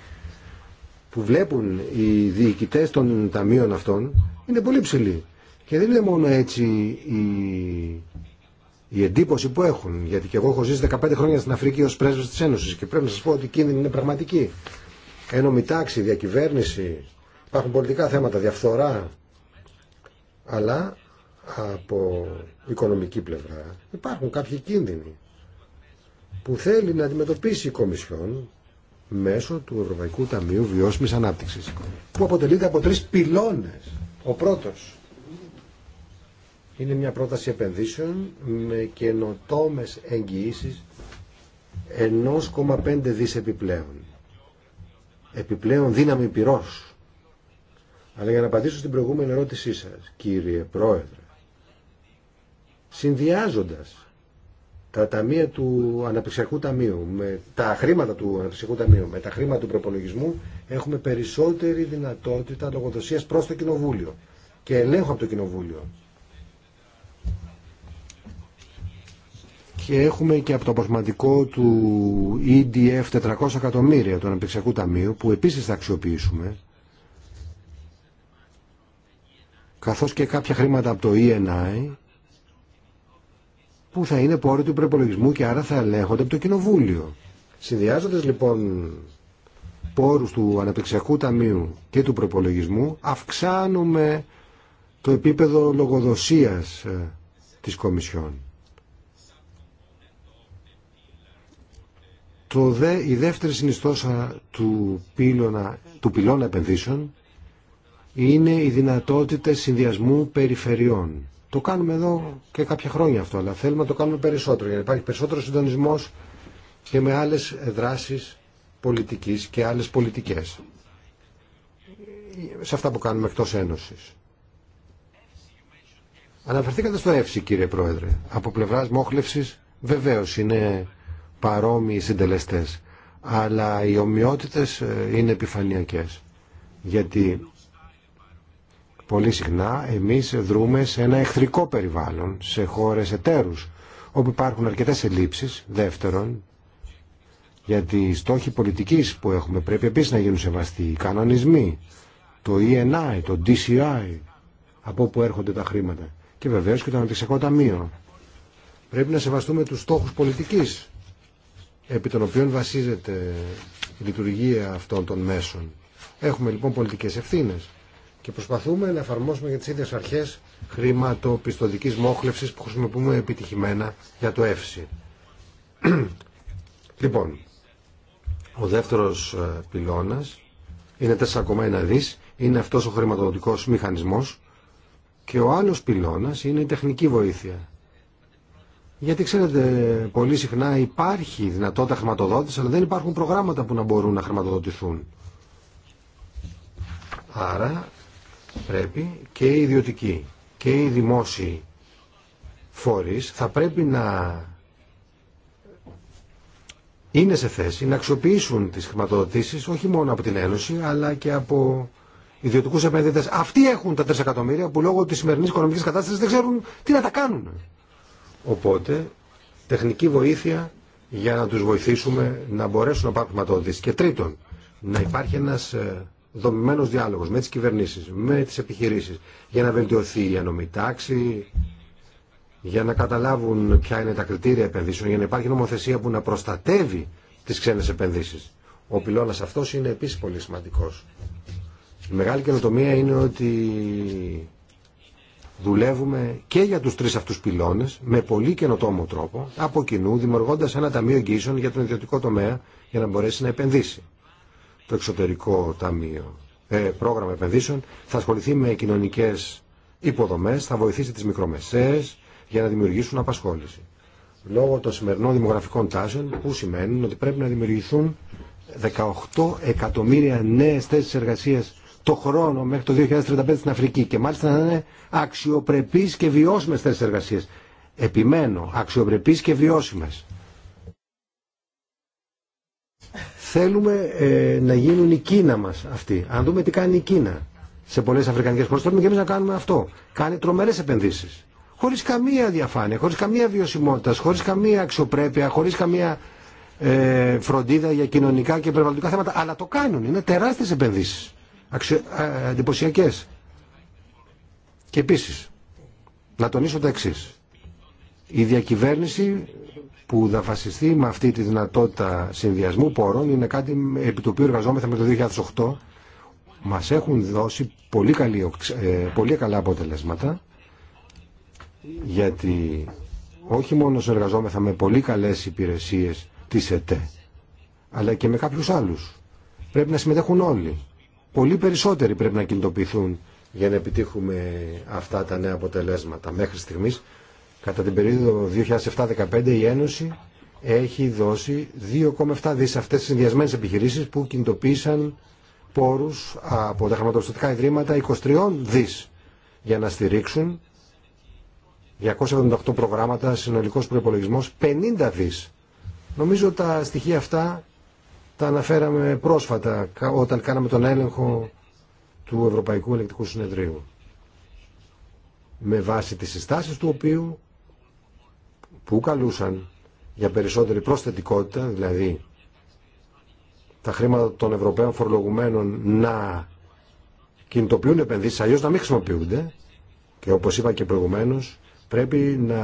που βλέπουν οι διοικητέ των ταμείων αυτών είναι πολύ ψηλή. Και δεν είναι μόνο έτσι η, η εντύπωση που έχουν, γιατί και εγώ έχω ζήσει 15 χρόνια στην Αφρική ω πρέσβη τη Ένωση και πρέπει να σα πω ότι η κίνδυνη είναι πραγματική. μη τάξη, διακυβέρνηση, υπάρχουν πολιτικά θέματα, διαφθορά. Αλλά από οικονομική πλευρά υπάρχουν κάποιοι κίνδυνοι που θέλει να αντιμετωπίσει η Κομισιόν μέσω του Ευρωπαϊκού Ταμείου Βιώσιμης Ανάπτυξης που αποτελείται από τρεις πυλώνες. Ο πρώτος είναι μια πρόταση επενδύσεων με καινοτόμες εγγυήσεις 1,5 δις επιπλέον. Επιπλέον δύναμη πυρός. Αλλά για να απαντήσω στην προηγούμενη ερώτησή σας, κύριε Πρόεδρε, συνδυάζοντας τα ταμεία του αναπτυξιακού ταμείου, με τα χρήματα του αναπτυξιακού ταμείου, με τα χρήματα του προπολογισμού, έχουμε περισσότερη δυνατότητα λογοδοσία προ το κοινοβούλιο και ελέγχου από το κοινοβούλιο. Και έχουμε και από το αποσματικό του EDF 400 εκατομμύρια του αναπτυξιακού ταμείου, που επίση θα αξιοποιήσουμε, καθώς και κάποια χρήματα από το ENI, που θα είναι πόροι του προπολογισμού και άρα θα ελέγχονται από το Κοινοβούλιο. Συνδυάζοντα λοιπόν πόρους του Αναπτυξιακού Ταμείου και του προπολογισμού, αυξάνουμε το επίπεδο λογοδοσίας ε, της Κομισιόν. Το δε, η δεύτερη συνιστόσα του πυλώνα, του επενδύσεων είναι η δυνατότητα συνδυασμού περιφερειών. Το κάνουμε εδώ και κάποια χρόνια αυτό, αλλά θέλουμε να το κάνουμε περισσότερο, για να υπάρχει περισσότερο συντονισμό και με άλλε δράσει πολιτική και άλλε πολιτικέ. Σε αυτά που κάνουμε εκτό Ένωση. Αναφερθήκατε στο ΕΦΣΙ, κύριε Πρόεδρε. Από πλευρά μόχλευση, βεβαίω είναι παρόμοιοι συντελεστέ. Αλλά οι ομοιότητε ε, είναι επιφανειακέ. Γιατί Πολύ συχνά εμείς δρούμε σε ένα εχθρικό περιβάλλον, σε χώρες εταίρους, όπου υπάρχουν αρκετές ελλείψεις. Δεύτερον, γιατί οι στόχοι πολιτικής που έχουμε πρέπει επίσης να γίνουν σεβαστοί. Οι κανονισμοί, το ENI, το DCI, από όπου έρχονται τα χρήματα. Και βεβαίως και το Αναπτυξιακό Ταμείο. Πρέπει να σεβαστούμε τους στόχους πολιτικής, επί των οποίων βασίζεται η λειτουργία αυτών των μέσων. Έχουμε λοιπόν πολιτικές ευθύνες και προσπαθούμε να εφαρμόσουμε για τις ίδιες αρχές χρηματοπιστωτικής μόχλευσης που χρησιμοποιούμε επιτυχημένα για το ΕΦΣΥ. λοιπόν, ο δεύτερος ε, πυλώνας είναι 4,1 δις, είναι αυτός ο χρηματοδοτικός μηχανισμός και ο άλλος πυλώνα είναι η τεχνική βοήθεια. Γιατί ξέρετε, πολύ συχνά υπάρχει δυνατότητα χρηματοδότηση, αλλά δεν υπάρχουν προγράμματα που να μπορούν να χρηματοδοτηθούν. Άρα πρέπει και οι ιδιωτικοί και οι δημόσιοι φορείς θα πρέπει να είναι σε θέση να αξιοποιήσουν τις χρηματοδοτήσεις όχι μόνο από την Ένωση αλλά και από ιδιωτικούς επενδυτές. Αυτοί έχουν τα 3 εκατομμύρια που λόγω της σημερινής οικονομικής κατάστασης δεν ξέρουν τι να τα κάνουν. Οπότε, τεχνική βοήθεια για να τους βοηθήσουμε να μπορέσουν να πάρουν χρηματοδοτήσεις. Και τρίτον, να υπάρχει ένα ε, δομημένο διάλογο με τι κυβερνήσει, με τι επιχειρήσει, για να βελτιωθεί η ανομή τάξη, για να καταλάβουν ποια είναι τα κριτήρια επενδύσεων, για να υπάρχει νομοθεσία που να προστατεύει τι ξένε επενδύσει. Ο πυλώνας αυτό είναι επίση πολύ σημαντικό. Η μεγάλη καινοτομία είναι ότι δουλεύουμε και για τους τρεις αυτούς πυλώνες με πολύ καινοτόμο τρόπο, από κοινού, δημιουργώντας ένα ταμείο εγγύσεων για τον ιδιωτικό τομέα για να μπορέσει να επενδύσει το εξωτερικό ταμείο, ε, πρόγραμμα επενδύσεων, θα ασχοληθεί με κοινωνικές υποδομές, θα βοηθήσει τις μικρομεσαίες για να δημιουργήσουν απασχόληση. Λόγω των σημερινών δημογραφικών τάσεων που σημαίνουν ότι πρέπει να δημιουργηθούν 18 εκατομμύρια νέες θέσεις εργασίας το χρόνο μέχρι το 2035 στην Αφρική και μάλιστα να είναι αξιοπρεπείς και βιώσιμες θέσεις εργασίας. Επιμένω, αξιοπρεπείς και βιώσιμες. θέλουμε ε, να γίνουν η Κίνα μας αυτή. Αν δούμε τι κάνει η Κίνα σε πολλές αφρικανικές χώρες, θέλουμε και εμείς να κάνουμε αυτό. Κάνει τρομερές επενδύσεις. Χωρίς καμία διαφάνεια, χωρίς καμία βιωσιμότητα, χωρίς καμία αξιοπρέπεια, χωρίς καμία ε, φροντίδα για κοινωνικά και περιβαλλοντικά θέματα. Αλλά το κάνουν. Είναι τεράστιες επενδύσεις. Αξιο... Ε, εντυπωσιακέ. Και επίσης, να τονίσω τα εξή. Η διακυβέρνηση που θα βασιστεί με αυτή τη δυνατότητα συνδυασμού πόρων είναι κάτι επί το οποίο εργαζόμεθα με το 2008. Μας έχουν δώσει πολύ, καλή, ε, πολύ καλά αποτελέσματα γιατί όχι μόνο εργαζόμεθα με πολύ καλές υπηρεσίες της ΕΤΕ αλλά και με κάποιους άλλους. Πρέπει να συμμετέχουν όλοι. Πολύ περισσότεροι πρέπει να κινητοποιηθούν για να επιτύχουμε αυτά τα νέα αποτελέσματα. Μέχρι στιγμής Κατά την περίοδο 2007-2015 η Ένωση έχει δώσει 2,7 δις αυτές τις συνδυασμένες επιχειρήσεις που κινητοποίησαν πόρους από τα χρηματοπιστωτικά ιδρύματα 23 δις για να στηρίξουν 278 προγράμματα, συνολικός προϋπολογισμός 50 δις. Νομίζω τα στοιχεία αυτά τα αναφέραμε πρόσφατα όταν κάναμε τον έλεγχο του Ευρωπαϊκού Ελεκτικού Συνεδρίου με βάση τις συστάσεις του οποίου που καλούσαν για περισσότερη προσθετικότητα, δηλαδή τα χρήματα των Ευρωπαίων φορολογουμένων να κινητοποιούν επενδύσεις, αλλιώς να μην χρησιμοποιούνται και όπως είπα και προηγουμένως πρέπει να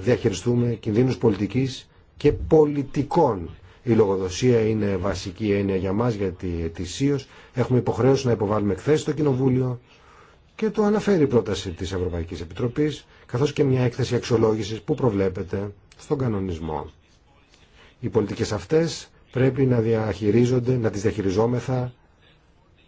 διαχειριστούμε κινδύνους πολιτικής και πολιτικών. Η λογοδοσία είναι βασική έννοια για μας γιατί ετησίως έχουμε υποχρέωση να υποβάλουμε εκθέσεις στο Κοινοβούλιο και το αναφέρει η πρόταση της Ευρωπαϊκής Επιτροπής, καθώς και μια έκθεση αξιολόγησης που προβλέπεται στον κανονισμό. Οι πολιτικές αυτές πρέπει να διαχειρίζονται, να τις διαχειριζόμεθα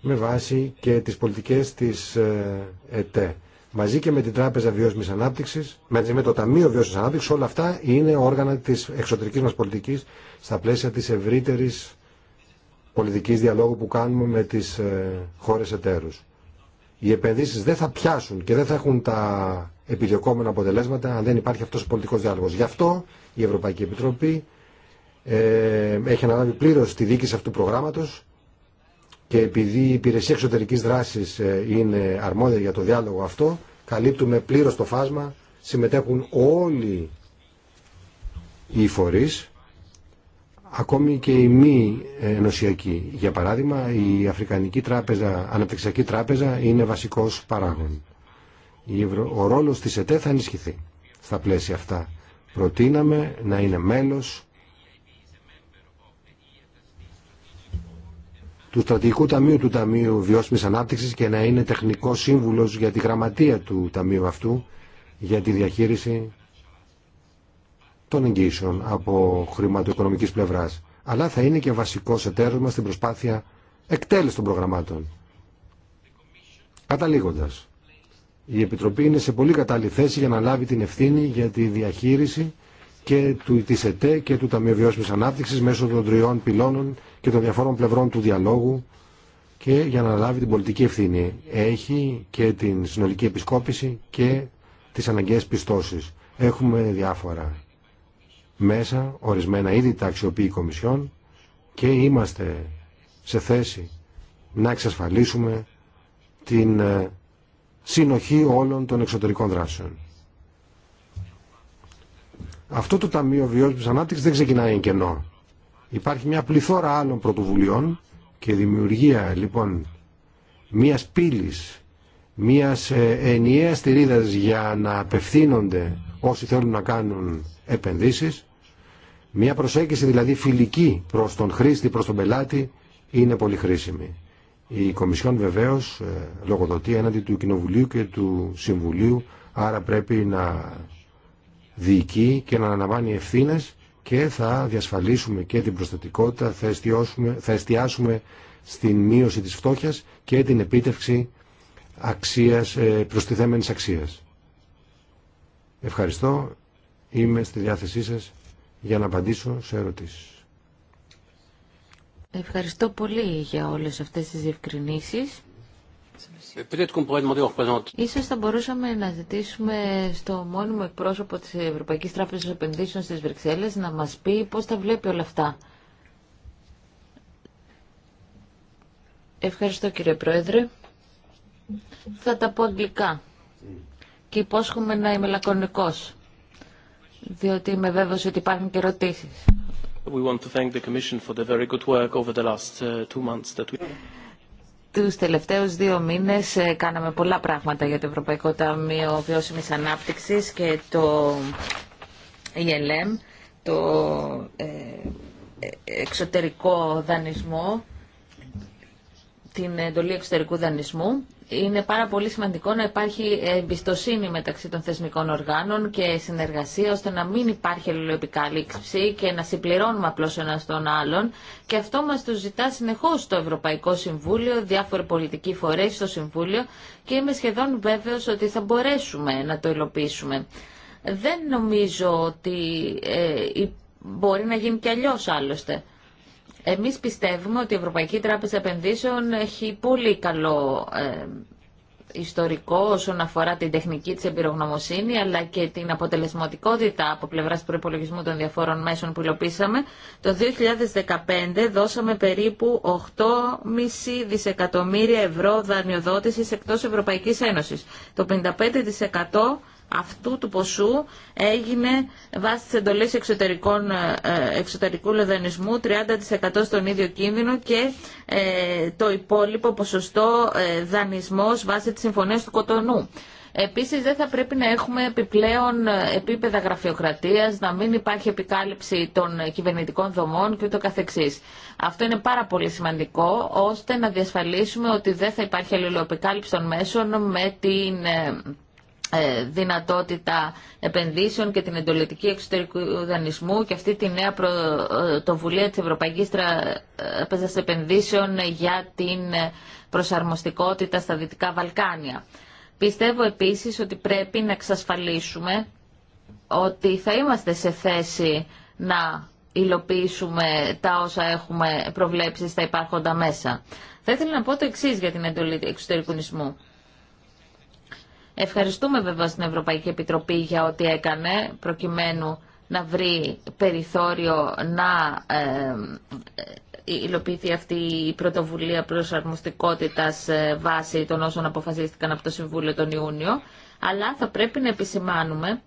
με βάση και τις πολιτικές της ε, ΕΤΕ. Μαζί και με την Τράπεζα Βιώσιμη Ανάπτυξη, με το Ταμείο Βιώσιμη Ανάπτυξη, όλα αυτά είναι όργανα τη εξωτερική μα πολιτική στα πλαίσια τη ευρύτερη πολιτική διαλόγου που κάνουμε με τι ε, χώρε εταίρου οι επενδύσεις δεν θα πιάσουν και δεν θα έχουν τα επιδιωκόμενα αποτελέσματα αν δεν υπάρχει αυτός ο πολιτικός διάλογος. Γι' αυτό η Ευρωπαϊκή Επιτροπή ε, έχει αναλάβει πλήρως τη δίκηση αυτού του προγράμματος και επειδή η υπηρεσία εξωτερικής δράσης ε, είναι αρμόδια για το διάλογο αυτό, καλύπτουμε πλήρως το φάσμα, συμμετέχουν όλοι οι φορείς ακόμη και η μη ενωσιακή. Για παράδειγμα, η Αφρικανική τράπεζα, Αναπτυξιακή Τράπεζα είναι βασικός παράγον. Ο ρόλος της ΕΤΕ θα ενισχυθεί στα πλαίσια αυτά. Προτείναμε να είναι μέλος του Στρατηγικού Ταμείου του Ταμείου Βιώσιμης Ανάπτυξης και να είναι τεχνικό σύμβουλος για τη γραμματεία του Ταμείου αυτού για τη διαχείριση των εγγύσεων από χρηματοοικονομικής πλευράς, αλλά θα είναι και βασικός εταίρος μας στην προσπάθεια εκτέλεση των προγραμμάτων. Καταλήγοντας, η Επιτροπή είναι σε πολύ κατάλληλη θέση για να λάβει την ευθύνη για τη διαχείριση και του, της ΕΤΕ και του Ταμείου Βιώσιμης Ανάπτυξης μέσω των τριών πυλώνων και των διαφόρων πλευρών του διαλόγου και για να λάβει την πολιτική ευθύνη. Έχει και την συνολική επισκόπηση και τις αναγκαίες πιστώσει. Έχουμε διάφορα μέσα, ορισμένα ήδη τα αξιοποιεί η Κομισιόν και είμαστε σε θέση να εξασφαλίσουμε την ε, συνοχή όλων των εξωτερικών δράσεων. Αυτό το Ταμείο Βιώσιμης Ανάπτυξης δεν ξεκινάει εν κενό. Υπάρχει μια πληθώρα άλλων πρωτοβουλειών και δημιουργία λοιπόν μιας πύλης, μιας ε, ενιαίας στηρίδας για να απευθύνονται όσοι θέλουν να κάνουν επενδύσεις μια προσέγγιση δηλαδή φιλική προς τον χρήστη, προς τον πελάτη είναι πολύ χρήσιμη. Η Κομισιόν βεβαίως ε, λογοδοτεί έναντι του Κοινοβουλίου και του Συμβουλίου, άρα πρέπει να διοικεί και να αναλαμβάνει ευθύνε και θα διασφαλίσουμε και την προστατικότητα, θα, εστιάσουμε στην μείωση της φτώχειας και την επίτευξη αξίας, ε, προστιθέμενης αξίας. Ευχαριστώ. Είμαι στη διάθεσή σας για να απαντήσω σε ερωτήσεις. Ευχαριστώ πολύ για όλες αυτές τις διευκρινήσεις. Ίσως θα μπορούσαμε να ζητήσουμε στο μόνιμο εκπρόσωπο της Ευρωπαϊκής Τράπεζας Επενδύσεων στις Βρυξέλλες να μας πει πώς τα βλέπει όλα αυτά. Ευχαριστώ κύριε Πρόεδρε. Θα τα πω αγγλικά και υπόσχομαι να είμαι λακωνικός διότι είμαι βέβαιος ότι υπάρχουν και ερωτήσεις. Τους τελευταίους δύο μήνες ε, κάναμε πολλά πράγματα για το Ευρωπαϊκό Ταμείο Βιώσιμης Ανάπτυξης και το ELM, το ε, ε, εξωτερικό δανεισμό την εντολή εξωτερικού δανεισμού. Είναι πάρα πολύ σημαντικό να υπάρχει εμπιστοσύνη μεταξύ των θεσμικών οργάνων και συνεργασία ώστε να μην υπάρχει αλληλοεπικάλυψη και να συμπληρώνουμε απλώ ένα τον άλλον. Και αυτό μας το ζητά συνεχώς το Ευρωπαϊκό Συμβούλιο, διάφοροι πολιτικοί φορέ στο Συμβούλιο και είμαι σχεδόν βέβαιο ότι θα μπορέσουμε να το υλοποιήσουμε. Δεν νομίζω ότι ε, μπορεί να γίνει και αλλιώ άλλωστε. Εμείς πιστεύουμε ότι η Ευρωπαϊκή Τράπεζα Επενδύσεων έχει πολύ καλό ε, ιστορικό όσον αφορά την τεχνική της εμπειρογνωμοσύνη αλλά και την αποτελεσματικότητα από πλευράς προϋπολογισμού των διαφόρων μέσων που υλοποίησαμε. Το 2015 δώσαμε περίπου 8,5 δισεκατομμύρια ευρώ δανειοδότησης εκτός Ευρωπαϊκής Ένωσης. Το 55% αυτού του ποσού έγινε βάσει τη εντολής ε, εξωτερικού λεδανισμού 30% στον ίδιο κίνδυνο και ε, το υπόλοιπο ποσοστό ε, δανεισμός βάσει της συμφωνίας του Κοτονού. Επίσης δεν θα πρέπει να έχουμε επιπλέον ε, επίπεδα γραφειοκρατίας, να μην υπάρχει επικάλυψη των κυβερνητικών δομών και καθεξής. Αυτό είναι πάρα πολύ σημαντικό ώστε να διασφαλίσουμε ότι δεν θα υπάρχει αλληλοεπικάλυψη των μέσων με την ε, δυνατότητα επενδύσεων και την εντολετική εξωτερικού δανεισμού και αυτή τη νέα πρωτοβουλία ε, της Ευρωπαϊκής Τραπέζας ε, Επενδύσεων για την προσαρμοστικότητα στα Δυτικά Βαλκάνια. Πιστεύω επίσης ότι πρέπει να εξασφαλίσουμε ότι θα είμαστε σε θέση να υλοποιήσουμε τα όσα έχουμε προβλέψει στα υπάρχοντα μέσα. Θα ήθελα να πω το εξή για την εντολή εξωτερικού Ευχαριστούμε βέβαια στην Ευρωπαϊκή Επιτροπή για ό,τι έκανε προκειμένου να βρει περιθώριο να ε, ε υλοποιηθεί αυτή η πρωτοβουλία προσαρμοστικότητας ε, βάσει των όσων αποφασίστηκαν από το Συμβούλιο τον Ιούνιο, αλλά θα πρέπει να επισημάνουμε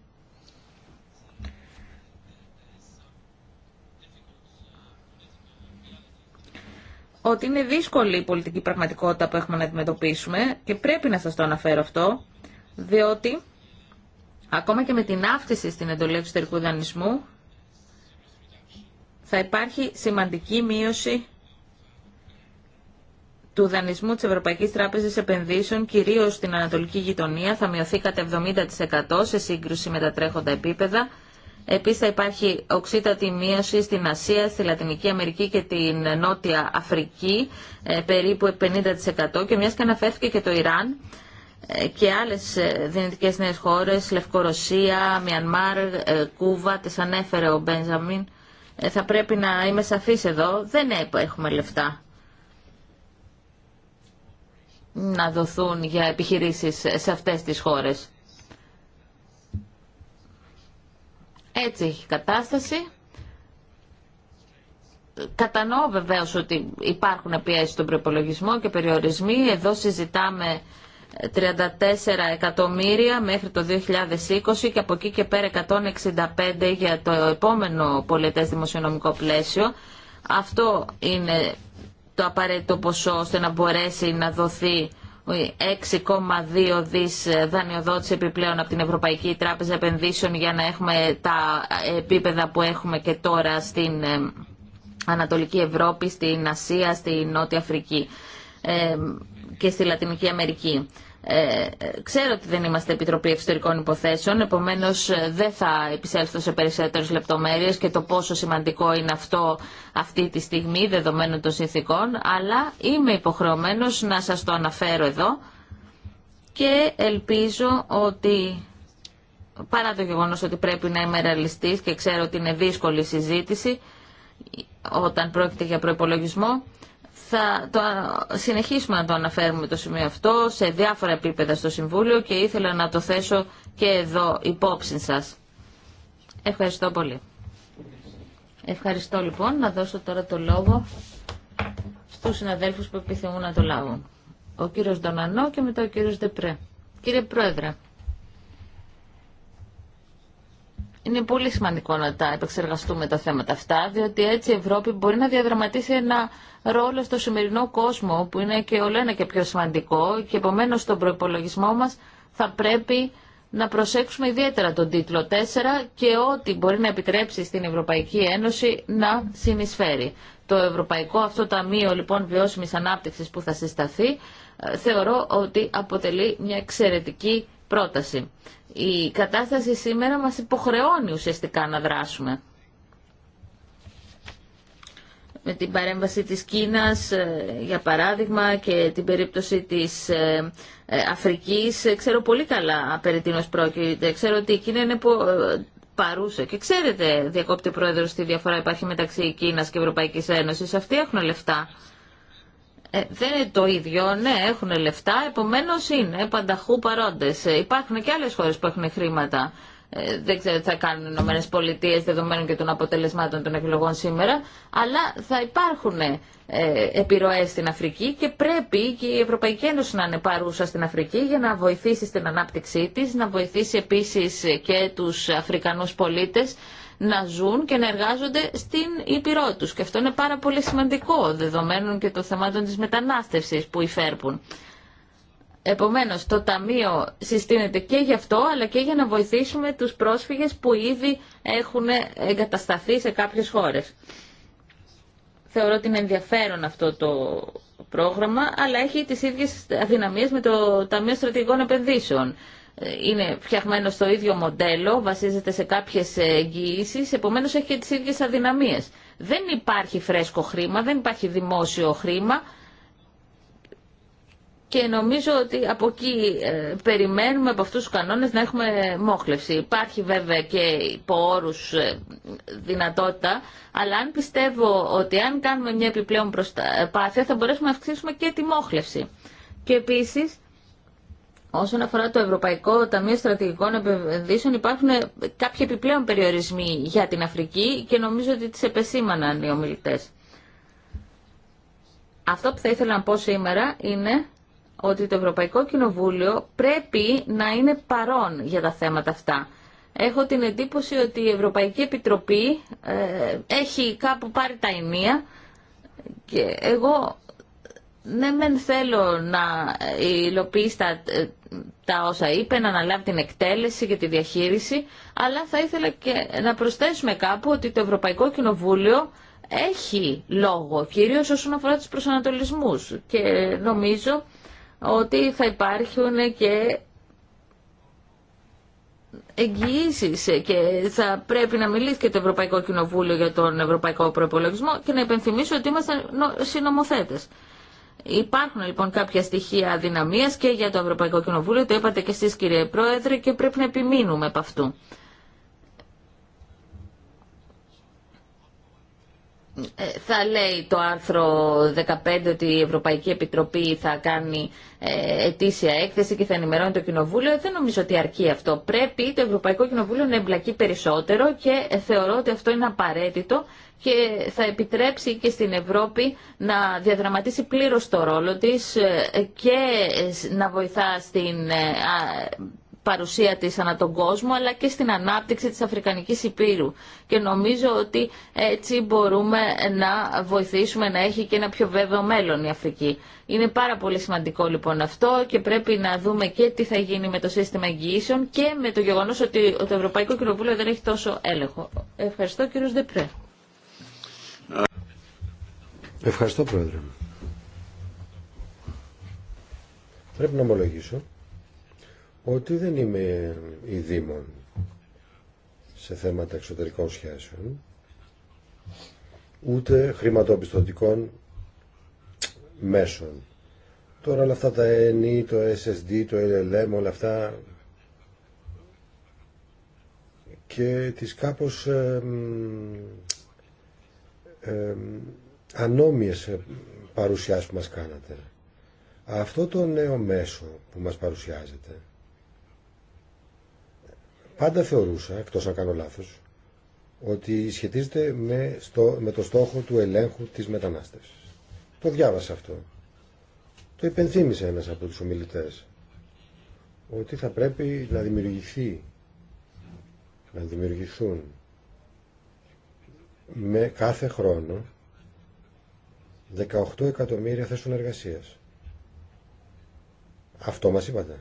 ότι είναι δύσκολη η πολιτική πραγματικότητα που έχουμε να αντιμετωπίσουμε και πρέπει να σας το αναφέρω αυτό διότι ακόμα και με την αύξηση στην εντολή εξωτερικού δανεισμού θα υπάρχει σημαντική μείωση του δανεισμού της Ευρωπαϊκής Τράπεζας Επενδύσεων, κυρίως στην Ανατολική Γειτονία, θα μειωθεί κατά 70% σε σύγκρουση με τα τρέχοντα επίπεδα. Επίσης θα υπάρχει οξύτατη μείωση στην Ασία, στη Λατινική Αμερική και την Νότια Αφρική, ε, περίπου 50% και μιας και αναφέρθηκε και το Ιράν, ε, και άλλες ε, δυνητικές νέες χώρες, Λευκορωσία, Μιανμάρ, ε, Κούβα, τις ανέφερε ο Μπένζαμιν. Θα πρέπει να είμαι σαφής εδώ, δεν έχουμε λεφτά να δοθούν για επιχειρήσεις σε αυτές τις χώρες. Έτσι έχει η κατάσταση. Κατανοώ βεβαίως ότι υπάρχουν πιέσεις στον προπολογισμό και περιορισμοί. Εδώ συζητάμε 34 εκατομμύρια μέχρι το 2020 και από εκεί και πέρα 165 για το επόμενο πολιτές δημοσιονομικό πλαίσιο. Αυτό είναι το απαραίτητο ποσό ώστε να μπορέσει να δοθεί 6,2 δις δανειοδότηση επιπλέον από την Ευρωπαϊκή Τράπεζα Επενδύσεων για να έχουμε τα επίπεδα που έχουμε και τώρα στην ε, Ανατολική Ευρώπη, στην Ασία, στην Νότια Αφρική. Ε, και στη Λατινική Αμερική. Ε, ξέρω ότι δεν είμαστε Επιτροπή Εξωτερικών Υποθέσεων, επομένως ε, δεν θα επισέλθω σε περισσότερες λεπτομέρειες και το πόσο σημαντικό είναι αυτό αυτή τη στιγμή δεδομένων των συνθήκων, αλλά είμαι υποχρεωμένο να σας το αναφέρω εδώ και ελπίζω ότι παρά το γεγονός ότι πρέπει να είμαι ρεαλιστή και ξέρω ότι είναι δύσκολη συζήτηση όταν πρόκειται για προπολογισμό, θα το συνεχίσουμε να το αναφέρουμε το σημείο αυτό σε διάφορα επίπεδα στο Συμβούλιο και ήθελα να το θέσω και εδώ υπόψη σας. Ευχαριστώ πολύ. Ευχαριστώ λοιπόν. Να δώσω τώρα το λόγο στους συναδέλφους που επιθυμούν να το λάβουν. Ο κύριος Ντονανό και μετά ο κύριος Δεπρέ. Κύριε Πρόεδρε. Είναι πολύ σημαντικό να τα επεξεργαστούμε τα θέματα αυτά, διότι έτσι η Ευρώπη μπορεί να διαδραματίσει ένα ρόλο στο σημερινό κόσμο, που είναι και όλο ένα και πιο σημαντικό, και επομένω στον προπολογισμό μα θα πρέπει να προσέξουμε ιδιαίτερα τον τίτλο 4 και ό,τι μπορεί να επιτρέψει στην Ευρωπαϊκή Ένωση να συνεισφέρει. Το Ευρωπαϊκό αυτό Ταμείο λοιπόν Βιώσιμης ανάπτυξη που θα συσταθεί ε, θεωρώ ότι αποτελεί μια εξαιρετική πρόταση. Η κατάσταση σήμερα μας υποχρεώνει ουσιαστικά να δράσουμε. Με την παρέμβαση της Κίνας, ε, για παράδειγμα, και την περίπτωση της ε, ε, Αφρικής, ξέρω πολύ καλά περί τίνος πρόκειται. Ξέρω ότι η Κίνα είναι παρούσα. Και ξέρετε, ο πρόεδρος, τι διαφορά υπάρχει μεταξύ Κίνας και Ευρωπαϊκής Ένωσης. Αυτοί έχουν λεφτά. Ε, δεν είναι το ίδιο. Ναι, έχουν λεφτά, επομένω είναι πανταχού παρόντε. Ε, υπάρχουν και άλλε χώρε που έχουν χρήματα. Ε, δεν ξέρω τι θα κάνουν οι Ηνωμένε Πολιτείε δεδομένων και των αποτελεσμάτων των εκλογών σήμερα, αλλά θα υπάρχουν ε, επιρροέ στην Αφρική και πρέπει και η Ευρωπαϊκή Ένωση να είναι παρούσα στην Αφρική για να βοηθήσει στην ανάπτυξή τη, να βοηθήσει επίση και του Αφρικανού πολίτε να ζουν και να εργάζονται στην ήπειρό τους. Και αυτό είναι πάρα πολύ σημαντικό δεδομένων και των θεμάτων τη μετανάστευση που υφέρπουν. Επομένως, το Ταμείο συστήνεται και γι' αυτό, αλλά και για να βοηθήσουμε του πρόσφυγες που ήδη έχουν εγκατασταθεί σε κάποιες χώρε. Θεωρώ ότι είναι ενδιαφέρον αυτό το πρόγραμμα, αλλά έχει τις ίδιες αδυναμίες με το Ταμείο Στρατηγικών Επενδύσεων είναι φτιαγμένο στο ίδιο μοντέλο, βασίζεται σε κάποιες εγγυήσει, Επομένω έχει και τι ίδιε αδυναμίε. Δεν υπάρχει φρέσκο χρήμα, δεν υπάρχει δημόσιο χρήμα και νομίζω ότι από εκεί ε, περιμένουμε από αυτούς τους κανόνες να έχουμε μόχλευση. Υπάρχει βέβαια και υπό όρους ε, δυνατότητα, αλλά αν πιστεύω ότι αν κάνουμε μια επιπλέον προσπάθεια ε, θα μπορέσουμε να αυξήσουμε και τη μόχλευση. Και επίσης Όσον αφορά το Ευρωπαϊκό Ταμείο Στρατηγικών Επενδύσεων υπάρχουν κάποιοι επιπλέον περιορισμοί για την Αφρική και νομίζω ότι τις επεσήμαναν οι ομιλητές. Αυτό που θα ήθελα να πω σήμερα είναι ότι το Ευρωπαϊκό Κοινοβούλιο πρέπει να είναι παρόν για τα θέματα αυτά. Έχω την εντύπωση ότι η Ευρωπαϊκή Επιτροπή ε, έχει κάπου πάρει τα ενία και εγώ ναι δεν θέλω να υλοποιήσει τα, τα όσα είπε, να αναλάβει την εκτέλεση και τη διαχείριση, αλλά θα ήθελα και να προσθέσουμε κάπου ότι το Ευρωπαϊκό Κοινοβούλιο έχει λόγο, κυρίως όσον αφορά τους προσανατολισμούς και νομίζω ότι θα υπάρχουν και εγγυήσει και θα πρέπει να μιλήσει και το Ευρωπαϊκό Κοινοβούλιο για τον Ευρωπαϊκό Προπολογισμό και να υπενθυμίσω ότι είμαστε συνομοθέτες. Υπάρχουν λοιπόν κάποια στοιχεία αδυναμία και για το Ευρωπαϊκό Κοινοβούλιο, το είπατε και εσεί, κύριε Πρόεδρε και πρέπει να επιμείνουμε από αυτού. Ε, θα λέει το άρθρο 15 ότι η Ευρωπαϊκή Επιτροπή θα κάνει ε, ετήσια έκθεση και θα ενημερώνει το Κοινοβούλιο. Δεν νομίζω ότι αρκεί αυτό. Πρέπει το Ευρωπαϊκό Κοινοβούλιο να εμπλακεί περισσότερο και θεωρώ ότι αυτό είναι απαραίτητο και θα επιτρέψει και στην Ευρώπη να διαδραματίσει πλήρως το ρόλο της ε, και να βοηθά στην ε, παρουσία της ανά τον κόσμο αλλά και στην ανάπτυξη της Αφρικανικής Υπήρου και νομίζω ότι έτσι μπορούμε να βοηθήσουμε να έχει και ένα πιο βέβαιο μέλλον η Αφρική. Είναι πάρα πολύ σημαντικό λοιπόν αυτό και πρέπει να δούμε και τι θα γίνει με το σύστημα εγγυήσεων και με το γεγονός ότι το Ευρωπαϊκό Κοινοβούλιο δεν έχει τόσο έλεγχο. Ευχαριστώ κύριος Δεπρέ. Ευχαριστώ Πρόεδρε. Πρέπει να ομολογήσω ότι δεν είμαι η Δήμον σε θέματα εξωτερικών σχέσεων ούτε χρηματοπιστωτικών μέσων. Τώρα όλα αυτά τα ΕΝΗ, e, το SSD, το LLM, όλα αυτά και τις κάπως ανόμιες ε, παρουσιάσεις που μας κάνατε. Αυτό το νέο μέσο που μας παρουσιάζεται, πάντα θεωρούσα, εκτός αν κάνω λάθος, ότι σχετίζεται με, στο, με το στόχο του ελέγχου της μετανάστευσης. Το διάβασα αυτό. Το υπενθύμησε ένας από τους ομιλητές ότι θα πρέπει να δημιουργηθεί να δημιουργηθούν με κάθε χρόνο 18 εκατομμύρια θέσουν εργασία. Αυτό μας είπατε.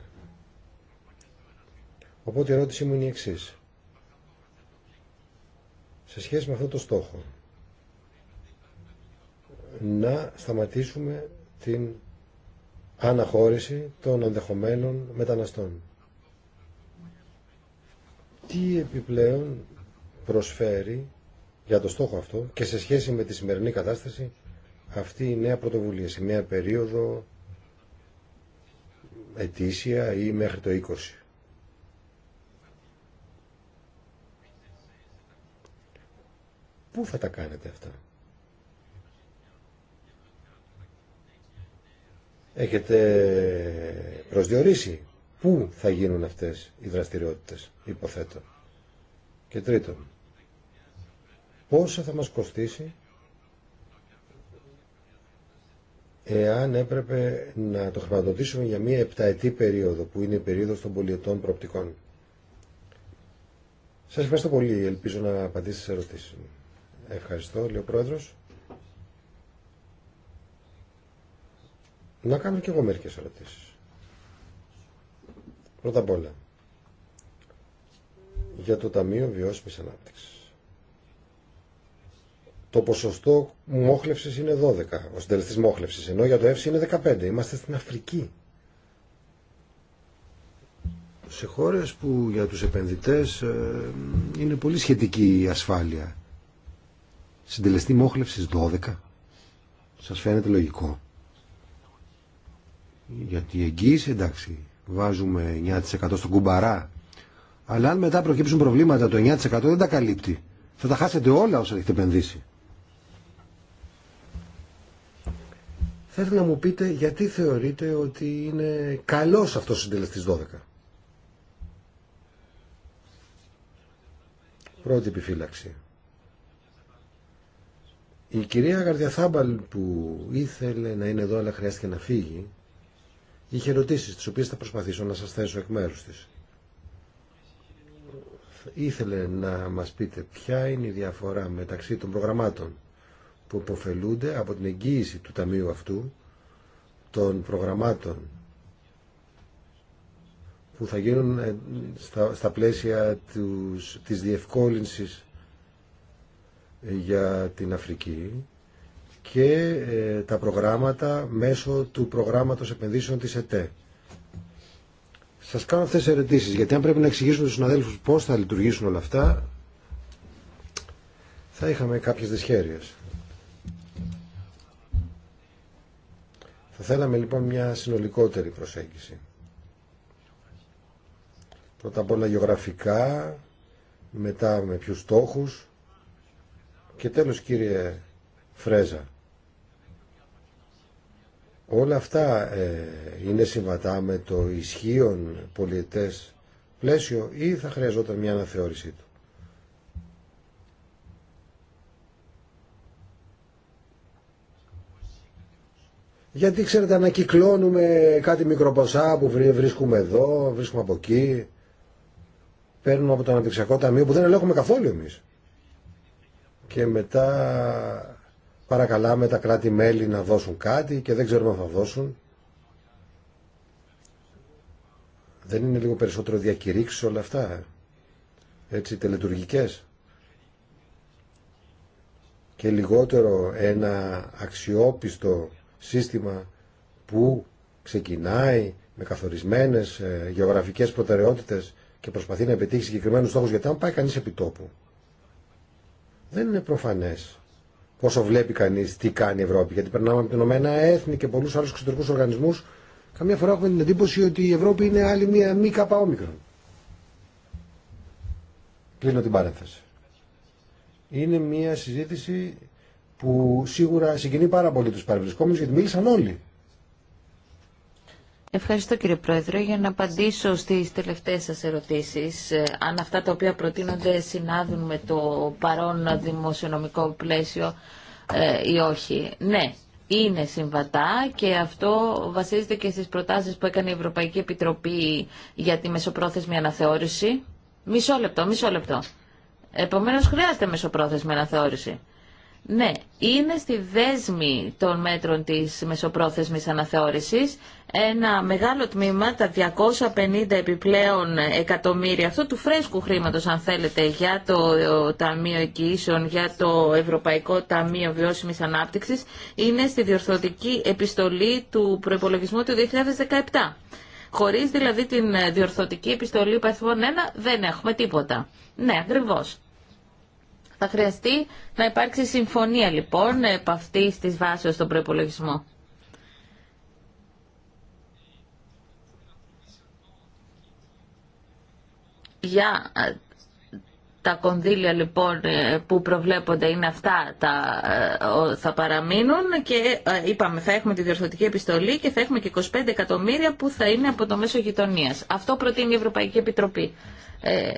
Οπότε η ερώτησή μου είναι η εξή. Σε σχέση με αυτό το στόχο, να σταματήσουμε την αναχώρηση των ενδεχομένων μεταναστών. Τι επιπλέον προσφέρει για το στόχο αυτό και σε σχέση με τη σημερινή κατάσταση αυτή η νέα πρωτοβουλία σε μια περίοδο ετήσια ή μέχρι το 20. Πού θα τα κάνετε αυτά. Έχετε προσδιορίσει πού θα γίνουν αυτές οι δραστηριότητες, υποθέτω. Και τρίτον, πόσα θα μας κοστίσει εάν έπρεπε να το χρηματοδοτήσουμε για μία επταετή περίοδο που είναι η περίοδος των πολιετών προοπτικών. Σας ευχαριστώ πολύ. Ελπίζω να απαντήσετε σε ερωτήσεις. Ευχαριστώ, λέει ο Πρόεδρος. Να κάνω και εγώ μερικές ερωτήσεις. Πρώτα απ' όλα, για το Ταμείο Βιώσιμης Ανάπτυξης το ποσοστό μόχλευση είναι 12, ο συντελεστής μόχλευσης, ενώ για το ΕΦΣΙ είναι 15. Είμαστε στην Αφρική. Σε χώρε που για τους επενδυτές ε, είναι πολύ σχετική η ασφάλεια. Συντελεστή μόχλευσης 12. Σας φαίνεται λογικό. Γιατί η εγγύηση εντάξει, βάζουμε 9% στον κουμπαρά. Αλλά αν μετά προκύψουν προβλήματα, το 9% δεν τα καλύπτει. Θα τα χάσετε όλα όσα έχετε επενδύσει. Θα ήθελα να μου πείτε γιατί θεωρείτε ότι είναι καλός αυτός ο συντελεστής 12. Πρώτη επιφύλαξη. Η κυρία Γαρδιαθάμπαλ που ήθελε να είναι εδώ αλλά χρειάστηκε να φύγει είχε ερωτήσεις τις οποίες θα προσπαθήσω να σας θέσω εκ μέρους της. Ήθελε να μας πείτε ποια είναι η διαφορά μεταξύ των προγραμμάτων που υποφελούνται από την εγγύηση του Ταμείου αυτού των προγραμμάτων που θα γίνουν ε, στα, πλαίσια τους, της διευκόλυνσης ε, για την Αφρική και ε, τα προγράμματα μέσω του προγράμματος επενδύσεων της ΕΤΕ. Σας κάνω αυτές τις ερωτήσεις, γιατί αν πρέπει να εξηγήσουμε στους συναδέλφους πώς θα λειτουργήσουν όλα αυτά, θα είχαμε κάποιες δυσχέρειες. θέλαμε λοιπόν μια συνολικότερη προσέγγιση. Πρώτα απ' όλα γεωγραφικά, μετά με ποιους στόχους και τέλος κύριε Φρέζα. Όλα αυτά ε, είναι συμβατά με το ισχύον πολιτές πλαίσιο ή θα χρειαζόταν μια αναθεώρησή του. Γιατί ξέρετε ανακυκλώνουμε κάτι μικροποσά που βρίσκουμε εδώ, βρίσκουμε από εκεί. Παίρνουμε από το αναπτυξιακό ταμείο που δεν ελέγχουμε καθόλου εμείς. Και μετά παρακαλάμε τα κράτη-μέλη να δώσουν κάτι και δεν ξέρουμε αν θα δώσουν. Δεν είναι λίγο περισσότερο διακηρύξεις όλα αυτά, ε. έτσι, τελετουργικές. Και λιγότερο ένα αξιόπιστο σύστημα που ξεκινάει με καθορισμένες ε, γεωγραφικές προτεραιότητες και προσπαθεί να επιτύχει συγκεκριμένου στόχους γιατί αν πάει κανεί επί τόπου δεν είναι προφανές πόσο βλέπει κανείς τι κάνει η Ευρώπη γιατί περνάμε από την Ηνωμένα Έθνη και πολλού άλλου εξωτερικού οργανισμού καμιά φορά έχουμε την εντύπωση ότι η Ευρώπη είναι άλλη μία μη καπαόμικρον. Κλείνω την παρένθεση. Είναι μία συζήτηση που σίγουρα συγκινεί πάρα πολύ τους παρευρισκόμενους γιατί μίλησαν όλοι. Ευχαριστώ κύριε Πρόεδρε για να απαντήσω στις τελευταίες σας ερωτήσεις. Ε, αν αυτά τα οποία προτείνονται συνάδουν με το παρόν δημοσιονομικό πλαίσιο ε, ή όχι. Ναι, είναι συμβατά και αυτό βασίζεται και στις προτάσεις που έκανε η Ευρωπαϊκή Επιτροπή για τη μεσοπρόθεσμη αναθεώρηση. Μισό λεπτό, μισό λεπτό. Επομένως χρειάζεται μεσοπρόθεσμη αναθεώρηση. Ναι, είναι στη δέσμη των μέτρων της μεσοπρόθεσμης αναθεώρησης ένα μεγάλο τμήμα, τα 250 επιπλέον εκατομμύρια, αυτό του φρέσκου χρήματος αν θέλετε, για το Ταμείο Εκκοιήσεων, για το Ευρωπαϊκό Ταμείο Βιώσιμης Ανάπτυξης, είναι στη διορθωτική επιστολή του προπολογισμού του 2017. Χωρίς δηλαδή την διορθωτική επιστολή υπαριθμών 1 δεν έχουμε τίποτα. Ναι, ακριβώς. Θα χρειαστεί να υπάρξει συμφωνία λοιπόν επ' αυτή τη βάση στον προπολογισμό. Για ε, τα κονδύλια λοιπόν ε, που προβλέπονται είναι αυτά τα, ε, θα παραμείνουν και είπαμε θα έχουμε τη διορθωτική επιστολή και θα έχουμε και 25 εκατομμύρια που θα είναι από το μέσο γειτονία. Αυτό προτείνει η Ευρωπαϊκή Επιτροπή. Ε,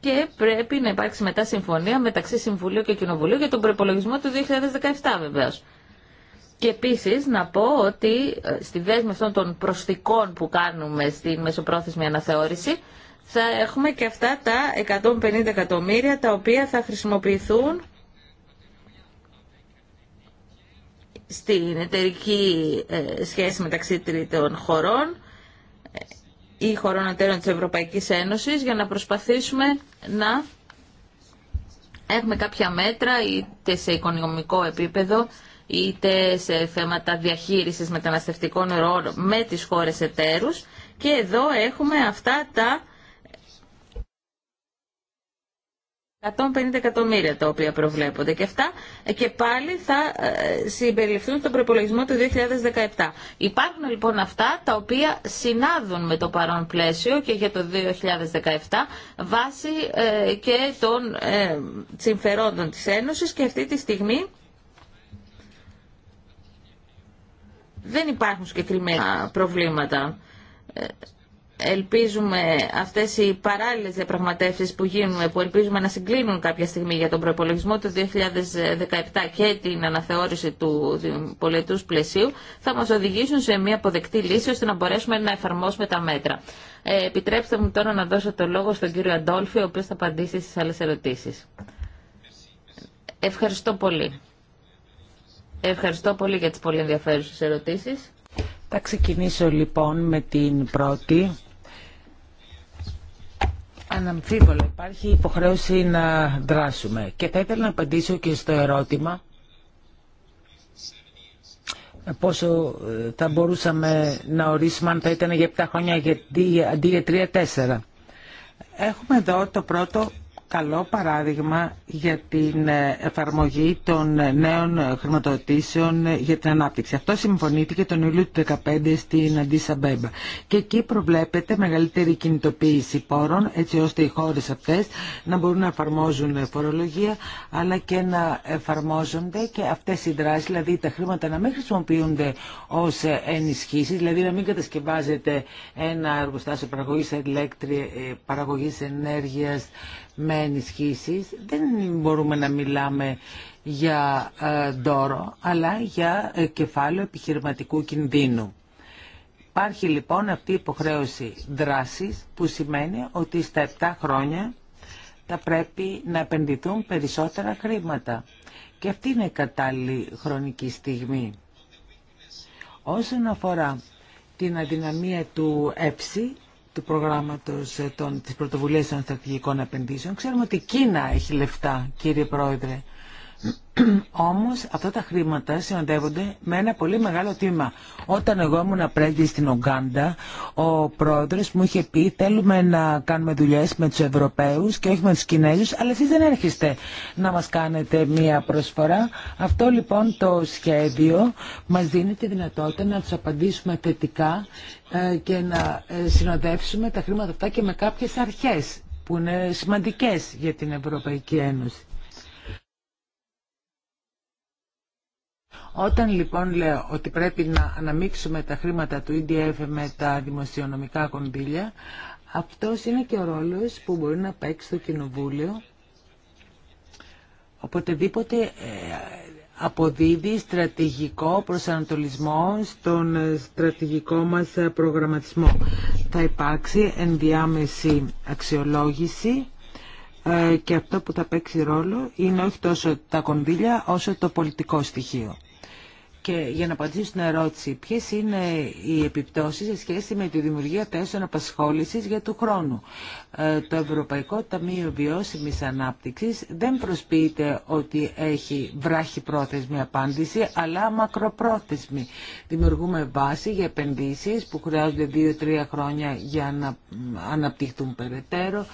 και πρέπει να υπάρξει μετά συμφωνία μεταξύ Συμβουλίου και Κοινοβουλίου για τον προπολογισμό του 2017 βεβαίως. Και επίσης να πω ότι ε, στη δέσμη αυτών των προσθήκων που κάνουμε στη μεσοπρόθεσμη αναθεώρηση θα έχουμε και αυτά τα 150 εκατομμύρια τα οποία θα χρησιμοποιηθούν στην εταιρική ε, σχέση μεταξύ τρίτων χωρών ή χωρών εταίρων της Ευρωπαϊκής Ένωσης για να προσπαθήσουμε να έχουμε κάποια μέτρα είτε σε οικονομικό επίπεδο είτε σε θέματα διαχείρισης μεταναστευτικών ροών με τις χώρες εταίρους και εδώ έχουμε αυτά τα 150 εκατομμύρια τα οποία προβλέπονται και αυτά ε, και πάλι θα ε, συμπεριληφθούν στον προπολογισμό του 2017. Υπάρχουν λοιπόν αυτά τα οποία συνάδουν με το παρόν πλαίσιο και για το 2017 βάσει ε, και των συμφερόντων της Ένωσης και αυτή τη στιγμή δεν υπάρχουν συγκεκριμένα προβλήματα ελπίζουμε αυτές οι παράλληλες διαπραγματεύσεις που γίνουν, που ελπίζουμε να συγκλίνουν κάποια στιγμή για τον προπολογισμό του 2017 και την αναθεώρηση του πολιτού πλαισίου, θα μας οδηγήσουν σε μια αποδεκτή λύση ώστε να μπορέσουμε να εφαρμόσουμε τα μέτρα. Ε, επιτρέψτε μου τώρα να δώσω το λόγο στον κύριο Αντόλφη, ο οποίος θα απαντήσει στις άλλες ερωτήσεις. Ευχαριστώ πολύ. Ευχαριστώ πολύ για τις πολύ ενδιαφέρουσες ερωτήσεις. Θα ξεκινήσω λοιπόν με την πρώτη Αναμφίβολα υπάρχει υποχρέωση να δράσουμε και θα ήθελα να απαντήσω και στο ερώτημα πόσο ε, θα μπορούσαμε να ορίσουμε αν θα ήταν για 7 χρόνια γιατί αντί για 3-4. Έχουμε εδώ το πρώτο καλό παράδειγμα για την εφαρμογή των νέων χρηματοδοτήσεων για την ανάπτυξη. Αυτό συμφωνήθηκε τον Ιούλιο του 2015 στην Αντίσα Μπέμπα. Και εκεί προβλέπεται μεγαλύτερη κινητοποίηση πόρων, έτσι ώστε οι χώρες αυτές να μπορούν να εφαρμόζουν φορολογία, αλλά και να εφαρμόζονται και αυτές οι δράσεις, δηλαδή τα χρήματα να μην χρησιμοποιούνται ως ενισχύσεις, δηλαδή να μην κατασκευάζεται ένα εργοστάσιο παραγωγής, παραγωγής ενέργειας, με ενισχύσεις δεν μπορούμε να μιλάμε για ε, δώρο αλλά για ε, κεφάλαιο επιχειρηματικού κινδύνου. Υπάρχει λοιπόν αυτή η υποχρέωση δράσης που σημαίνει ότι στα 7 χρόνια θα πρέπει να επενδυθούν περισσότερα χρήματα. Και αυτή είναι η κατάλληλη χρονική στιγμή. Όσον αφορά την αδυναμία του ΕΨΗ, του προγράμματος ε, των, της πρωτοβουλίας των στρατηγικών επενδύσεων. Ξέρουμε ότι η Κίνα έχει λεφτά, κύριε Πρόεδρε. Όμω, αυτά τα χρήματα συναντεύονται με ένα πολύ μεγάλο τίμα Όταν εγώ ήμουν πρέσβη στην Ογκάντα, ο πρόεδρος μου είχε πει θέλουμε να κάνουμε δουλειέ με τους Ευρωπαίους και όχι με του Κινέζους, αλλά εσεί δεν έρχεστε να μας κάνετε μία προσφορά. Αυτό λοιπόν το σχέδιο μα δίνει τη δυνατότητα να του απαντήσουμε θετικά ε, και να ε, συνοδεύσουμε τα χρήματα αυτά και με κάποιε αρχές που είναι σημαντικές για την Ευρωπαϊκή Ένωση. Όταν λοιπόν λέω ότι πρέπει να αναμίξουμε τα χρήματα του EDF με τα δημοσιονομικά κονδύλια, αυτός είναι και ο ρόλος που μπορεί να παίξει το Κοινοβούλιο οποτεδήποτε ε, αποδίδει στρατηγικό προσανατολισμό στον στρατηγικό μας προγραμματισμό. Θα υπάρξει ενδιάμεση αξιολόγηση ε, και αυτό που θα παίξει ρόλο είναι όχι τόσο τα κονδύλια όσο το πολιτικό στοιχείο. Και για να απαντήσω στην ερώτηση, ποιε είναι οι επιπτώσεις σε σχέση με τη δημιουργία τέσσεων απασχόληση για του χρόνου. Ε, το Ευρωπαϊκό Ταμείο Βιώσιμη Ανάπτυξης δεν προσποιείται ότι έχει βράχη πρόθεσμη απάντηση, αλλά μακροπρόθεσμη. Δημιουργούμε βάση για επενδύσεις που χρειαζονται δυο δύο-τρία χρόνια για να αναπτυχθούν περαιτέρω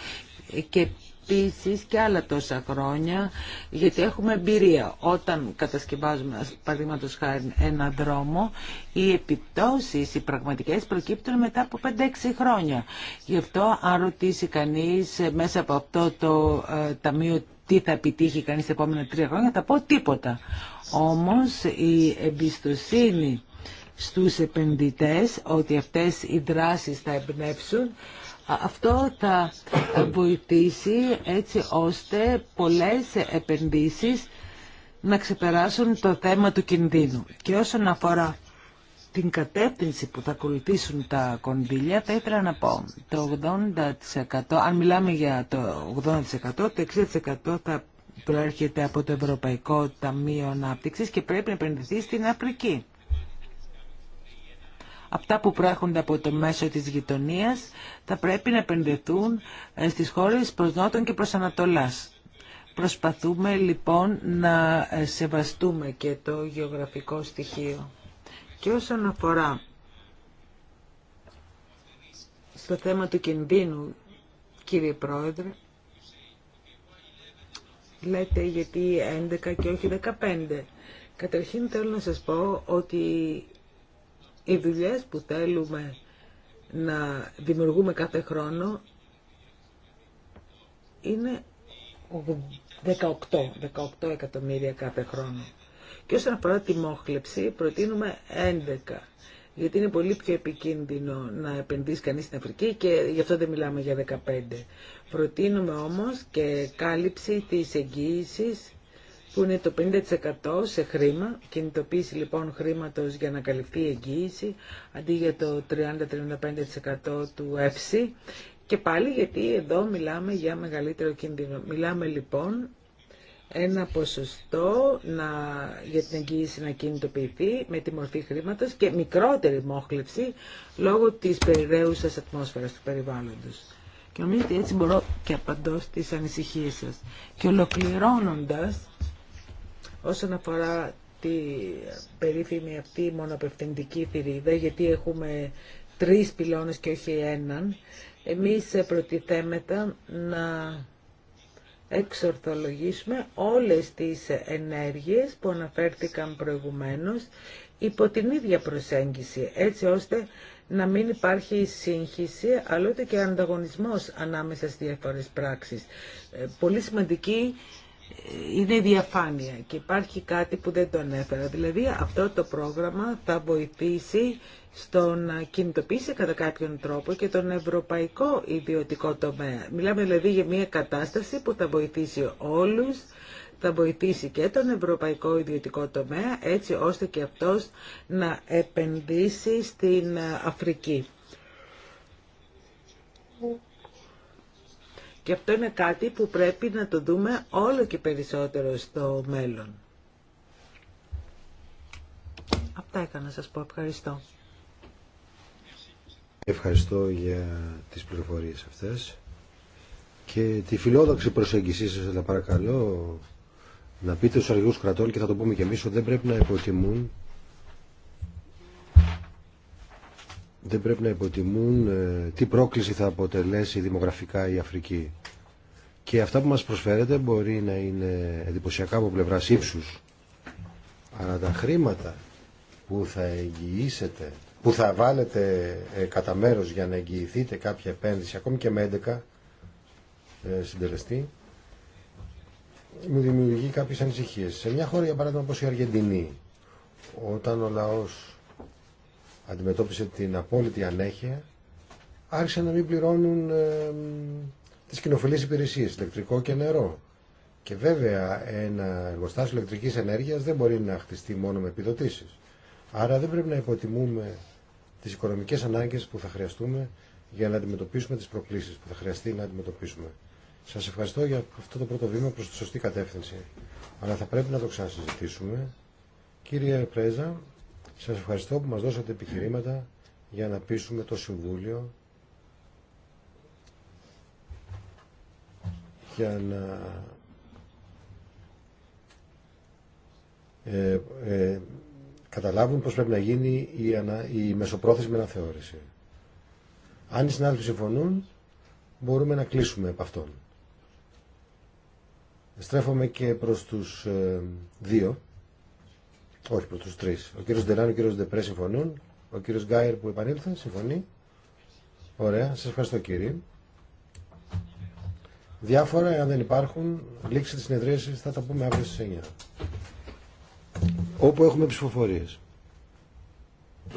Επίση και άλλα τόσα χρόνια, γιατί έχουμε εμπειρία. Όταν κατασκευάζουμε, παραδείγματο χάρη, ένα δρόμο, οι επιπτώσεις, οι πραγματικές, προκύπτουν μετά από 5-6 χρόνια. Γι' αυτό, αν ρωτήσει κανείς ε, μέσα από αυτό το ε, ταμείο τι θα επιτύχει κανείς τα επόμενα τρία χρόνια, θα πω τίποτα. Όμως, η εμπιστοσύνη στους επενδυτές ότι αυτές οι δράσεις θα εμπνεύσουν αυτό θα βοηθήσει έτσι ώστε πολλές επενδύσεις να ξεπεράσουν το θέμα του κινδύνου. Και όσον αφορά την κατεύθυνση που θα ακολουθήσουν τα κονδύλια, θα ήθελα να πω το 80%, αν μιλάμε για το 80%, το 60% θα προέρχεται από το Ευρωπαϊκό Ταμείο Ανάπτυξης και πρέπει να επενδυθεί στην Αφρική αυτά που προέρχονται από το μέσο της γειτονίας θα πρέπει να επενδεθούν ε, στις χώρες προς Νότον και προς Ανατολάς. Προσπαθούμε λοιπόν να ε, σεβαστούμε και το γεωγραφικό στοιχείο. Και όσον αφορά στο θέμα του κινδύνου, κύριε Πρόεδρε, λέτε γιατί 11 και όχι 15. Καταρχήν θέλω να σας πω ότι οι δουλειές που θέλουμε να δημιουργούμε κάθε χρόνο είναι 18, 18 εκατομμύρια κάθε χρόνο. Και όσον αφορά τη μόχλεψη, προτείνουμε 11. Γιατί είναι πολύ πιο επικίνδυνο να επενδύσει κανείς στην Αφρική και γι' αυτό δεν μιλάμε για 15. Προτείνουμε όμως και κάλυψη της εγγύησης που είναι το 50% σε χρήμα, κινητοποίηση λοιπόν χρήματος για να καλυφθεί η εγγύηση, αντί για το 30-35% του ΕΦΣΥ. Και πάλι γιατί εδώ μιλάμε για μεγαλύτερο κίνδυνο. Μιλάμε λοιπόν ένα ποσοστό να, για την εγγύηση να κινητοποιηθεί με τη μορφή χρήματος και μικρότερη μόχλευση λόγω της περιραίουσας ατμόσφαιρας του περιβάλλοντος. Και νομίζω ότι έτσι μπορώ και απαντώ στις ανησυχίες σας. Και ολοκληρώνοντας, όσον αφορά τη περίφημη αυτή μονοπευθυντική θηρίδα, γιατί έχουμε τρεις πυλώνες και όχι έναν, εμείς προτιθέμετα να εξορθολογήσουμε όλες τις ενέργειες που αναφέρθηκαν προηγουμένως υπό την ίδια προσέγγιση, έτσι ώστε να μην υπάρχει σύγχυση, αλλά ούτε και ανταγωνισμός ανάμεσα στις διαφορές πράξεις. Ε, πολύ σημαντική είναι διαφάνεια και υπάρχει κάτι που δεν το ανέφερα. Δηλαδή αυτό το πρόγραμμα θα βοηθήσει στο να κινητοποιήσει κατά κάποιον τρόπο και τον ευρωπαϊκό ιδιωτικό τομέα. Μιλάμε δηλαδή για μια κατάσταση που θα βοηθήσει όλους, θα βοηθήσει και τον ευρωπαϊκό ιδιωτικό τομέα έτσι ώστε και αυτός να επενδύσει στην Αφρική. Και αυτό είναι κάτι που πρέπει να το δούμε όλο και περισσότερο στο μέλλον. Αυτά έκανα να σας πω. Ευχαριστώ. Ευχαριστώ για τις πληροφορίες αυτές και τη φιλόδοξη προσέγγισή σας, αλλά παρακαλώ να πείτε στους αργούς κρατών και θα το πούμε και εμείς ότι δεν πρέπει να υποτιμούν δεν πρέπει να υποτιμούν ε, τι πρόκληση θα αποτελέσει δημογραφικά η Αφρική. Και αυτά που μας προσφέρεται μπορεί να είναι εντυπωσιακά από πλευρά ύψου. Αλλά τα χρήματα που θα εγγυήσετε, που θα βάλετε ε, κατά μέρο για να εγγυηθείτε κάποια επένδυση, ακόμη και με 11 ε, συντελεστή, μου δημιουργεί κάποιες ανησυχίες. Σε μια χώρα, για παράδειγμα, όπως η Αργεντινή, όταν ο λαός αντιμετώπισε την απόλυτη ανέχεια, άρχισαν να μην πληρώνουν ε, τις κοινοφιλείς υπηρεσίες, ηλεκτρικό και νερό. Και βέβαια ένα εργοστάσιο ηλεκτρικής ενέργειας δεν μπορεί να χτιστεί μόνο με επιδοτήσεις. Άρα δεν πρέπει να υποτιμούμε τις οικονομικές ανάγκες που θα χρειαστούμε για να αντιμετωπίσουμε τις προκλήσεις που θα χρειαστεί να αντιμετωπίσουμε. Σας ευχαριστώ για αυτό το πρώτο βήμα προς τη σωστή κατεύθυνση. Αλλά θα πρέπει να το ξανασυζητήσουμε. Κύριε Πρέζα, σας ευχαριστώ που μας δώσατε επιχειρήματα για να πείσουμε το Συμβούλιο για να ε, ε, καταλάβουν πώς πρέπει να γίνει η, ανα, η μεσοπρόθεσμη αναθεώρηση. Αν οι συνάδελφοι συμφωνούν, μπορούμε να κλείσουμε από αυτόν. Στρέφομαι και προς τους ε, δύο. Όχι, προ του τρει. Ο κύριο Ντελάνο, ο κύριο Ντεπρέ συμφωνούν. Ο κύριο Γκάιερ που επανήλθε συμφωνεί. Ωραία, σα ευχαριστώ κύριε. Διάφορα, αν δεν υπάρχουν, λήξη τη συνεδρίαση θα τα πούμε αύριο στι 9. Όπου έχουμε ψηφοφορίες.